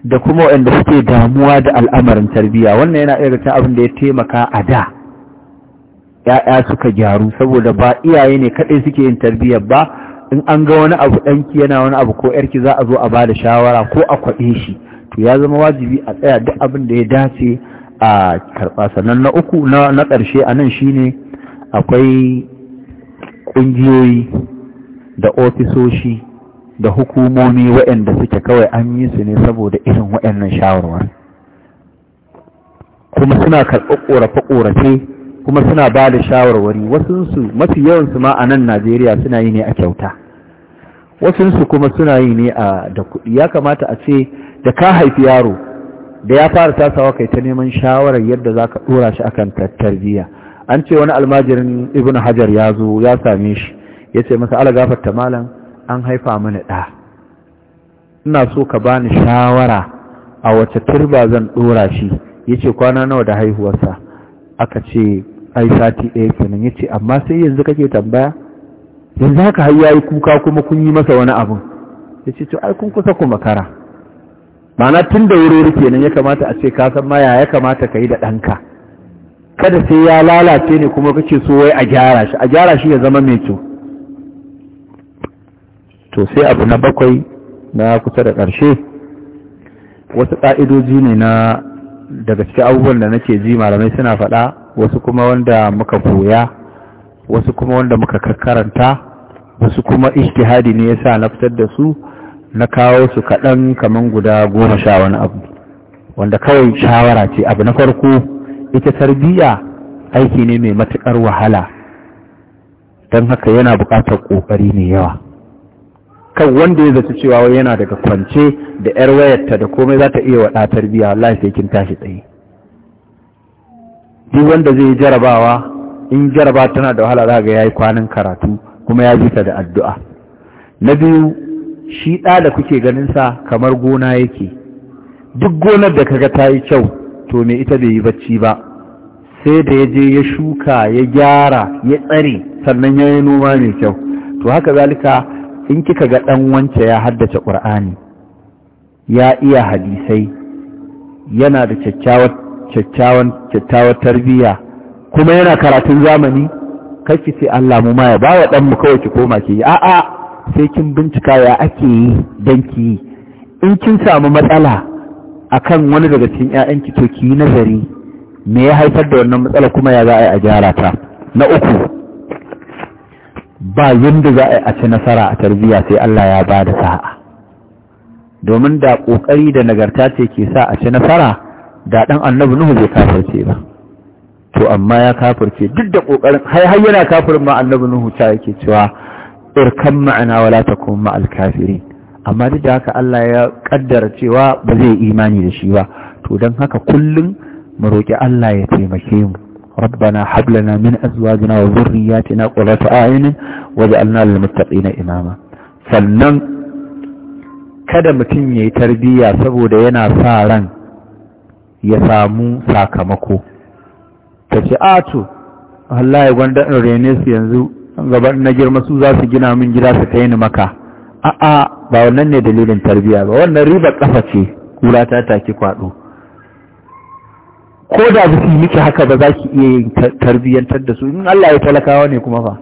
da kuma waɗanda suke damuwa da al'amarin tarbiyya wannan yana iya ta abin da ya taimaka a da ‘ya'ya suka gyaru saboda ba iyaye ne kaɗai suke yin tarbiyya ba in an ga wani abu ɗanki yana wani abu ko ‘yarki za a zo a ba da shawara ko a kwaɗe shi to ya zama wajibi a tsaya duk abin da ya dace a karɓa sannan na uku na ƙarshe a nan shine akwai ƙungiyoyi da ofisoshi da hukumomi waɗanda suke kawai an yi su ne saboda irin waɗannan shawarwar kuma suna karɓi ƙorafe-ƙorafe kuma suna ba da shawarwari wasunsu mafi yawansu ma a nan najeriya suna yi ne a kyauta wasunsu kuma suna yi ne a da kuɗi ya kamata a ce da ka haifi yaro da ya fara tasawa kai ta neman shawarar yadda za ka ɗora shi akan tarbiyya an ce wani almajirin ibn hajar ya zo ya same shi ya ce masa ala ta malam an haifa mana ɗa ina so ka bani shawara a wace turba zan ɗora shi ya ce kwana nawa da haihuwarsa aka ce ai sati ɗaya kenan ya ce amma sai yanzu kake tambaya yanzu haka har yayi kuka kuma kun yi masa wani abin ya ce to ai kun kusa ku makara ma'ana tun da wuri kenan ya kamata a ce ka san ma ya kamata ka yi da ɗanka kada sai ya lalace ne kuma kake so wai a gyara shi a gyara shi ya zama mai kyau to sai abu na bakwai na kusa da ƙarshe wasu ƙa'idoji ne na daga cikin abubuwan da nake ji malamai suna faɗa wasu kuma wanda muka koya wasu kuma wanda muka karkaranta wasu kuma ishtihadi ne yasa na fitar da su na kawo su kaɗan kamar guda goma sha wani abu wanda kawai shawara ce abu na farko ita tarbiyya aiki ne mai matuƙar wahala don haka yana buƙatar ƙoƙari mai yawa kan wanda ya zaci cewa wai yana daga kwance da yar wayarta da komai za ta iya waɗa tarbiya wallahi sai kin tashi tsaye duk wanda zai jarabawa in jaraba tana da wahala za ga yayi kwanan karatu kuma ya jita da addu'a na biyu shi ɗa da kuke ganin sa kamar gona yake duk gonar da kaga ta yi kyau to me ita bai yi bacci ba sai da ya je ya shuka ya gyara ya tsare sannan ya yi noma mai kyau to haka zalika in kika ga ɗan wance ya haddace ƙur'ani ya iya hadisai yana da kyakkyawar tarbiyya kuma yana karatun zamani ki ce Allah mu ma ya ba wa ɗanmu kawai ki koma ki yi a'a sai kin bincika ya ake yi don ki yi in kin samu matsala akan wani daga cikin 'ya'yanki to ki yi nazari me ya haifar da wannan matsala kuma ya za a yi a gyara ta na uku ba yadda za a a ci nasara a tarbiyya sai Allah ya ba da sa'a domin da ƙoƙari da nagarta ce ke sa a ci nasara da ɗan annabu nuhu zai kafirce ba to amma ya kafirce duk da ƙoƙarin har har yana kafirin ma annabu nuhu ta yake cewa irkan ma'ana wala takum ma'al kafirin amma duk da haka Allah ya ƙaddara cewa ba zai imani da shi ba to don haka kullum mu roƙi Allah ya taimake mu ربنا حب لنا من أزواجنا وذرياتنا قرة أعين وجعلنا للمتقين إماما sannan kada mutum ya yi tarbiyya saboda yana sa ran ya samu sakamako ta ce Allah ya gwanda in rene su yanzu gaban na girma su za su gina min gida su kai ni maka a'a ba wannan ne dalilin tarbiyya ba wannan ribar kafa ce kula ta take kwado ko da ba su miki haka ba za ki iya yin tarbiyyantar da su in Allah ya talakawa ne kuma fa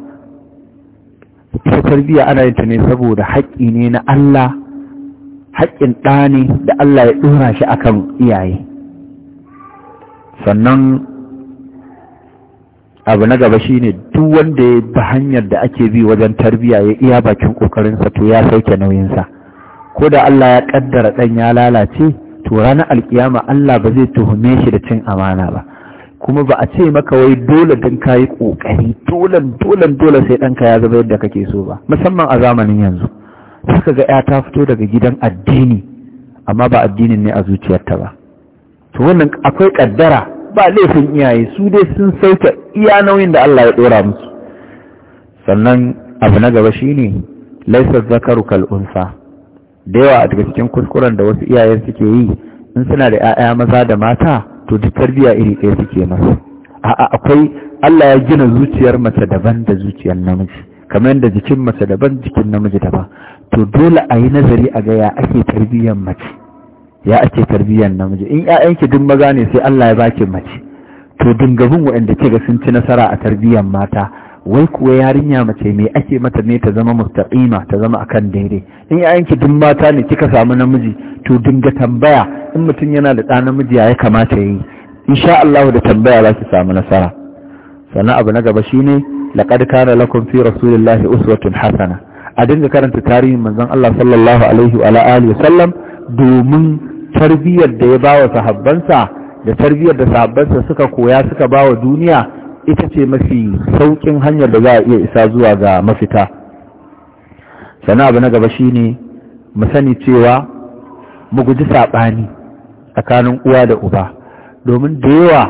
ita tarbiyya ana yin ta ne saboda haƙƙi ne na Allah haƙƙin ɗa ne da Allah ya ɗora shi akan iyaye sannan abu na gaba shi ne duk wanda ya bi hanyar da ake bi wajen tarbiyya ya iya bakin ƙoƙarinsa to ya sauke nauyinsa ko da Allah ya ƙaddara ɗan ya lalace to ranar alkiyama Allah ba zai tuhume shi da cin amana ba kuma ba a ce maka wai dole ka yi kokari dolan dolan dole sai ɗanka ya zama yadda kake so ba musamman a zamanin yanzu suka ga ya ta fito daga gidan addini amma ba addinin ne a zuciyarta ba to wannan akwai kaddara ba laifin iyaye su dai sun sauka iya nauyin da Allah ya dora musu sannan abu na gaba shine laysa zakaru kal unsa da yawa daga cikin kuskuren da wasu iyaye suke yi in suna da 'ya'ya maza da mata to duk tarbiyya iri ɗaya suke masu a'a akwai Allah ya gina zuciyar mace daban da zuciyar namiji kamar yadda jikin mace daban jikin namiji daban to dole a yi nazari a ga ya ake tarbiyyar mace ya ake tarbiyyar namiji in 'ya'yanki duk maza ne sai Allah ya baki mace to dingabin waɗanda ke ga sun ci nasara a tarbiyyar mata wai kuwa yarinya mace me ake mata ne ta zama mustaqima ta zama akan daidai in ki duk mata ne kika samu namiji to dinga tambaya in mutum yana da ɗa namiji ya kamata yi. insha Allah da tambaya za ki samu nasara sannan abu na gaba shine laqad kana lakum fi rasulillahi uswatun hasana a dinga karanta tarihin manzon Allah sallallahu alaihi wa alihi sallam domin tarbiyyar da ya bawa sahabbansa da tarbiyyar da sahabbansa suka koya suka bawa duniya ita ce mafi saukin hanyar da za a iya isa zuwa ga mafita sana abu na gaba shine mu sani cewa mu guji saɓani tsakanin uwa da uba domin da yawa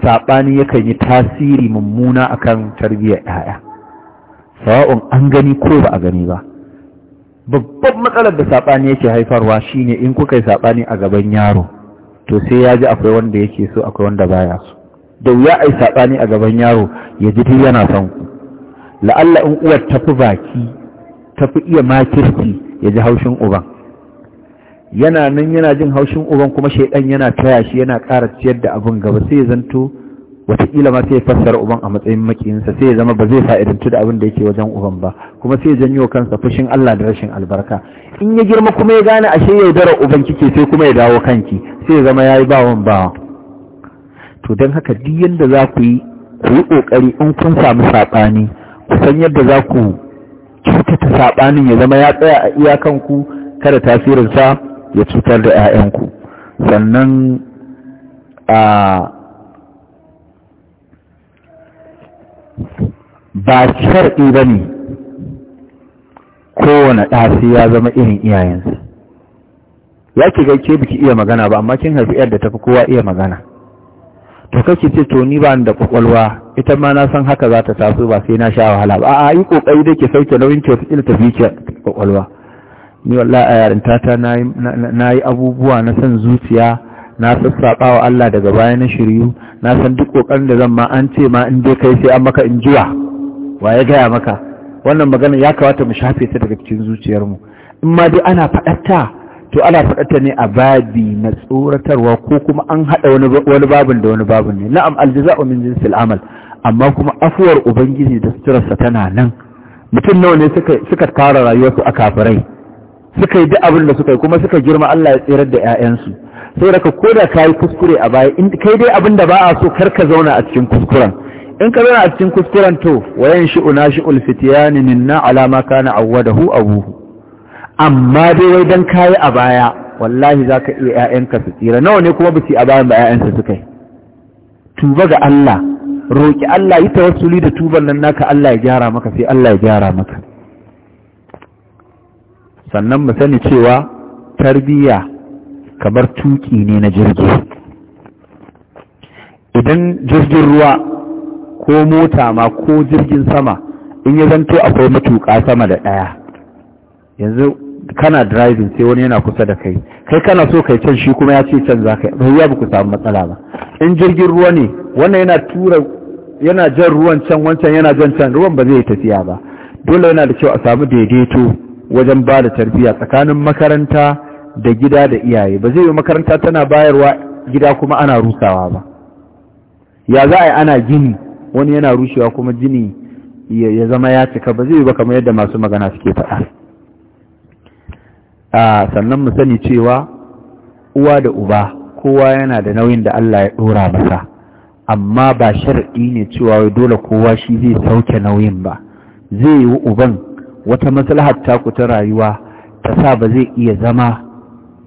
saɓani yakan yi tasiri mummuna akan tarbiyyar ɗaya sawa'un an gani ko ba a gani ba babban matsalar da saɓani yake haifarwa shine in kuka yi saɓani a gaban yaro to sai ya ji akwai wanda yake so akwai wanda baya so da wuya a yi saɓani a gaban yaro ya ji duk yana son ku la'alla in uwar fi baki ta fi iya makirki ya ji haushin uban yana nan yana jin haushin uban kuma shaidan yana taya shi yana ƙara ciyar da abin gaba sai ya zanto wataƙila ma sai ya fassara uban a matsayin makiyinsa sai ya zama ba zai fa'idantu da abin da yake wajen uban ba kuma sai ya janyo kansa fushin Allah da rashin albarka in ya girma kuma ya gane ashe yaudara uban kike sai kuma ya dawo kanki sai ya zama ya yi bawan bawa to don haka duk yadda za ku yi ku yi ƙoƙari in kun samu saɓani ku san yadda za ku cutata saɓanin ya zama ya tsaya a iyakanku kada tasirinsa ya cutar da 'ya'yanku sannan a ba sharɗi ba ne kowane ɗasi ya zama irin iyayensa ya ke gaice biki iya magana ba amma kin haifi yadda tafi kowa iya magana to kake ce to ni ba da kwakwalwa ita ma na san haka za ta taso ba sai na sha wahala ba a yi kokari da ke sauke nauyin ki wata tafi ke kwakwalwa ni wallahi a yarinta ta na yi abubuwa na san zuciya na sassaɓa wa Allah daga baya na shiryu na san duk kokarin da zan ma an ce ma in dai kai sai an maka in jiwa wa ya gaya maka wannan magana ya kamata mu shafe ta daga cikin zuciyarmu in ma dai ana faɗatta to ana faɗata ne a babi na tsoratarwa ko kuma an haɗa wani babin da wani babin ne na'am aljaza'u min jinsil amal amma kuma afuwar ubangiji da suturarsa tana nan mutum nawa ne suka fara rayuwarsu a kafirai suka yi duk abin da suka yi kuma suka girma Allah ya tsirar da 'ya'yansu sai daga ko da ka yi kuskure a baya in kai dai abin da ba a so kar ka zauna a cikin kuskuren in ka zauna a cikin kuskuren to wayan shi'u na shi'ul fitiyani minna alama kana awwadahu abuhu amma dai wai dan kayi a baya wallahi za ka iya ‘ya'yanka su tsira nawa ne kuma bisi a bayan ba ‘ya'yansa suka yi tuba ga Allah roƙi Allah yi tawassuli da tuban nan naka Allah ya gyara maka sai Allah ya gyara maka sannan mu sani cewa tarbiyya kamar tuki ne na jirgi idan jirgin ruwa ko mota ma ko jirgin sama in ya zanto akwai matuka sama da ɗaya yanzu kana driving sai wani yana kusa da kai kai kana so kai can shi kuma ya ce can za ka ba ku samu matsala ba in jirgin ruwa ne wannan yana tura yana jan ruwan can wancan yana jan can ruwan ba zai tafiya ba dole yana da kyau a samu daidaito wajen ba da tarbiyya tsakanin makaranta da gida da iyaye ba zai yi makaranta tana bayarwa gida kuma ana rusawa ba ya za a yi ana gini wani yana rushewa kuma gini ya zama ya cika ba zai yi ba kamar yadda masu magana suke faɗa a sannan mu sani cewa uwa da uba kowa yana da nauyin da Allah ya ɗora masa amma ba shar'i ne cewa dole kowa shi zai sauke nauyin ba zai yi uban wata maslahar ku ta rayuwa ta sa ba zai iya zama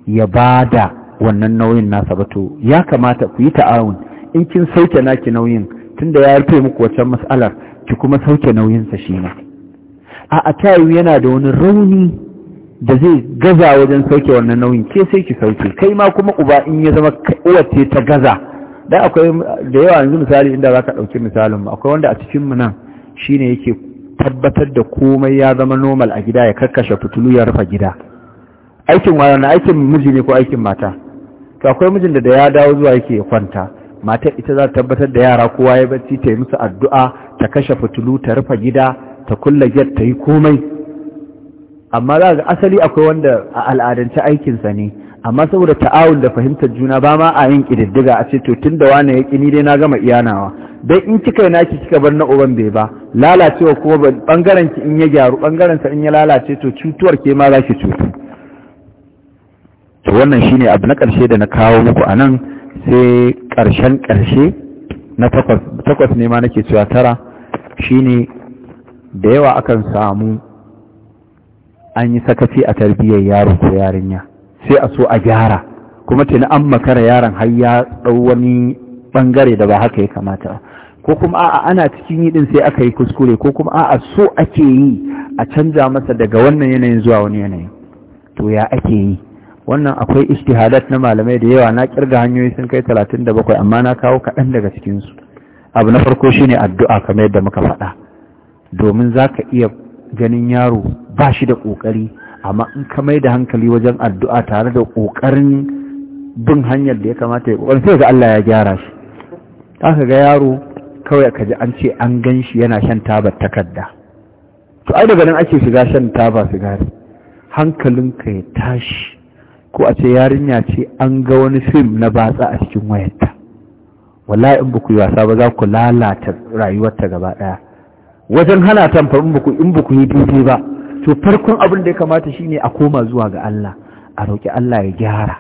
ya ba da wannan nauyin nasa ba to ya kamata ku yi ta'awun in kin sauke naki nauyin tunda ya rufe muku wancan mas'alar ki kuma sauke nauyinsa shi ma a a tayu yana da wani rauni da zai gaza wajen sauke wannan nauyin ke sai ki sauke kai ma kuma uba in ya zama uwace ta gaza dan akwai da yawa yanzu misali inda zaka dauki misalin mu akwai wanda a cikin mu nan shine yake tabbatar da komai ya zama normal a gida ya karkashe fitulu ya rufe gida aikin wa na aikin miji ne ko aikin mata to akwai mijin da da ya dawo zuwa yake ya kwanta matar ita za ta tabbatar da yara kowa ya bacci ta yi musu addu'a ta kashe fitulu ta rufe gida ta kulle gate ta yi komai amma za ga asali akwai wanda a al'adance aikinsa ne amma saboda ta'awun da fahimtar juna ba ma a yin ƙididdiga a ce to tun da wani ya ƙini dai na gama iyanawa don in kika yi naki kika bar na uban bai ba lalacewa kuma bangaren ki in ya gyaru bangaren sa in ya lalace to cutuwar ke ma za ki cutu to wannan shine abu na ƙarshe da na kawo muku a nan sai ƙarshen ƙarshe na takwas ne ma nake cewa tara shine da yawa akan samu an yi sakaci a tarbiyyar yaro ko yarinya sai a so a gyara kuma tuni an makara yaron har ya ɗau wani ɓangare da ba haka ya kamata ko kuma a'a ana cikin yi din sai aka yi kuskure ko kuma a'a so ake yi a canza masa daga wannan yanayin zuwa wani yanayin to ya ake yi wannan akwai ishtihadat na malamai da yawa na kirga hanyoyi sun kai talatin da bakwai amma na kawo kaɗan daga cikinsu abu na farko shine addu'a kamar yadda muka faɗa domin za ka iya ganin yaro ba shi da ƙoƙari amma in ka mai da hankali wajen addu'a tare da ƙoƙarin bin hanyar da ya kamata ya ƙoƙarin sai ga Allah ya gyara shi aka ga yaro kawai ka ji an ce an gan shi yana shan tabar takarda to ai daga nan ake shiga shan taba sigari hankalinka ya tashi ko a ce yarinya ce an ga wani fim na batsa a cikin wayarta wallahi in buku yi wasa ba za ku lalata rayuwarta gaba ɗaya wajen hana tamfar in buku in yi dubi ba to farkon abin da ya kamata shine a koma zuwa ga Allah a roƙi Allah ya gyara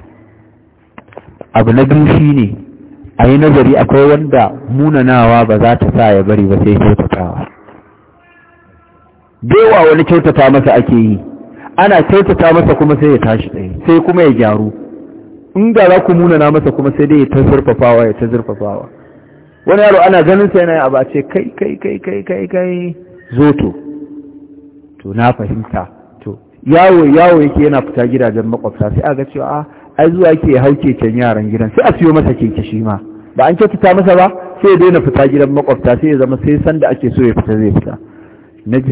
abu na biyu shine a yi nazari akwai wanda munanawa ba za ta sa ya bari ba sai kyautatawa bewa wani kyautata masa ake yi ana kyautata masa kuma sai ya tashi tsaye sai kuma ya gyaru in da za ku munana masa kuma sai dai ya ta zurfafawa ya ta zurfafawa wani yaro ana ganin sa yana yi abu a ce kai kai kai kai kai kai zoto to na fahimta to yawo yawo yake yana fita gidajen makwabta sai aga cewa a ah, ai zuwa yake hau keken yaran gidan sai a siyo masa keke shi ma ba an kyautata masa ba sai ya daina fita gidan makwabta sai ya zama sai sanda ake so ya fita zai fita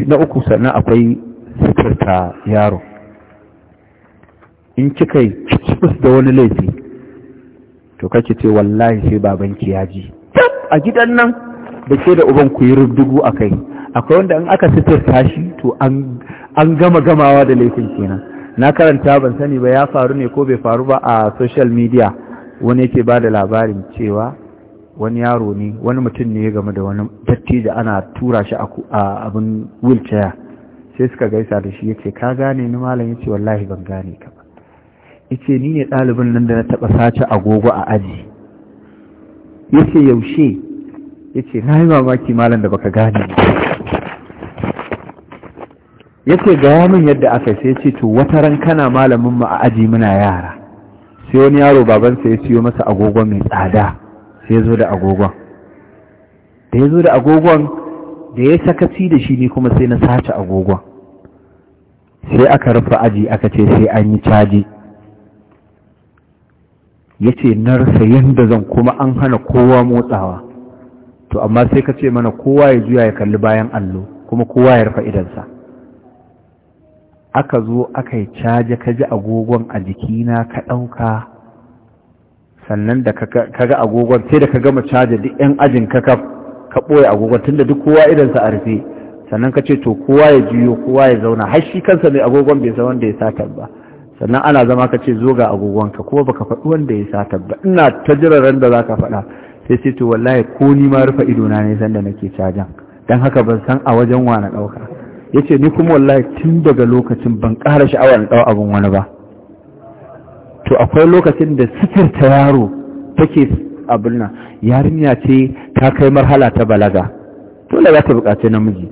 na uku sannan akwai suturta yaro in kika yi cikus da wani laifi to kake ce wallahi sai babanki ya ji a gidan nan da ke da uban ku yi rubdugu a kai akwai wanda in aka sitirta shi to an gama gamawa da laifin kenan na karanta ban sani ba ya faru ne ko bai faru ba a social media wani yake ba da labarin cewa wani yaro ne wani mutum ne ya game da wani dattijo ana tura shi a abin wheelchair sai suka gaisa da shi yace ka gane ni malam yace wallahi ban gane ka ba yace ni ne ɗalibin nan da na taɓa sace agogo a aji yace yaushe yace na yi mamaki malam da baka gane yace gaya min yadda aka sai ce to wata ran kana malamin mu a aji muna yara sai wani yaro babansa ya siyo masa agogon mai tsada sai ya zo da agogon da ya zo da agogon da ya sakaci da shi ne kuma sai na sace agogon sai aka rufe aji aka ce sai an yi caji ya ce na rasa yadda zan kuma an hana kowa motsawa to amma sai ka ce mana kowa ya juya ya kalli bayan allo kuma kowa ya rufe idansa aka zo aka yi caje ka ji agogon a jikina ka ɗauka sannan da ka ga agogon sai da ka gama caje duk 'yan ajin ka ka ɓoye agogon tunda duk kowa idansa a rufe sannan ka ce to kowa ya juyo kowa ya zauna har shi kansa mai agogon bai san wanda ya sata ba sannan ana zama ka ce zo ga agogonka kuma baka faɗi wanda ya sata ba ina ta jiraran da za ka faɗa ya ce to wallahi ko ni ma rufe idona ne da nake cajan dan haka ban san a wajen wa na yace ni kuma wallahi tun daga lokacin ban ƙara sha'awa na ɗau abin wani ba to akwai lokacin da ta yaro take abin nan yarinya ce ta kai marhala ta balaga dole za ta buƙaci namiji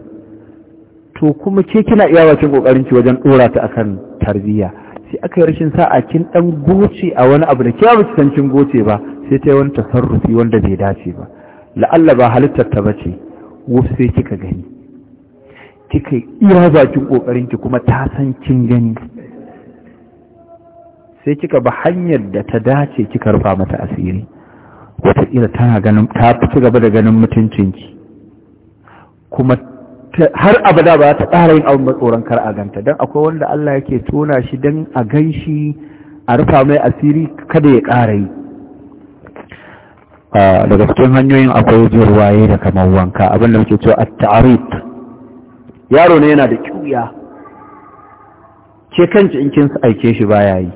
to kuma ke kina iya bakin kokarin ki wajen dora ta akan tarbiyya sai aka yi rashin sa'a kin dan goce a wani abu da kiya ba san kin goce ba sai ta yi wani tasarrufi wanda bai dace ba la'alla ba halittar ta bace ko sai kika gani kika iya bakin kokarin ki kuma ta san kin gani sai kika ba hanyar da ta dace kika rufa mata asiri wataƙila tana ganin ta fi gaba da ganin mutuncinki kuma har abada ba ta ƙara yin abin matsoron kar a ganta don akwai wanda Allah yake tona shi don a gan shi a rufa mai asiri kada ya ƙara yi ah, daga cikin hanyoyin akwai jin waye da kamar wanka abin da muke cewa a yaro ne yana da kyuya ke kanci in kin aike shi baya yi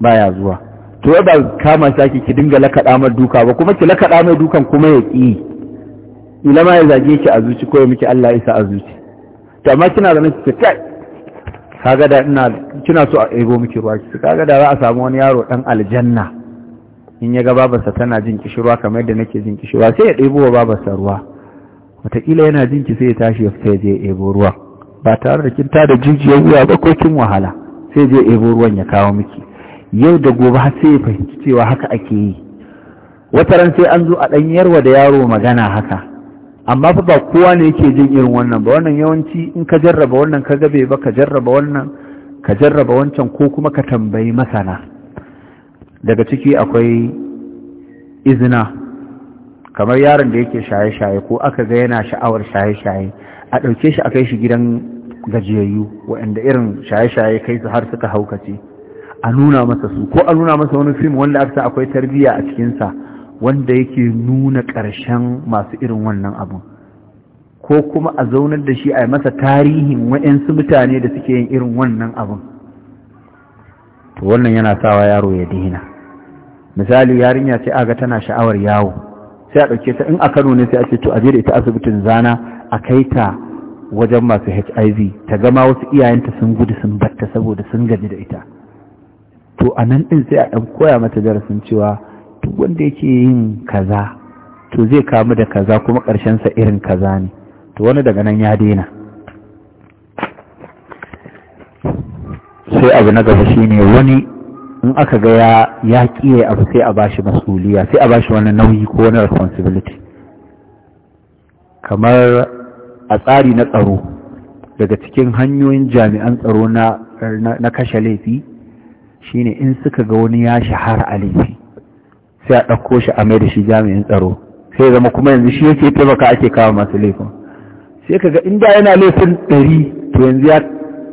baya zuwa to ba kama shi ki dinga lakaɗa mai duka ba kuma ki lakaɗa mai dukan kuma ya ƙi ila ma ya zage ki a zuci ko ya miki Allah ya isa a zuci to amma kina ganin ki kai kaga da ina kina so a ego miki ruwa ki kaga da za a samu wani yaro dan aljanna in ya ga babarsa tana jin kishirwa kamar yadda nake jin kishirwa sai ya ɗebo wa babarsa ruwa wataƙila yana jin ki sai ya tashi ya fita je ebo ruwa ba tare da kin tada jijiyar wuya ba ko kin wahala sai je ebo ruwan ya kawo miki yau da gobe har sai ya fahimci cewa haka ake yi wata ran sai an zo a ɗan yarwa da yaro magana haka amma fa ba kowa ne yake jin irin wannan ba wannan yawanci in ka jarraba wannan ka gabe ba ka jarraba wannan ka jarraba wancan ko kuma ka tambayi masana daga ciki akwai izina kamar yaron da yake shaye-shaye ko aka ga yana sha'awar shaye-shaye a ɗauke shi a kai shi gidan gajiyayyu waɗanda irin shaye-shaye kai su har suka haukace a nuna masa su ko a nuna masa wani fim wanda aka akwai tarbiyya a cikinsa wanda yake nuna ƙarshen masu irin wannan abun ko kuma a zaunar da shi a yi masa tarihin waɗansu mutane da suke yin irin wannan abun to wannan yana sawa yaro ya dina misali yarinya ce aga tana sha'awar yawo sai a ɗauke ta in a kano ne sai a ce to a je da ita asibitin zana a kai ta wajen masu hiv ta gama wasu iyayenta sun gudu sun batta saboda sun gaji da ita to a nan ɗin sai a ɗan koya mata darasin cewa duk wanda yake yin kaza to zai kamu da kaza kuma sa irin kaza ne to wani daga nan ya daina sai abu na gaba shine wani in aka ga ya kiye abu sai a bashi masuliya sai a bashi wani nauyi ko wani responsibility kamar a tsari na tsaro daga cikin hanyoyin jami'an tsaro na kashe laifi shine in suka ga wani ya shahara a laifi sai a ɗauko shi a mai da shi jami'in tsaro sai zama kuma yanzu shi yake taimaka ake kawo masu laifin sai kaga inda yana laifin ɗari to yanzu ya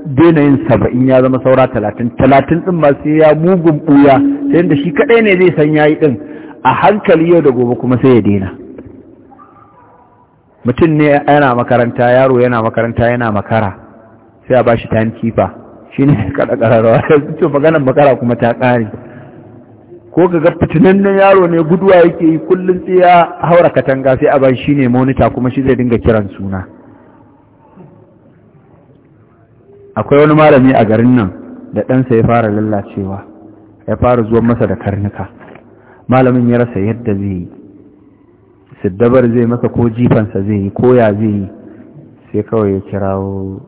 daina yin saba'in ya zama saura talatin talatin ɗin ma sai ya mugun ɓuya ta yadda shi kaɗai ne zai san yayi ɗin a hankali yau da gobe kuma sai ya daina mutum ne yana makaranta yaro yana makaranta yana makara sai a ba shi time keeper shi ne kaɗa ƙararrawa ya maganar makara kuma ta ƙare ko ka ga fitinannen yaro ne guduwa yake yi kullum sai ya haura katanga sai a bashi shi ne monita kuma shi zai dinga kiran suna akwai wani malami a garin nan da ɗansa ya fara lallacewa ya fara zuwan masa da karnuka malamin ya rasa yadda zai yi siddabar zai masa ko jifansa zai yi ko ya zai yi sai kawai ya kirawo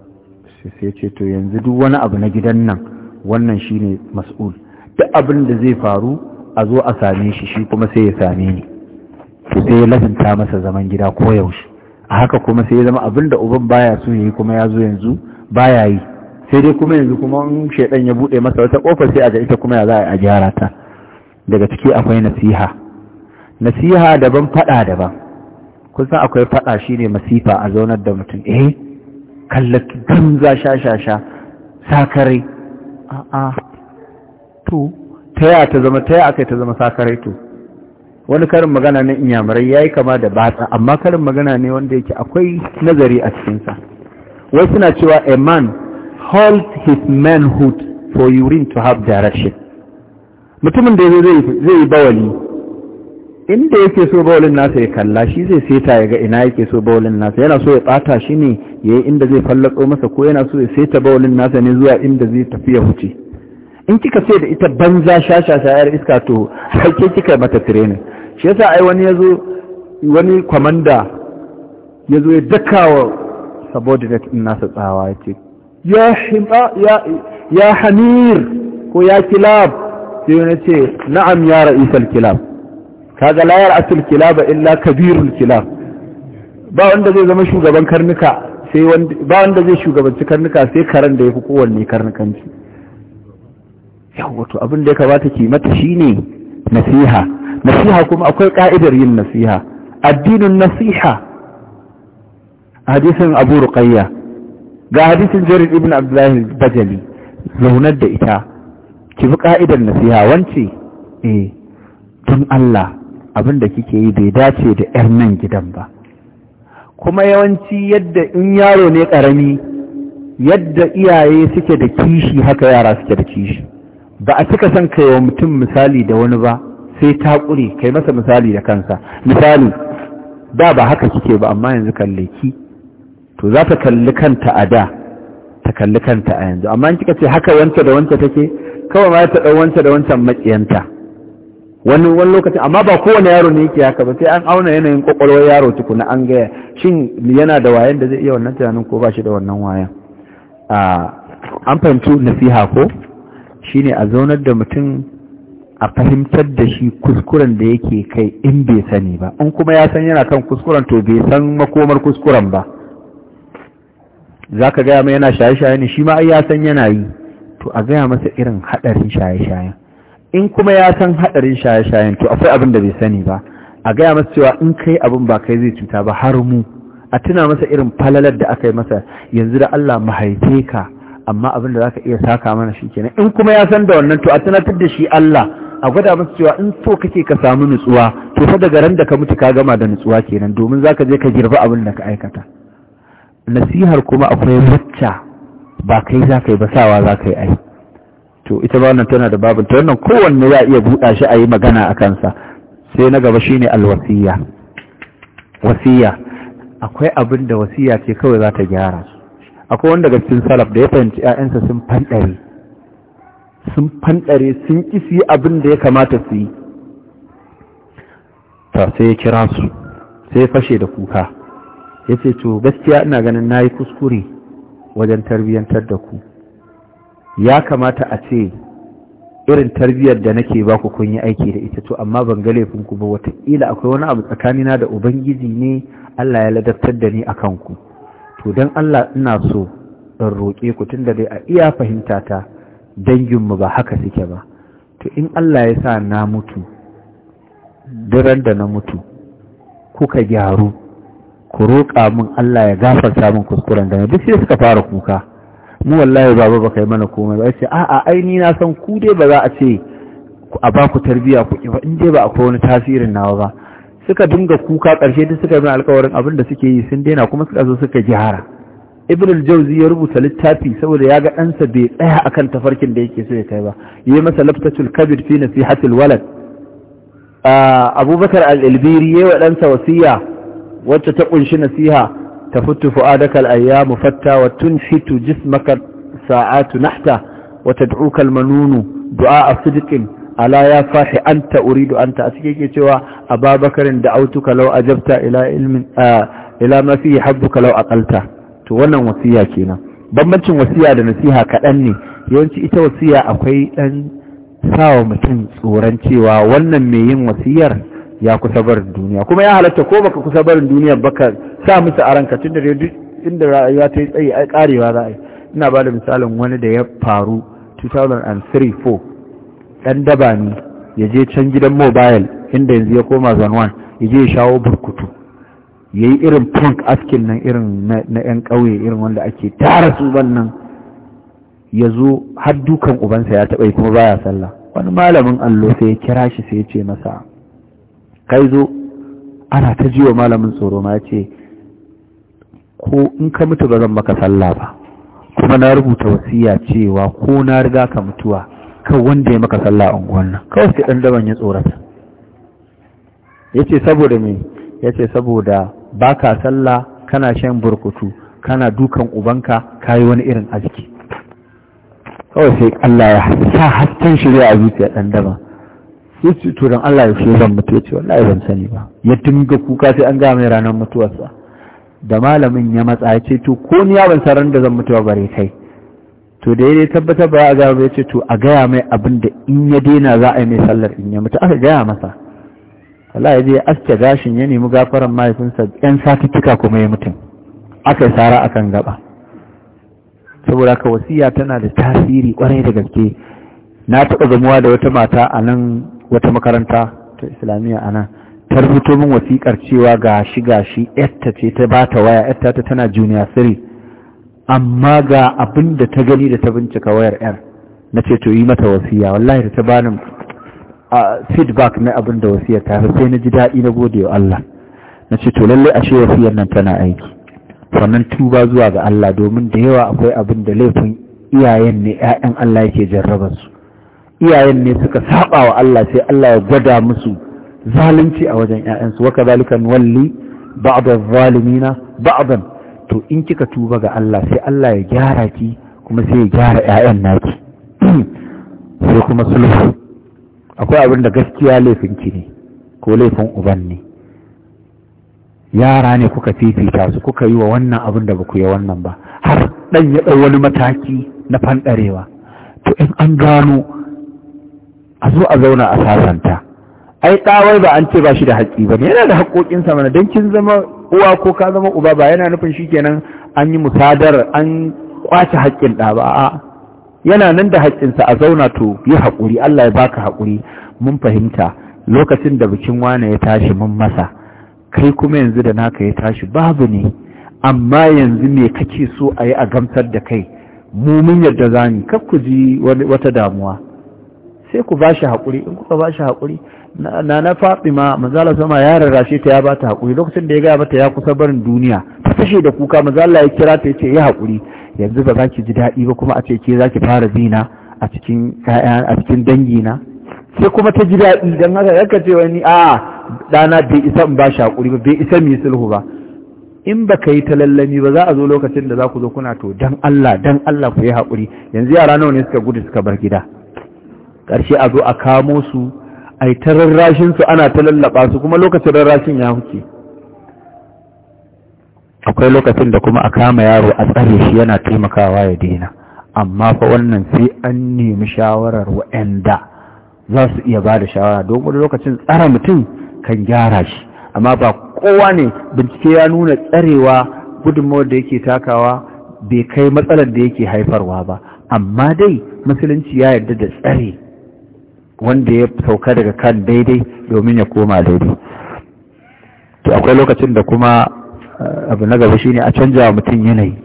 sai ce to yanzu duk wani abu na gidan nan wannan shine mas'ul duk abin da zai faru a zo a same shi shi kuma sai ya same ni to sai ya lasinta masa zaman gida ko yaushe a haka kuma sai ya zama abin da uban baya so yi kuma ya zo yanzu baya yi sai dai kuma yanzu kuma in shaidan ya bude masa wata kofar sai a ga ita kuma ya za a gyara ta daga ciki akwai nasiha nasiha daban fada daban kun san akwai fada shine masifa a zaunar da mutum eh kallaki gamza sha sha sha sakare a'a to Ta ya ta zama ta ya aka ta zama sakaraito wani karin magana na inyamurai ya yi kama da batsa amma karin magana ne wanda yake akwai nazari a cikinsa wai suna cewa a man hold his manhood for urine to have direction mutumin da zai yi bawali inda yake so bawalin nasa ya kalla shi zai seta ya ga ina yake so bawalin nasa yana so ya bata shi ne ya yi inda zai fallatso masa ko yana so ya seta bawalin nasa ne zuwa inda zai tafi ya huce in kika sai da ita banza shashasha shayar iska to haike kika mata training shi yasa ai wani yazo wani kwamanda yazo ya dakawa subordinate din nasa tsawa yace ya hima ya ya hamir ko ya kilab sai wani ce na'am ya ra'isal kilab kaga la yar'asul kilab illa kabirul kilab ba wanda zai zama shugaban karnuka sai wanda ba wanda zai shugabanci karnuka sai karen da yafi kowanne karnukanci yawwato abin da ya kamata ki mata shine nasiha nasiha kuma akwai ka'idar yin nasiha addinin nasiha hadisin Abu ruƙayya ga hadisun Jarir ibn Abdullahi Bajali zaunar da ita ki bi ƙa'idar nasiha wance eh tun Allah abin da kike yi bai dace da yar nan gidan ba kuma yawanci yadda in yaro ne ƙarami yadda iyaye suke da kishi haka yara suke da kishi ba a cika son kai wa mutum misali da wani ba sai ta ƙure kai masa misali da kansa misali da ba haka kike ba amma yanzu kalle ki to za ta kalli kanta a da ta kalli kanta a yanzu amma kika ce haka wanta da wanta take kawai ma ta ɗan wanta da wancan maƙiyanta wani wani lokacin amma ba kowane yaro ne yake haka ba sai an auna yanayin kwakwalwar yaro tukuna an gaya shin yana da wayan da zai iya wannan tunanin ko ba shi da wannan wayan ah, an fahimci nasiha ko Shi ne a zaunar da mutum a fahimtar da shi kuskuren da yake kai in bai sani ba in kuma ya san yana kan kuskuren to bai san makomar kuskuren ba za ka gaya mai yana shaye-shaye ne shi ma ya san yana yi to a gaya masa irin haɗarin shaye shaye in kuma ya san haɗarin shaye shaye to akwai abin da bai sani ba a gaya masa cewa in kai abin ba kai zai cuta ba har mu a tuna masa irin falalar da aka yi masa yanzu da Allah mahaife ka amma abin da zaka iya saka mana shi kenan in kuma ya san da wannan to a tunatar da shi Allah a gwada masa cewa in so kake ka samu nutsuwa to fa daga ran da ka mutu ka gama da nutsuwa kenan domin zaka je ka girba abin da ka aikata nasihar kuma akwai wacce ba kai ka yi ba sawa za ka yi ai to ita ba wannan tana da babin to wannan kowanne ya iya buɗa shi a yi magana a kansa sai na gaba shine alwasiya wasiya akwai abin da wasiya ce kawai za ta gyara su akwai wanda daga cikin salaf da ya fahimci ƴaƴansa sun fanɗare sun fanɗare sun ƙi abin da ya kamata su yi ta sai ya kira su sai ya fashe da kuka ya ce to gaskiya ina ganin na yi kuskure wajen tarbiyyantar da ku ya kamata a ce irin tarbiyyar da nake ba ku kun yi aiki da ita to amma ban ga laifinku ba wataƙila akwai wani abu tsakanina da ubangiji ne Allah ya ladabtar da ni a kanku to don Allah ina so in roƙe ku tun da dai a iya fahimta ta dangin mu ba haka suke ba to in Allah ya sa na mutu duran da na mutu kuka gyaru ku roƙa min Allah ya gafarta min kuskuren da na duk sai suka fara kuka mu wallahi baba ba kai mana komai ba sai a'a ai ni na san ku dai ba za a ce a ba ku tarbiya ku in dai ba akwai wani tasirin nawa ba suka dinga kuka ƙarshe duk suka yi alƙawarin abin da suke yi sun daina kuma suka zo suka gyara ibn al-jawzi ya rubuta littafi saboda ya ga ɗansa bai tsaya akan tafarkin da yake so ya kai ba yayi masa laftatul kabir fi nasihatil walad abubakar al-ilbiri yayi wa ɗansa wasiya wacce ta kunshi nasiha tafuttu fu'adaka al-ayyamu fatta wa tunfitu jismaka sa'atu nahta wa tad'uka al-manunu du'a sidqin ala ya fahi anta uridu anta a cikin cewa ababakarin da autuka law ajabta ila ilmin ila ma fi habbuka law aqalta to wannan wasiya kenan bambancin wasiya da nasiha kaɗan ne yawanci ita wasiya akwai ɗan sawa mutum tsoron cewa wannan mai yin wasiyar ya kusa barin duniya kuma ya halatta ko baka kusa barin duniya baka sa musu a ranka tunda inda rayuwa ta yi tsayi a karewa za yi ina ba da misalin wani da ya faru 2003-4 ɗan daba ne ya je can gidan mobile inda yanzu ya koma 1 ya je ya shawo burkutu ya yi irin punk askin nan irin na 'yan ƙauye irin wanda ake tara su nan ya zo har dukan ubansa ya taɓa kuma baya sallah wani malamin allo sai ya kira shi sai ya ce masa kai zo ana ta jiwa malamin tsoro ma ce ko in ka mutu ba zan maka sallah ba kuma na rubuta wasiya cewa ko na riga ka mutuwa kan wanda ya maka sallah a unguwan nan kawai sai dan daban ya tsorata yace saboda me yace saboda baka sallah kana shan burkutu kana dukan ubanka kayi wani irin aziki kawai sai Allah ya sa hasken shi a zuciya dan daban yace to dan Allah ya shi zan mutu yace wallahi ban sani ba ya dinga kuka sai an ga mai ranar mutuwarsa da malamin ya matsa ya ce to ko ni ya ban san ran da zan mutuwa bare kai to da yadda tabbatar ba a gaya ce to a gaya mai abin da in ya daina za a yi mai sallar in ya mutu aka gaya masa Allah ya je aske gashin ya nemi gafaran mahaifinsa yan satuttuka kuma ya mutum aka yi a kan gaba saboda ka wasiya tana da tasiri kwarai da gaske na taɓa zamuwa da wata mata a nan wata makaranta ta islamiyya a nan ta rubuto min wasiƙar cewa ga shi ga shi ce ta bata waya yatta ta tana juniya siri amma ga abin da ta gani da ta bincika wayar yar na ce to yi mata wasiya wallahi da ta bani feedback na abin da wasiyar ta sai na ji daɗi na gode wa Allah na ce to lallai ashe wasiyar nan tana aiki sannan tuba zuwa ga Allah domin da yawa akwai abin da laifin iyayen ne 'ya'yan Allah yake jarraba su iyayen ne suka saba wa Allah sai Allah ya gwada musu zalunci a wajen 'ya'yansu wa kadhalika walli ba'd az-zalimina ba'dan to in kika tuba ga Allah sai Allah ya gyara ki kuma sai ya gyara 'ya'yan naki sai kuma sulhu akwai abin da gaskiya laifin ki ne ko laifin uban ne yara ne kuka fifita su kuka yi wa wannan abin da baku yi wannan ba har dan ya dau wani mataki na fandarewa to in an gano a zo a zauna a sasanta ai ɗawai ba an ce ba shi da haƙƙi ba yana da haƙoƙinsa mana don kin zama uwa ko ka zama uba ba yana nufin shi kenan an yi musadar an kwace haƙƙin ɗa ba a yana nan da haƙƙinsa a zauna to yi haƙuri Allah ya baka haƙuri mun fahimta lokacin da bikin wane ya tashi mun masa kai kuma yanzu da naka ya tashi babu ne amma yanzu me kake so a yi a gamsar da kai mu mun yarda za ni kar ku ji wata damuwa sai ku ba shi haƙuri in kuka ba shi haƙuri na na fatima manzala sama ya rarrashe ta ya ba ta haƙuri lokacin da ya gaya mata ya kusa barin duniya ta fashe da kuka mazala ya kira ta ya ce ya haƙuri yanzu ba za ki ji daɗi ba kuma a ce ke za ki fara bina a cikin a cikin dangina sai kuma ta ji daɗi don haka ya kace wani a ɗana bai isa in ba shi haƙuri ba bai isa mu sulhu ba in ba ka yi ta lallami ba za a zo lokacin da za ku zo kuna to dan Allah dan Allah ku yi haƙuri yanzu yara nawa ne suka gudu suka bar gida karshe a zo a kamo su a yi ta rarrashinsu ana ta lallaba su kuma lokacin rarrashin ya huce akwai lokacin da kuma a kama yaro a tsare shi yana taimakawa ya daina amma fa wannan sai an nemi shawarar wa'anda za su iya ba da shawara don wani lokacin tsara mutum kan gyara shi amma ba kowa ne bincike ya nuna tsarewa gudunmawar da yake takawa bai kai matsalar da yake haifarwa ba amma dai musulunci ya yarda da tsare wanda ya sauka daga kan daidai domin ya koma daidai to akwai lokacin da kuma eh, abu na gaba shine a canja wa mutum yanayi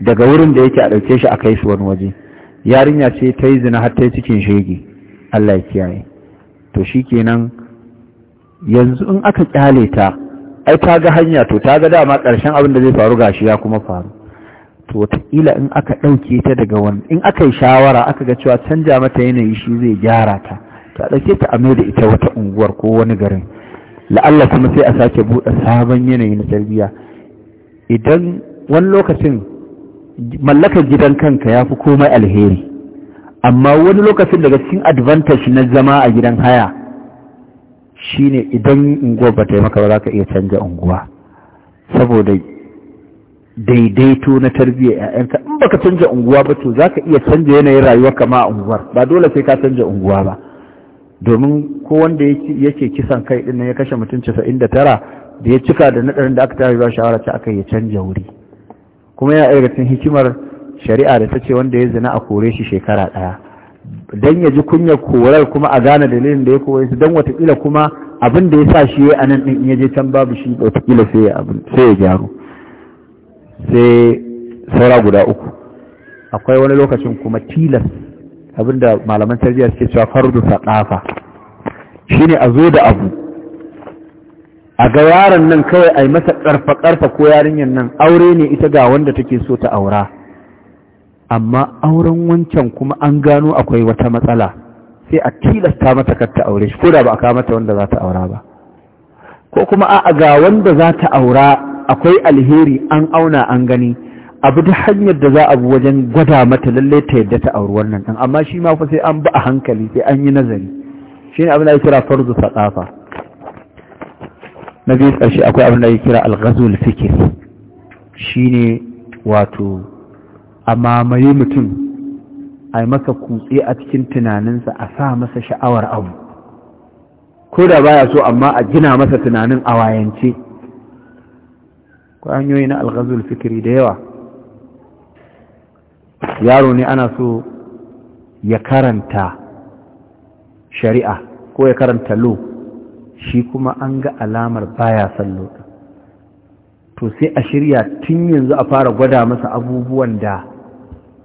daga wurin da yake a ɗauke shi a kai su wani waje yarinya ce ta yi zina har ta yi cikin shege Allah ya kiyaye to shikenan yanzu in aka kyale ta ai ta ga hanya to ta ga dama ƙarshen abin da zai faru gashi ya kuma faru to wataƙila in aka ɗauke ta daga wani in aka yi shawara aka ga cewa canja mata yanayi shi zai gyara ta ta ɗauke ta a mai da ita wata unguwar ko wani garin la'alla kuma sai a sake buɗe sabon yanayi na tarbiyya idan wani lokacin mallakar gidan kanka ya fi komai alheri amma wani lokacin daga cikin advantage na zama a gidan haya shine idan unguwar ba ta yi maka ba za ka iya canja unguwa saboda daidaito na tarbiyyar ‘ya'yanka in baka canja unguwa ba to za ka iya canja yanayin rayuwa kama a unguwar ba dole sai ka canja unguwa ba domin ko wanda yake kisan kai ɗin ya kashe mutum casa'in da tara da ya cika da naɗarin da aka tara ba shawara ta aka ya canja wuri kuma ya daga cikin hikimar shari'a da ta ce wanda ya zina a kore shi shekara ɗaya don ya ji kunyar korar kuma a gane dalilin da ya kore su don watakila kuma abin da ya sa shi ya anan ɗin in ya je can babu shi watakila sai ya gyaru sai saura guda uku akwai wani lokacin kuma tilas abinda malaman tarbiyya suke cewa fardu saqafa shine a zo da abu a ga yaron nan kawai ai masa karfa karfa ko yarinyar nan aure ne ita ga wanda take so ta aura amma auren wancan kuma an gano akwai wata matsala sai a tilasta mata kar ta aure shi ko da ba a kawo mata wanda za ta aura ba ko kuma a ga wanda za ta aura akwai alheri an auna an gani abu duk hanyar da za a bi wajen gwada mata lalle ta yadda ta auri wannan ɗan amma shi ma fa sai an bi a hankali sai an yi nazari shi ne abin da ya kira farzu saƙafa na biyu ƙarshe akwai abin da ya kira alghazul fikir shi ne wato a mamaye mutum a yi masa kutse a cikin tunaninsa a sa masa sha'awar abu ko da baya so amma a gina masa tunanin a wayance ko hanyoyi na alghazul fikiri da yawa yaro ne ana so ya karanta shari'a ko ya karanta lo shi kuma an ga alamar baya lo. to sai a shirya tun yanzu a fara gwada masa abubuwan da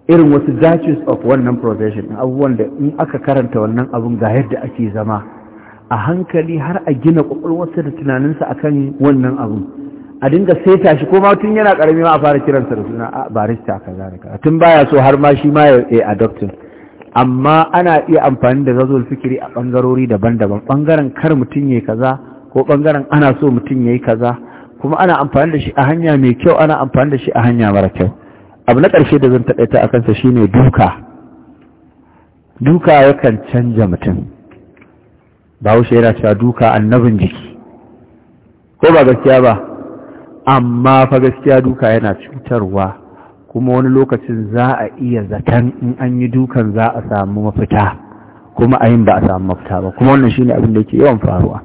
irin wasu virtues of wannan profession abubuwan da in aka karanta wannan abun ga yadda ake zama a hankali har a gina kwakwalwarsa da tunaninsa akan wannan abun a dinga saita shi ko ma tun yana karami ma a fara kiransa da suna a barista kaza da kaza tun baya so har ma shi ma ya yi adoptin amma ana iya amfani da zazul fikiri a bangarori daban-daban bangaren kar mutum yayi kaza ko bangaren ana so mutum yayi kaza kuma ana amfani da shi a hanya mai kyau ana amfani da shi a hanya mara kyau abu na ƙarshe da zan taɗaita a kansa shine duka duka yakan canja mutum wuce yana cewa duka annabin jiki ko ba gaskiya ba amma fa gaskiya duka yana cutarwa kuma wani lokacin za a iya zaton in an yi dukan za a samu mafita kuma ayin ba a samu mafita ba kuma wannan shine abin da yake yawan faruwa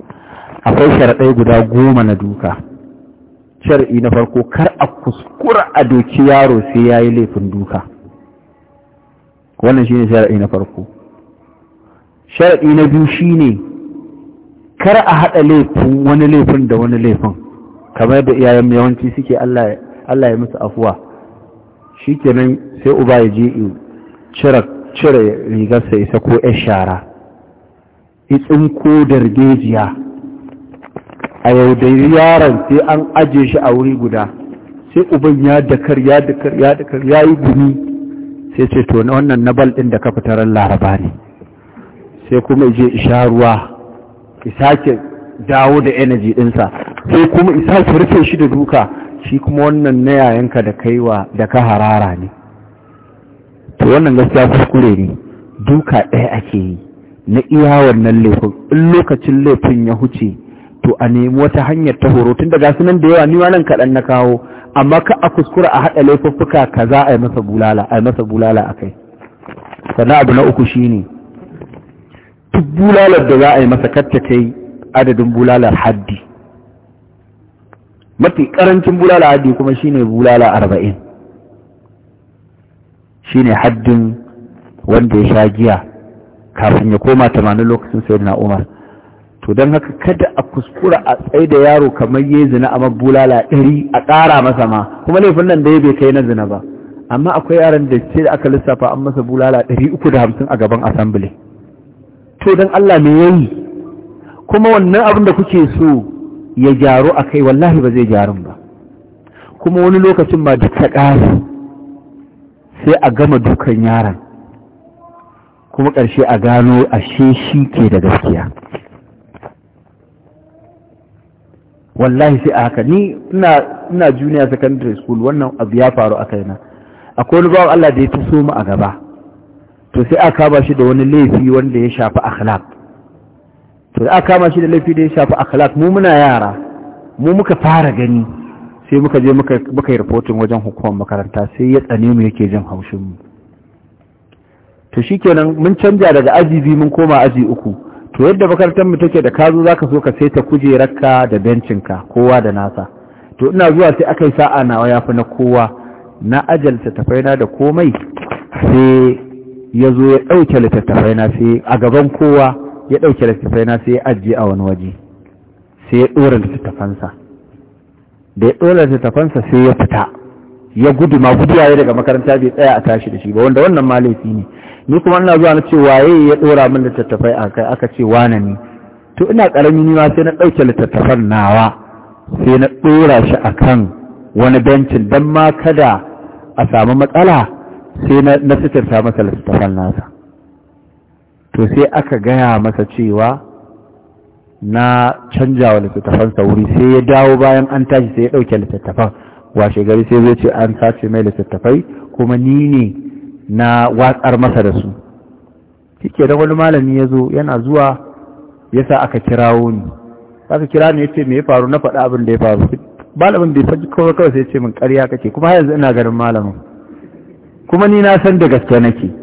akwai sharaɗai guda goma na duka shari'i na farko kar a kuskura a doki yaro sai ya yi laifin duka wannan shine sharaɗi na farko sharaɗi na biyu shine kar a haɗa laifin wani laifin da wani laifin kamar yadda iyayen yawanci suke Allah ya musu afuwa shi kenan sai uba ya je in cire rigarsa isa ko ‘yan shara itsin ko dargejiya a yaudari yaron sai an aje shi a wuri guda sai uban ya dakar ya dakar ya dakar ya yi gumi sai ce to na wannan na ɗin da ka fitarar laraba ne sai kuma je isharuwa ruwa isake dawo da energy ɗinsa sai kuma isa su rufe shi da duka shi kuma wannan na yayanka da kaiwa da ka harara ne to wannan gaskiya kuskure ne duka ɗaya ake yi na iya wannan laifin in lokacin laifin ya huce to a nemi wata hanyar ta horo tun daga sunan da yawa niwa nan kaɗan na kawo amma ka a kuskura a haɗa laifuffuka ka za a yi masa bulala a yi masa bulala a kai sannan abu na uku shine duk bulalar da za a yi masa kacce yi. adadin bulalar haddi mafi karancin bulala haddi kuma shine bulala arba'in shine haddin wanda ya sha giya kafin ya koma tamanin lokacin sayar na umar to don haka kada a kuskura a tsaye da yaro kamar ya zina a mabulala ɗari a ƙara masa ma kuma laifin nan da ya bai kai na zina ba amma akwai yaran da ce da aka lissafa an masa bulala ɗari uku da hamsin a gaban asambile to don allah me yayi kuma wannan abin da kuke so ya gyaru a kai wallahi ba zai gyarun ba kuma wani lokacin ma duk ta ƙari sai a gama dukan yaran kuma ƙarshe a gano ashe shi ke da gaskiya wallahi sai a haka ni ina junior secondary school wannan abu ya faru a kaina akwai wani bawan Allah da ya taso so mu a gaba to sai aka ba shi da wani laifi wanda ya shafi akhlaq to da aka kama shi da laifi da ya shafi akhlaq mu muna yara mu muka fara gani sai muka je muka yi reporting wajen hukumar makaranta sai ya tsane mu yake jin haushin mu to shikenan mun canja daga aji biyu mun koma aji uku to yadda makarantar mu take da kazo zaka so ka sai ta saita kujerarka da bencinka kowa da nasa to ina zuwa sai aka yi sa'a nawa yafi na kowa na ajal ta tafaina da komai sai ya zo ya ɗauke littattafai na sai a gaban kowa ya ɗauke littattafai na sai ya ajiye a wani waje sai ya ɗora littattafansa da ya ɗora littattafansa sai ya fita ya gudu ma gudu yayi daga makaranta bai tsaya a tashi da shi ba wanda wannan ma ne ni kuma ina zuwa na ce waye ya ɗora min littattafai a kai aka ce wane ni to ina ƙarami ni ma sai na ɗauke littattafan nawa sai na ɗora shi a kan wani bencin don ma kada a samu matsala sai na sitirta masa littattafan nasa to sai aka gaya masa cewa na canja wa littattafansa wuri sai ya dawo bayan an tashi sai ya ɗauke littattafan washe gari sai zai ce an sace mai littattafai kuma ni ne na watsar masa da su kike da wani malami ya zo yana zuwa ya sa aka kirawo ni aka kira ni ya ce me ya faru na faɗa abin da ya faru malamin bai faɗi kawai kawai sai ya ce min ƙarya kake kuma yanzu ina ganin malamin kuma ni na san da gaske nake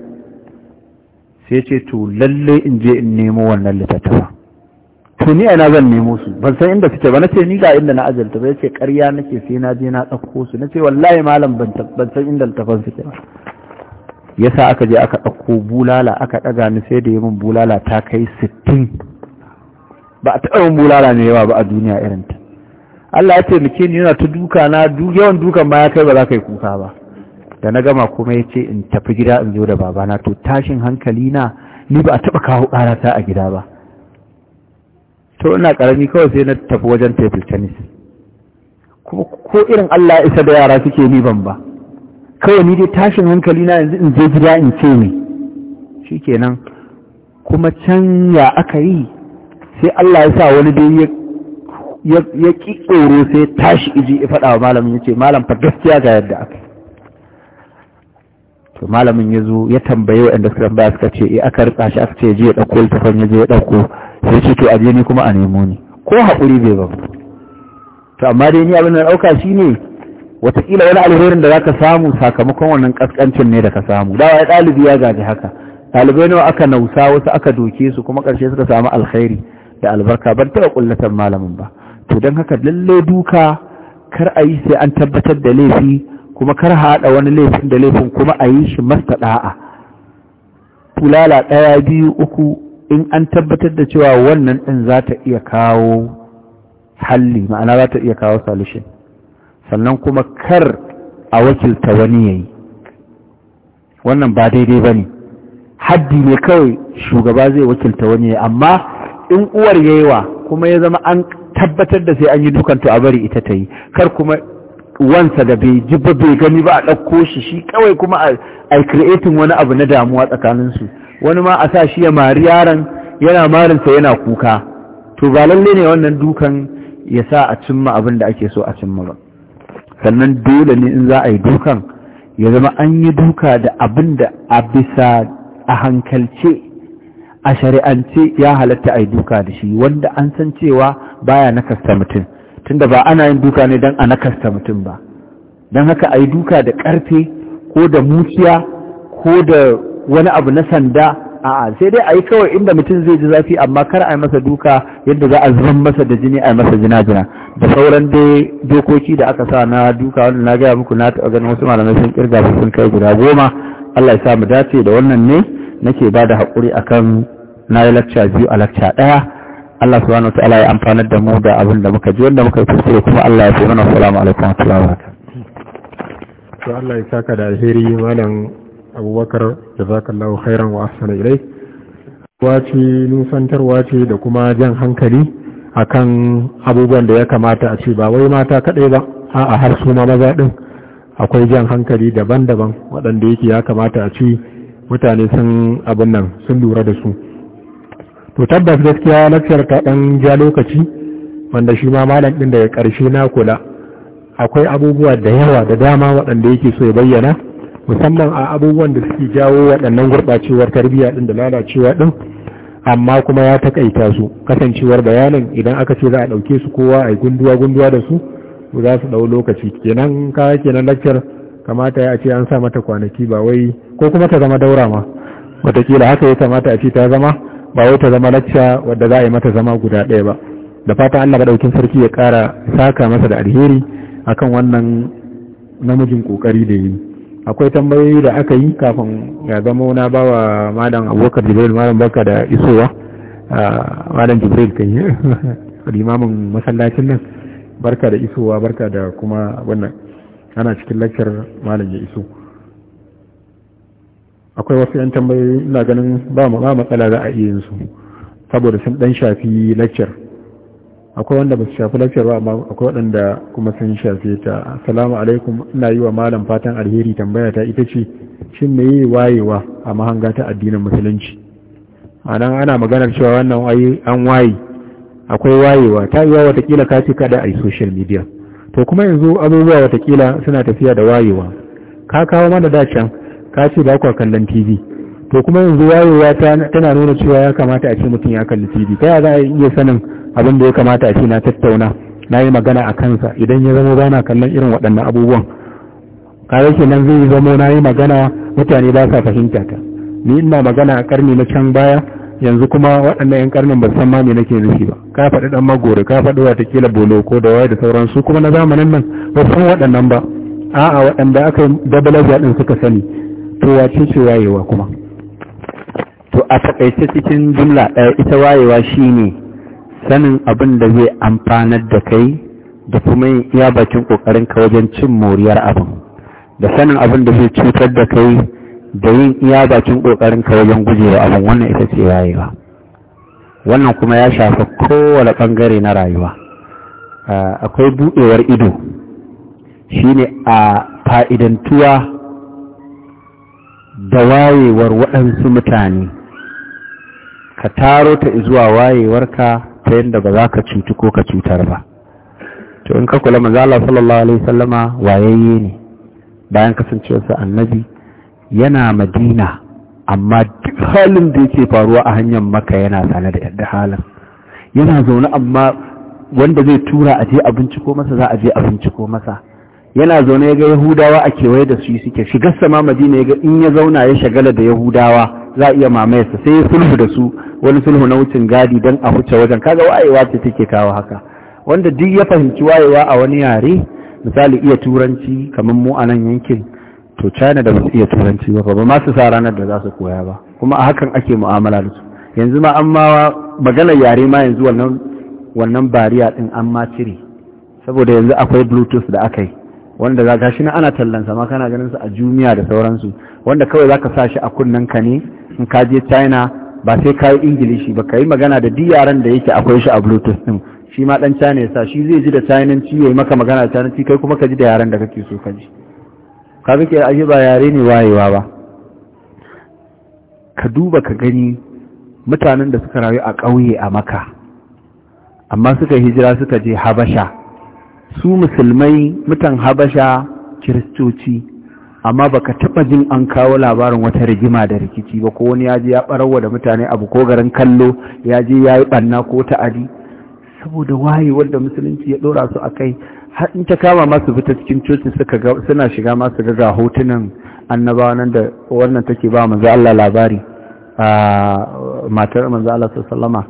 sai ce to lalle in je in nemo wannan littattafa to ni ina zan nemo su ban san inda suke ba nace ni ga inda na ajalta ba yace ƙarya nake sai na je na ɗauko su nace wallahi malam ban san inda littafan suke ba yasa aka je aka ɗauko bulala aka ɗaga ni sai da yamin bulala ta kai sittin ba a taɓa yin bulala ne yawa ba a duniya irinta Allah ya ce taimake ni yana ta duka na yawan dukan ma ya kai ba za ka yi kuka ba da na gama kuma ya ce in tafi gida in zo da babana to tashin hankali na ni ba a taɓa kawo ƙarata a gida ba to ina ƙarami kawai sai na tafi wajen table tennis kuma ko irin Allah isa da yara suke ni ban ba kawai ni dai tashin hankali na yanzu in je gida in ce ni, shi kenan kuma can ya aka yi sai Allah ya sa wani dai ya ki tsoro sai tashi iji ya faɗa wa malamin ya ce malam fa gaskiya ga yadda aka to malamin ya zo ya tambaye waɗanda suka tambaya suka ce eh aka rika shi aka ce je ya ɗauko littafin ya je ya ɗauko sai ce to a je ni kuma a nemo ni ko haƙuri bai ba to amma dai ni abin da ɗauka shi ne wataƙila wani alherin da za ka samu sakamakon wannan ƙasƙancin ne da ka samu da ya ɗalibi ya gaji haka ɗalibai nawa aka nausa wasu aka doke su kuma ƙarshe suka samu alkhairi da albarka ban taɓa ƙullatan malamin ba to don haka lallai duka kar a yi sai an tabbatar da laifi kuma kar haɗa wani laifin da laifin kuma a yi shi masta ɗa'a tulala ɗaya biyu uku in an tabbatar da cewa wannan ɗin za ta iya kawo halli ma'ana za ta iya kawo solution sannan kuma kar a wakilta wani yayi wannan ba daidai ba ne haddi ne kawai shugaba zai wakilta wani amma in uwar yayiwa kuma ya zama an tabbatar da sai an yi dukanto a bari ita ta yi kar kuma wansa da bai ji ba bai gani ba a ɗauko shi shi kawai kuma a creating wani abu na damuwa tsakaninsu wani ma a sa shi ya mari yaran yana marinsa yana kuka to ba lalle ne wannan dukan ya sa a cimma abin da ake so a cimma ba sannan dole ne in za a yi dukan ya zama an yi duka da abin da a bisa a hankalce a shari'ance ya halatta a yi duka da shi wanda an san cewa baya na kasta mutum tunda ba ana yin duka ne don a nakasta mutum ba don haka a yi duka da ƙarfe ko da muciya ko da wani abu na sanda a'a sai dai a yi kawai inda mutum zai ji zafi amma kar a yi masa duka yadda za a zuban masa da jini a yi masa jina-jina da sauran dai dokoki da aka sa na duka wannan na gaya muku na taɓa ganin wasu malamai sun kirga su sun kai guda goma Allah ya sa mu dace da wannan ne nake ba da haƙuri akan na yi lakca biyu a lacca ɗaya Allah subhanahu wa ta'ala ya amfana da mu da abin da muka ji wanda muka yi kuma Allah ya fi mana salamu alaikum wa rahmatullahi to Allah ya saka da alheri malam Abubakar jazakallahu khairan wa ahsana ilai wace nusantarwa ce da kuma jan hankali akan abubuwan da ya kamata a ce ba wai mata kaɗai ba a har su ma maza ɗin akwai jan hankali daban-daban waɗanda yake ya kamata a ce mutane sun abin nan sun lura da su to tabbas gaskiya lafiyar ta ɗan ja lokaci wanda shi ma malam ɗin daga ƙarshe na kula akwai abubuwa da yawa da dama waɗanda yake so ya bayyana musamman a abubuwan da suke jawo waɗannan gurɓacewar tarbiyya ɗin da lalacewa ɗin amma kuma ya takaita su kasancewar bayanin idan aka ce za a ɗauke su kowa a gunduwa gunduwa da su za su ɗau lokaci kenan ka kenan lakcar kamata ya ce an sa mata kwanaki ba wai ko kuma ta zama daura ma watakila haka ya kamata a ce ta zama ba wai ta zama lacca wadda za a yi mata zama guda ɗaya ba da fatan Allah madaukin sarki ya ƙara saka masa da alheri akan wannan namijin kokari da yi akwai tambayoyi da aka yi kafin ya zama na bawa malam abubakar jibril malam baka da isowa ah, malam jibril kan yi limamin masallacin nan barka da isowa barka da kuma wannan ana cikin lakcar malam ya iso akwai wasu yan tambayoyi ina ganin ba mu ba matsala za a iya su saboda sun dan shafi lecture akwai wanda ba su shafi lecture ba amma akwai waɗanda kuma sun shafe ta assalamu alaikum ina yi wa malam fatan alheri tambaya ta ita ce shin me yi wayewa a mahanga ta addinin musulunci a nan ana maganar cewa wannan an waye akwai wayewa ta yi wa watakila kafi ce kada a yi social media to kuma yanzu abubuwa watakila suna tafiya da wayewa ka kawo mana dacen ka ce ba kwa kallon tv to kuma yanzu wayewa tana nuna cewa ya kamata a ce mutum ya kalli tv ta yaya za a iya sanin abin da ya kamata a ce na tattauna na yi magana a kansa idan ya zama bana kallon irin waɗannan abubuwan kare nan zai zama na yi magana mutane ba sa fahimta ta ni ina magana a karni na can baya yanzu kuma waɗannan 'yan karnin ba san ma me nake nufi ba ka faɗi ɗan magore ka faɗi ta kila bolo ko da waye da sauransu kuma na zamanin nan ba san waɗannan ba a'a waɗanda aka yi dabalaja ɗin suka sani to wace ce wayewa kuma to a takaice cikin jumla ɗaya ita wayewa shine sanin abin da zai amfanar da kai da kuma yin bakin kokarin ka wajen cin moriyar abin da sanin abin da zai cutar da kai da yin iya bakin kokarin ka wajen gujewa abin wannan ita ce wayewa wannan kuma ya shafa kowane bangare na rayuwa ah, akwai buɗewar ido shine a fa'idantuwa da wayewar waɗansu mutane ka taro ta zuwa ka ta yadda ba za ka cutu ko ka cutar ba to in ka kula manzala sallallahu alaihi sallama wayayye ne bayan kasancewarsa annabi yana madina amma duk halin da yake faruwa a hanyar maka yana sane da yadda halin yana zaune amma wanda zai tura a je abinci ko masa za a je abinci ko masa yana zaune ya ga yahudawa a kewaye da su suke shigar sama madina ya ga in ya zauna ya shagala da yahudawa za a iya mamayarsa sai ya sulhu da su wani sulhu na wucin gadi don a huce wajen kaga wayewa ce take kawo haka wanda duk ya fahimci wayewa a wani yare misali iya turanci kamar mu a nan yankin to china da basu iya turanci ba ba ma su sa ranar da za su koya ba kuma a hakan ake mu'amala da su yanzu ma an ma magana yare ma yanzu wannan wannan bariya din an ma cire saboda yanzu akwai bluetooth da aka yi wanda za ka shi na ana tallansa ma kana ganin su a jumiya da sauransu wanda kawai za ka sa shi a kunnen ka ne in ka je china ba sai ka yi ingilishi ba ka yi magana da diyaran yaran da yake akwai shi a bluetooth din shi ma dan china ya sa shi zai ji da chinanci yayi maka magana da chinanci kai kuma ka ji da yaran da kake so ka ji ka kake ke ba yare ne wayewa ba ka duba ka gani mutanen da suka rayu a ƙauye a maka amma suka hijira suka je habasha su musulmai mutan habasha kiristoci amma baka taba jin an kawo labarin wata rigima da rikici ba ko wani ya je ya barawa da mutane abu ko garin kallo ya je ya yi banna ko ta'adi saboda waye wanda musulunci ya dora su a kai har in ta kama masu fita cikin coci suka ga suna shiga masu ga ga hotunan annabawa nan da wannan take ba manzo Allah labari a matar manzo Allah sallama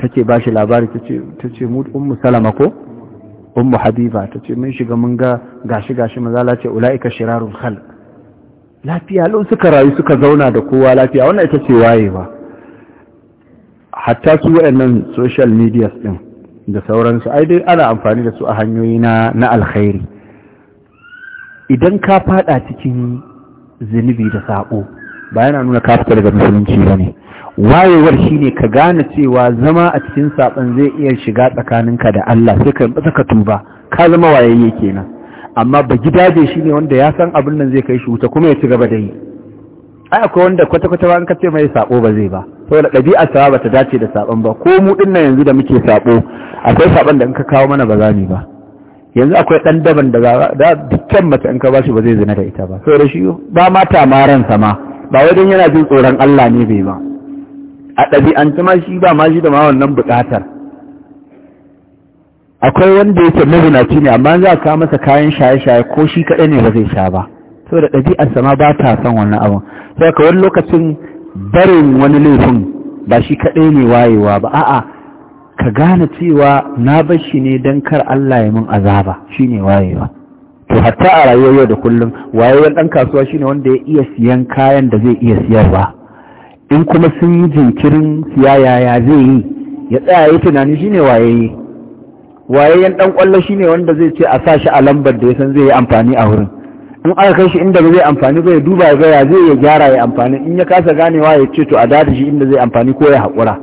take ba shi labari tace tace mu ummu salama ko ummu habiba ta ce mun shiga mun ga gashi gashi mazala ce ula'ika shirarun hal lafiya lon suka rayu suka zauna da kowa lafiya wannan ita ce wayewa hatta su waɗannan social media ɗin da sauransu ai dai ana amfani da su a hanyoyi na na alkhairi idan ka fada cikin zunubi da sabo ba yana nuna ka fita daga musulunci ne. wayewar shine ka gane cewa zama a cikin saɓan zai iya shiga tsakaninka da Allah sai ka yi ka tuba ka zama wayayye kenan amma ba gidaje shine wanda ya san abin nan zai kai shi wuta kuma ya ci gaba da yi ai akwai wanda kwata-kwata ba an ka ce mai sabo ba zai ba saboda ɗabi'a sa ba ta dace da saban ba ko mu din nan yanzu da muke sabo akwai saban da in ka kawo mana ba za mu ba yanzu akwai dan daban da da dukkan mace in ka ba shi ba zai zina da ita ba saboda shi ba mata ma ransa ma ba wai yana jin tsoron Allah ne bai ba a ɗabi'anta ma shi ba ma shi da ma wannan buƙatar akwai wanda yake mazinaci ne amma za ka masa kayan shaye-shaye ko shi kaɗai ne ba zai sha ba saboda ɗabi'arsa ma ba ta son wannan abin sai ka wani lokacin barin wani laifin ba shi kaɗai ne wayewa ba a'a ka gane cewa na bar shi ne don kar Allah ya min azaba ne wayewa to hatta a rayuwar yau da kullum wayewar ɗan kasuwa shine wanda ya iya siyan kayan da zai iya siyarwa in kuma sun yi jinkirin siya yaya zai yi ya tsaya yi tunani shi shine wayaye wayayyen dan kwallo ne wanda zai ce a sa shi a lambar da ya san zai yi amfani a wurin in aka kai shi inda zai amfani zai duba ya gaya zai ya gyara ya amfani in ya kasa ganewa ya ce to a dada shi inda zai amfani ko ya haƙura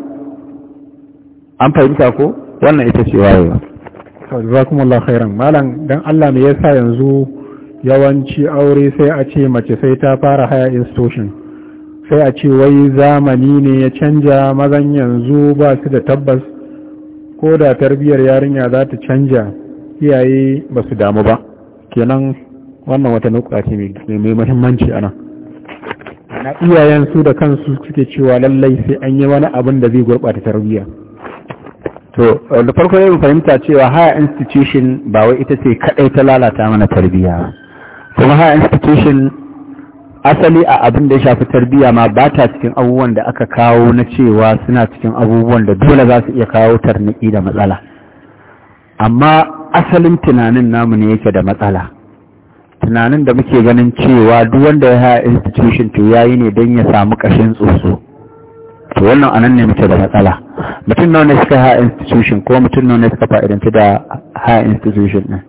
an fahimta ko wannan ita ce waye? wayewa jazakumullahu khairan malam dan Allah me yasa yanzu yawanci aure sai a ce mace sai ta fara haya institution sai a ce wai zamani ne ya canja mazan yanzu ba su da tabbas ko da tarbiyyar yarinya za ta canja iyaye ba su damu ba kenan wannan wata nuka ce mai muhimmanci ana na iyayen su da kansu suke cewa lallai sai an yi wani abin da zai gurɓata tarbiyya to da farko zai fahimta cewa haya institution ba wai ita ce kaɗai ta lalata mana tarbiyya kuma haya institution asali a abin da ya shafi tarbiyya ma ba ta cikin abubuwan da aka kawo na cewa suna cikin abubuwan da dole za su iya kawo tarniki da matsala amma asalin tunanin namu ne yake da matsala tunanin da muke ganin cewa duk wanda ya haya institution to yayi ne don ya samu kashin tsoso to wannan anan ne muke da matsala mutum nawa ne suka haya institution ko mutum nawa ne suka fa'idanci da haya institution ɗin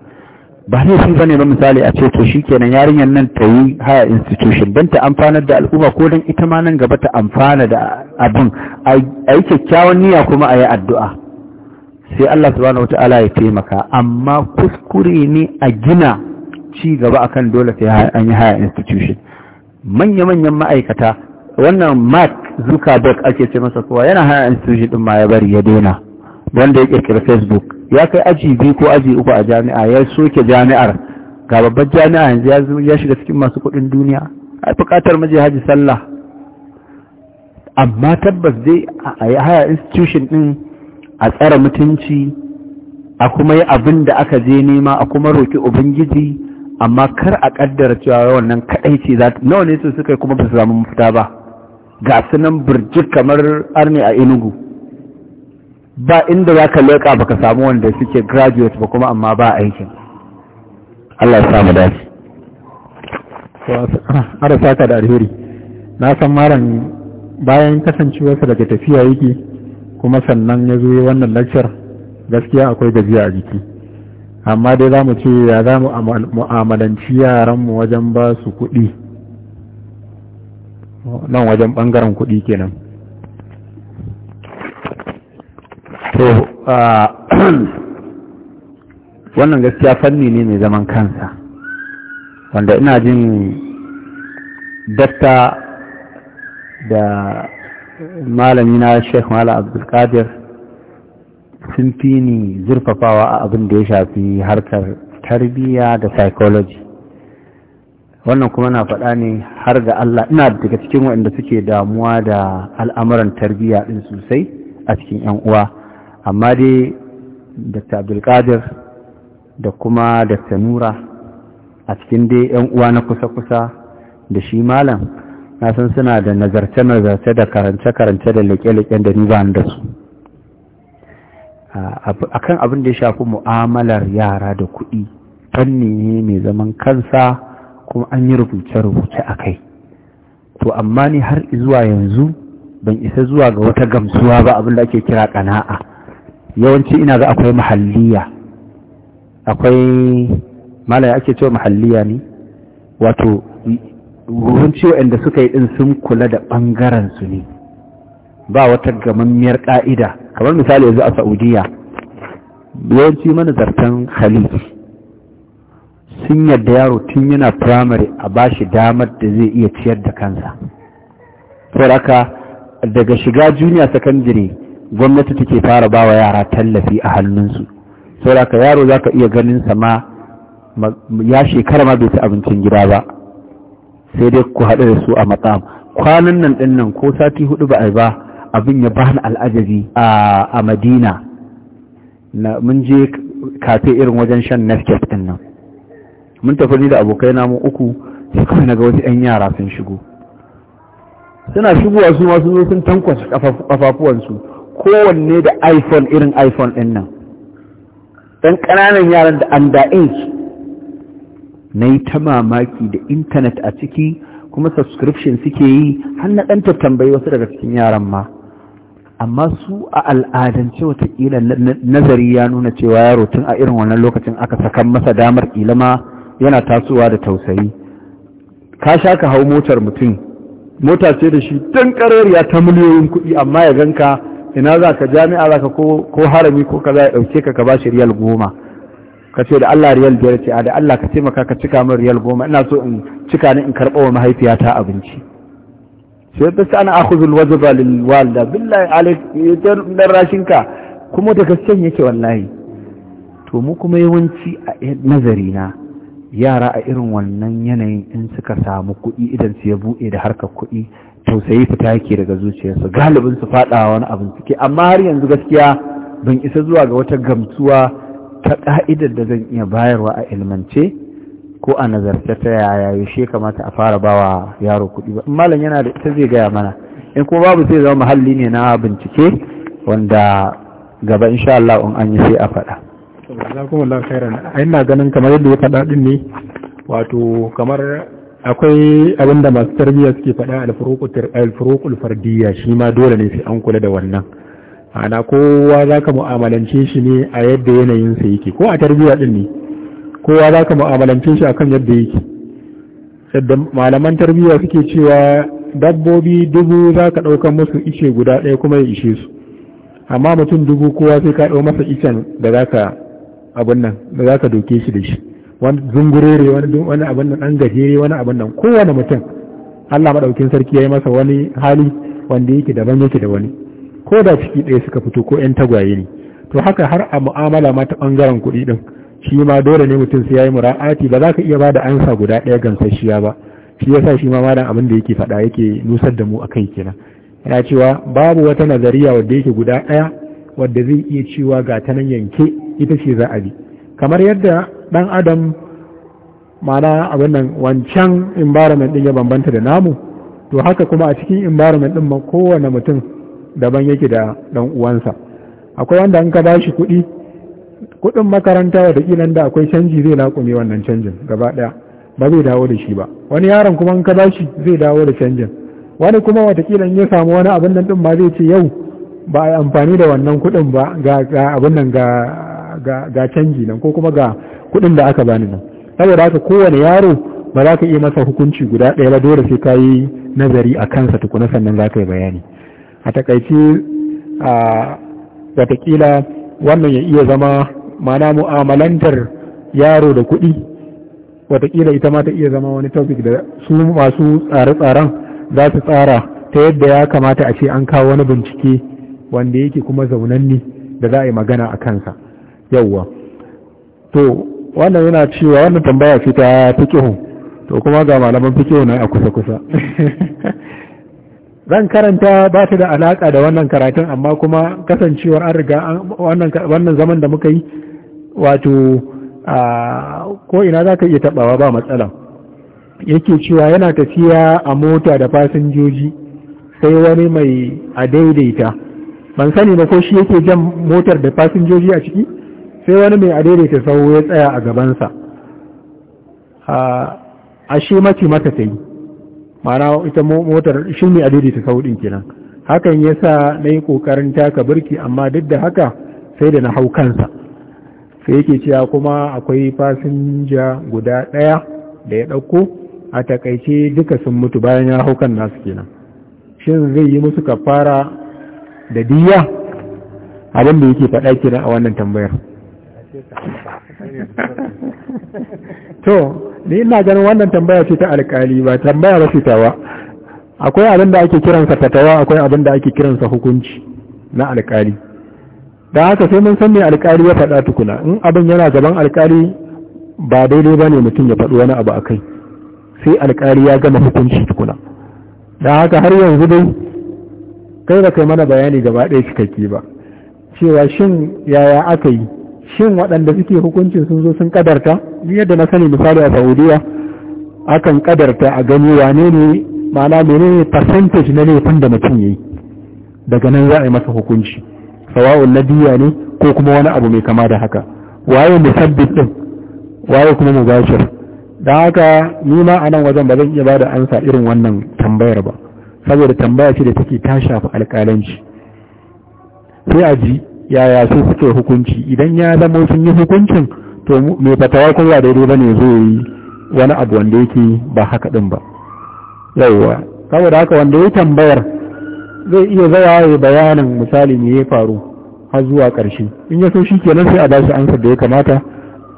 ba laifi bane ba misali a ce to kenan yarinyar nan ta yi haya institution don ta amfanar da al'umma ko don ita ma nan gaba ta amfana da abin a yi kyakkyawan niyya kuma a yi addu'a sai Allah subhanahu wata'ala ya taimaka amma kuskure ne a gina ci gaba akan dole sai an yi haya institution manya-manyan ma'aikata wannan mark zuckerberg ake ce masa kowa yana haya institution din ma ya bari ya daina wanda ya kirkira facebook ya kai aji biyu ko aji uku a jami'a ya soke jami'ar ga babbar jami'a yanzu ya shiga cikin masu kuɗin duniya a buƙatar maje haji sallah amma tabbas zai a yi haya institution ɗin a tsara mutunci a kuma yi abin da aka je nema a kuma roƙi ubangiji amma kar a ƙaddara cewa wannan kaɗai ce za ta nawa ne su suka kuma ba su samu mafita ba ga sunan birjik kamar arni a enugu ba inda za ka leƙa ka samu wanda suke graduate ba kuma amma ba aikin Allah ya samu dace ara saka da alheri na san maran bayan kasancewarsa daga tafiya yake kuma sannan ya zo wannan lecture gaskiya akwai gajiya a jiki amma dai za mu ce ya za mu mu'amalanci yaranmu wajen ba su kuɗi nan wajen ɓangaren kuɗi kenan to wannan gaskiya fanni ne mai zaman kansa wanda ina jin dakta da malami na sheikh mala abdulkadir sun fi ni zurfafawa a abin da ya shafi harkar tarbiyya da psychology wannan kuma na faɗa ne har ga Allah ina daga cikin waɗanda suke damuwa da al'amuran tarbiyya ɗin sosai a cikin 'yan uwa amma dai dr abdulkadir da kuma dr nura a cikin dai 'yan uwa na kusa-kusa da shi malam na san suna da nazarce-nazarce da karance-karance da leƙe-leƙen da ni ba da su a kan abin da ya shafi mu'amalar yara da kuɗi fanni ne mai zaman kansa kuma an yi rubuce-rubuce a kai to amma ni har zuwa yanzu ban isa zuwa ga wata gamsuwa ba abin da ake kira ƙana'a yawanci ina ga akwai mahalliya akwai malaya ake cewa mahalliya ne wato ruhun ciwon inda suka yi din sun kula da ɓangaren su ne ba wata gamammiyar ƙa'ida kamar misali yanzu a saudiya yawanci manazartan Khalif sun yadda yaro tun yana firamare a ba shi damar da zai iya ciyar da kansa saboda daga shiga junior secondary gwamnati take fara ba wa yara tallafi a hannunsu da ka yaro za ka iya ganin sa ma ya shekara ma bai ta abincin gida ba sai dai ku haɗu da su a matsam kwanan nan ɗin nan ko sati hudu ba a ba abin ya bani al'ajabi a madina na mun je kafe irin wajen shan nafkes ɗin nan mun tafi ni da abokai mun uku sai kawai na ga wasu 'yan yara sun shigo suna shigowa su ma sun zo sun kafafuwansu kowanne da iphone irin iphone ɗin nan ɗan ƙananan yaran da an da'insu na yi ta mamaki da intanet a ciki kuma subscription suke yi har na ɗan tambayi wasu daga cikin yaran ma amma su a al'adance watakila nazari ya nuna cewa yaro tun a irin wannan lokacin aka sakan masa damar ilama yana tasowa da tausayi ka sha ka hau motar mutum mota ce da shi don ƙarariya ta miliyoyin kuɗi amma ya ganka ina za ka jami'a za ka ko harami ko ka za a ɗauke ka ka ba shi riyal goma ka ce da Allah riyal biyar ce a da Allah ka taimaka ka cika min riyal goma ina so in cika ni in karɓa wa mahaifiyata abinci sai ta sa ana akhuzul wajaba lil walida billahi alaik dan rashinka kuma da gaskiyan yake wallahi to mu kuma yawanci a nazari na yara a irin wannan yanayin in suka samu kuɗi idan su ya buɗe da harkar kuɗi tausayi fita yake daga zuciyarsa galibin su faɗa wani abin suke amma har yanzu gaskiya ban isa zuwa ga wata gamsuwa ta ka'idar da zan iya bayarwa a ilmance ko a nazarce ta yaya yaushe kamata a fara bawa yaro kuɗi ba malam yana da ita zai gaya mana in kuma babu sai zama muhalli ne na bincike wanda gaba insha Allah in an yi sai a faɗa. Jazakumullahu Ina ganin kamar yadda ya faɗa ne wato kamar akwai abin da masu tarbiyya suke faɗa alfurukul fardiyya shi ma dole ne sai an kula da wannan ana kowa za ka mu'amalance shi ne a yadda yanayinsa yake ko a tarbiyya ɗin ne kowa za ka mu'amalance shi a kan yadda yake yadda malaman tarbiyya suke cewa dabbobi dubu za ka ɗaukar musu ishe guda ɗaya kuma ya ishe su amma mutum dubu kowa sai ka ɗau masa icen da za ka abin nan da za ka doke shi da shi wani zungurere wani abin nan an gajere wani abin nan kowane mutum Allah maɗaukin sarki ya yi masa wani hali wanda yake daban yake da wani ko da ciki ɗaya suka fito ko ‘yan tagwaye ne to haka har a mu'amala ma ta ɓangaren kuɗi ɗin shi ma dole ne mutum sai ya yi mura'ati ba za ka iya ba da ansa guda ɗaya gamsasshiya ba shi yasa shi ma malam abin da yake faɗa yake nusar da mu a kai kenan yana cewa babu wata nazariya wadda yake guda ɗaya wadda zai iya cewa ga ta nan yanke ita ce za a bi kamar yadda Ɗan adam mana abin wancan environment ɗin ya bambanta da namu to haka kuma a cikin environment din ma kowane mutum daban yake da dan uwansa akwai wanda an ka bashi kuɗi kuɗin makaranta wata kilan da akwai canji zai laƙume wannan canjin gaba ɗaya ba zai dawo da shi ba wani yaron kuma an ka bashi zai dawo da canjin wani kuma watakila ya samu wani abin nan din ma zai ce yau ba a yi amfani da wannan kuɗin ba ga abin nan ga ga canji nan ko kuma ga kuɗin da aka bani nan saboda haka kowane yaro ba za ka iya masa hukunci guda ɗaya ba dole sai ka yi nazari a kansa tukuna sannan za ka yi bayani a takaice a watakila wannan ya iya zama mana mu'amalantar yaro da kuɗi watakila ita ma ta iya zama wani topic da su masu tsare-tsaren za su tsara ta yadda ya kamata a ce an kawo wani bincike wanda yake kuma zaunanni da za a yi magana a kansa yawwa to wannan yana cewa wannan tambaya ce ta fikihu to kuma ga malaman fikihu na a kusa-kusa zan karanta ba ta da alaka da wannan karatun amma kuma kasancewar an riga wannan zaman da muka yi wato ko ina za ka iya tabawa ba matsala yake cewa yana tafiya a mota da fasinjoji sai wani mai a daidaita ban sani ba ko shi yake jan motar da fasinjoji a ciki sai wani mai adaidaita sahu ya tsaya a gabansa a shi mace mata ta yi mana ita motar shi mai adaidaita sahu ɗin kenan hakan ya sa na yi ƙoƙarin taka birki amma duk da haka sai da na hau kansa sai yake cewa kuma akwai fasinja guda ɗaya da ya ɗauko a takaice duka sun mutu bayan ya hau kan nasu kenan shin zai yi musu kafara da diya abin da yake faɗa kenan a wannan tambayar to ni ina ganin wannan tambaya ce ta alkali ba tambaya ba fitawa akwai abin da ake kiransa fatawa akwai abin da ake kiransa hukunci na alkali da haka sai mun san me alkali ya faɗa tukuna in abin yana gaban alkali ba daidai ba ne mutum ya faɗi wani abu a kai sai alkali ya gama hukunci tukuna da haka har yanzu dai kai da kai mana bayani gaba ɗaya cikakke ba cewa shin yaya aka yi shin waɗanda suke hukuncin sun zo sun ƙadarta ni yadda na sani misali a saudiya akan ƙadarta a gani wane ne ma'ana menene percentage na laifin da mutum yayi daga nan za a yi masa hukunci sawa'un na biya ne ko kuma wani abu mai kama da haka waye musabbit din waye kuma mubashir da haka ni ma a nan wajen ba zan iya bada ansa irin wannan tambayar ba saboda tambaya ce da take ta shafi alƙalanci sai a ji yaya su suke hukunci idan ya zama sun yi hukuncin to mai fatawa kun ba daidai bane zo yi wani abu wanda yake ba haka din ba yauwa saboda haka wanda ya tambayar zai iya zawa ya bayanin misali me ya faru har zuwa karshe in ya so shi kenan sai a ba shi ansa da ya kamata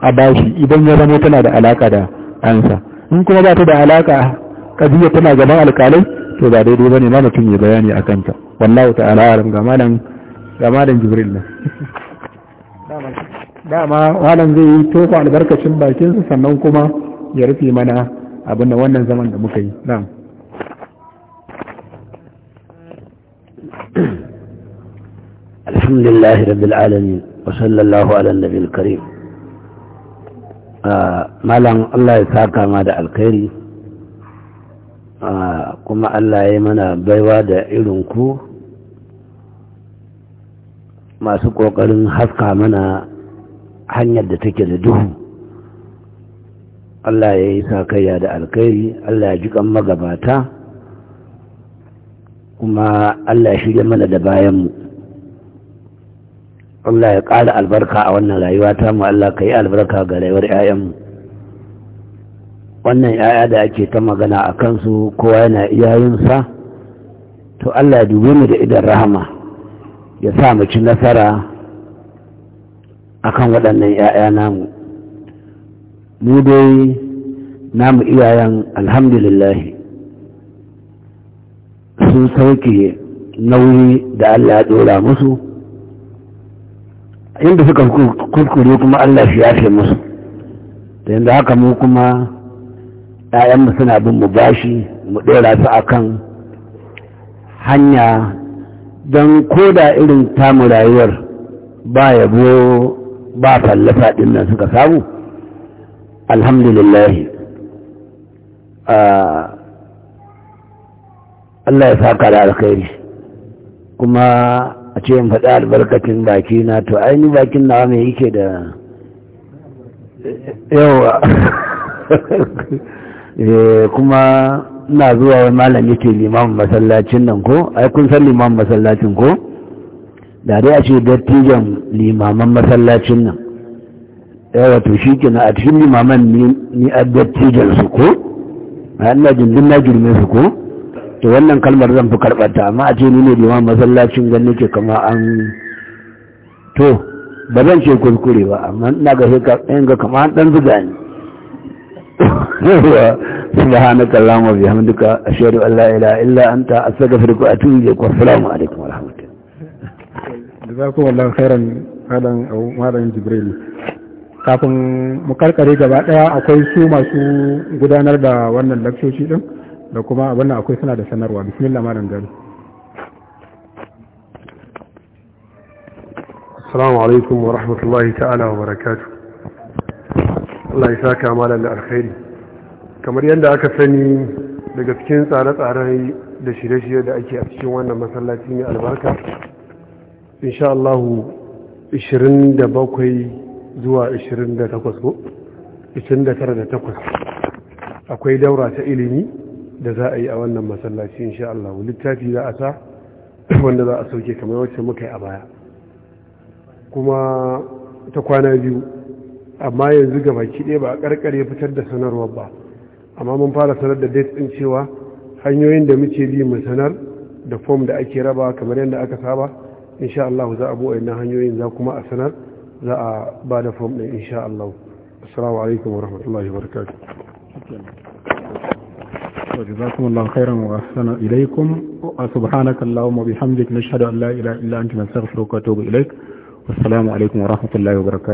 a ba shi idan ya zama tana da alaka da ansa in kuma ba ta da alaka kadiya tana gaban alkalai to ba daidai bane ma mutum ya bayani a kanta wallahu ta'ala alam ga malam ga malam jibril nan dama malam zai yi tofa albarkacin bakinsa sannan kuma ya rufe mana abin da wannan zaman da muka yi na'am الحمد rabbil alamin wa sallallahu ala على karim ah, malam Allah ya saka ma da alkhairi ah, kuma Allah ya mana baiwa da irin ku masu ƙoƙarin haska mana hanyar da take da duhu Allah ya yi sakayya da alkairi Allah ya ji kan magabata kuma Allah ya shirya mana da bayanmu Allah ya ƙara albarka a wannan rayuwa ta mu Allah ka yi albarka ga rayuwar 'ya'yanmu wannan 'ya'ya da ake ta magana a kansu kowa yana iyayensa to Allah ya dube mu da idan rahama ya sa mu ci nasara akan waɗannan 'ya'ya namu mu dai namu iyayen alhamdulillahi sun sauke nauyi da Allah ya ɗora musu inda suka kuskure kuma Allah shi fi musu da yadda haka mu kuma ‘ya'yanmu suna bin mu bashi mu ɗora su akan hanya don da irin tamu rayuwar ba yabo ba fallafa ɗin nan suka samu alhamdulillah Allah ya saka da alkhairi kuma a ce in faɗi albarkacin baki na to aini bakin nawa mai yake da yawa eh, kuma ina zuwa wani malam yake limamin masallacin nan ko ai kun san limamin masallacin ko da dai a ce dattijan limaman masallacin nan yawa to shi ke na a cikin limaman ni a dattijan su ko a ina jindin na girme su ko to wannan kalmar zan fi karɓarta amma a ce ni ne limamin masallacin gan nake kama an to ba zan ce kuskure ba amma ina ga sai ka kama an ɗan zuga ni سبحانك اللهم وبحمدك أشهد أن kafin mu karkare gaba daya akwai su masu gudanar da wannan lakcoci din da kuma abinda akwai suna da sanarwa bismillah malam gari assalamu alaikum wa rahmatullahi ta'ala wa barakatuh Allah ya saka da alkhairi kamar yadda aka sani daga cikin tsare tsaren da shirye-shirye da ake a cikin wannan masallaci ne albarka insha Allah 27 zuwa 28 ko akwai daura ta ilimi da za a yi a wannan masallaci insha Allah littafi za a sa wanda za a sauke kamar wacce muka yi a baya kuma ta kwana biyu amma yanzu ga baki ɗaya ba a ƙarƙare fitar da sanarwar ba amma mun fara sanar da date ɗin cewa hanyoyin da muke bi mu sanar da form da ake raba kamar yadda aka saba insha Allah za a buɗe na hanyoyin za kuma a sanar za a ba da form ɗin insha Allah assalamu alaikum wa rahmatullahi wa barakatuh جزاكم الله خيرا واحسن اليكم سبحانك اللهم وبحمدك نشهد ان لا اله الا انت نستغفرك ونتوب اليك والسلام عليكم ورحمه الله وبركاته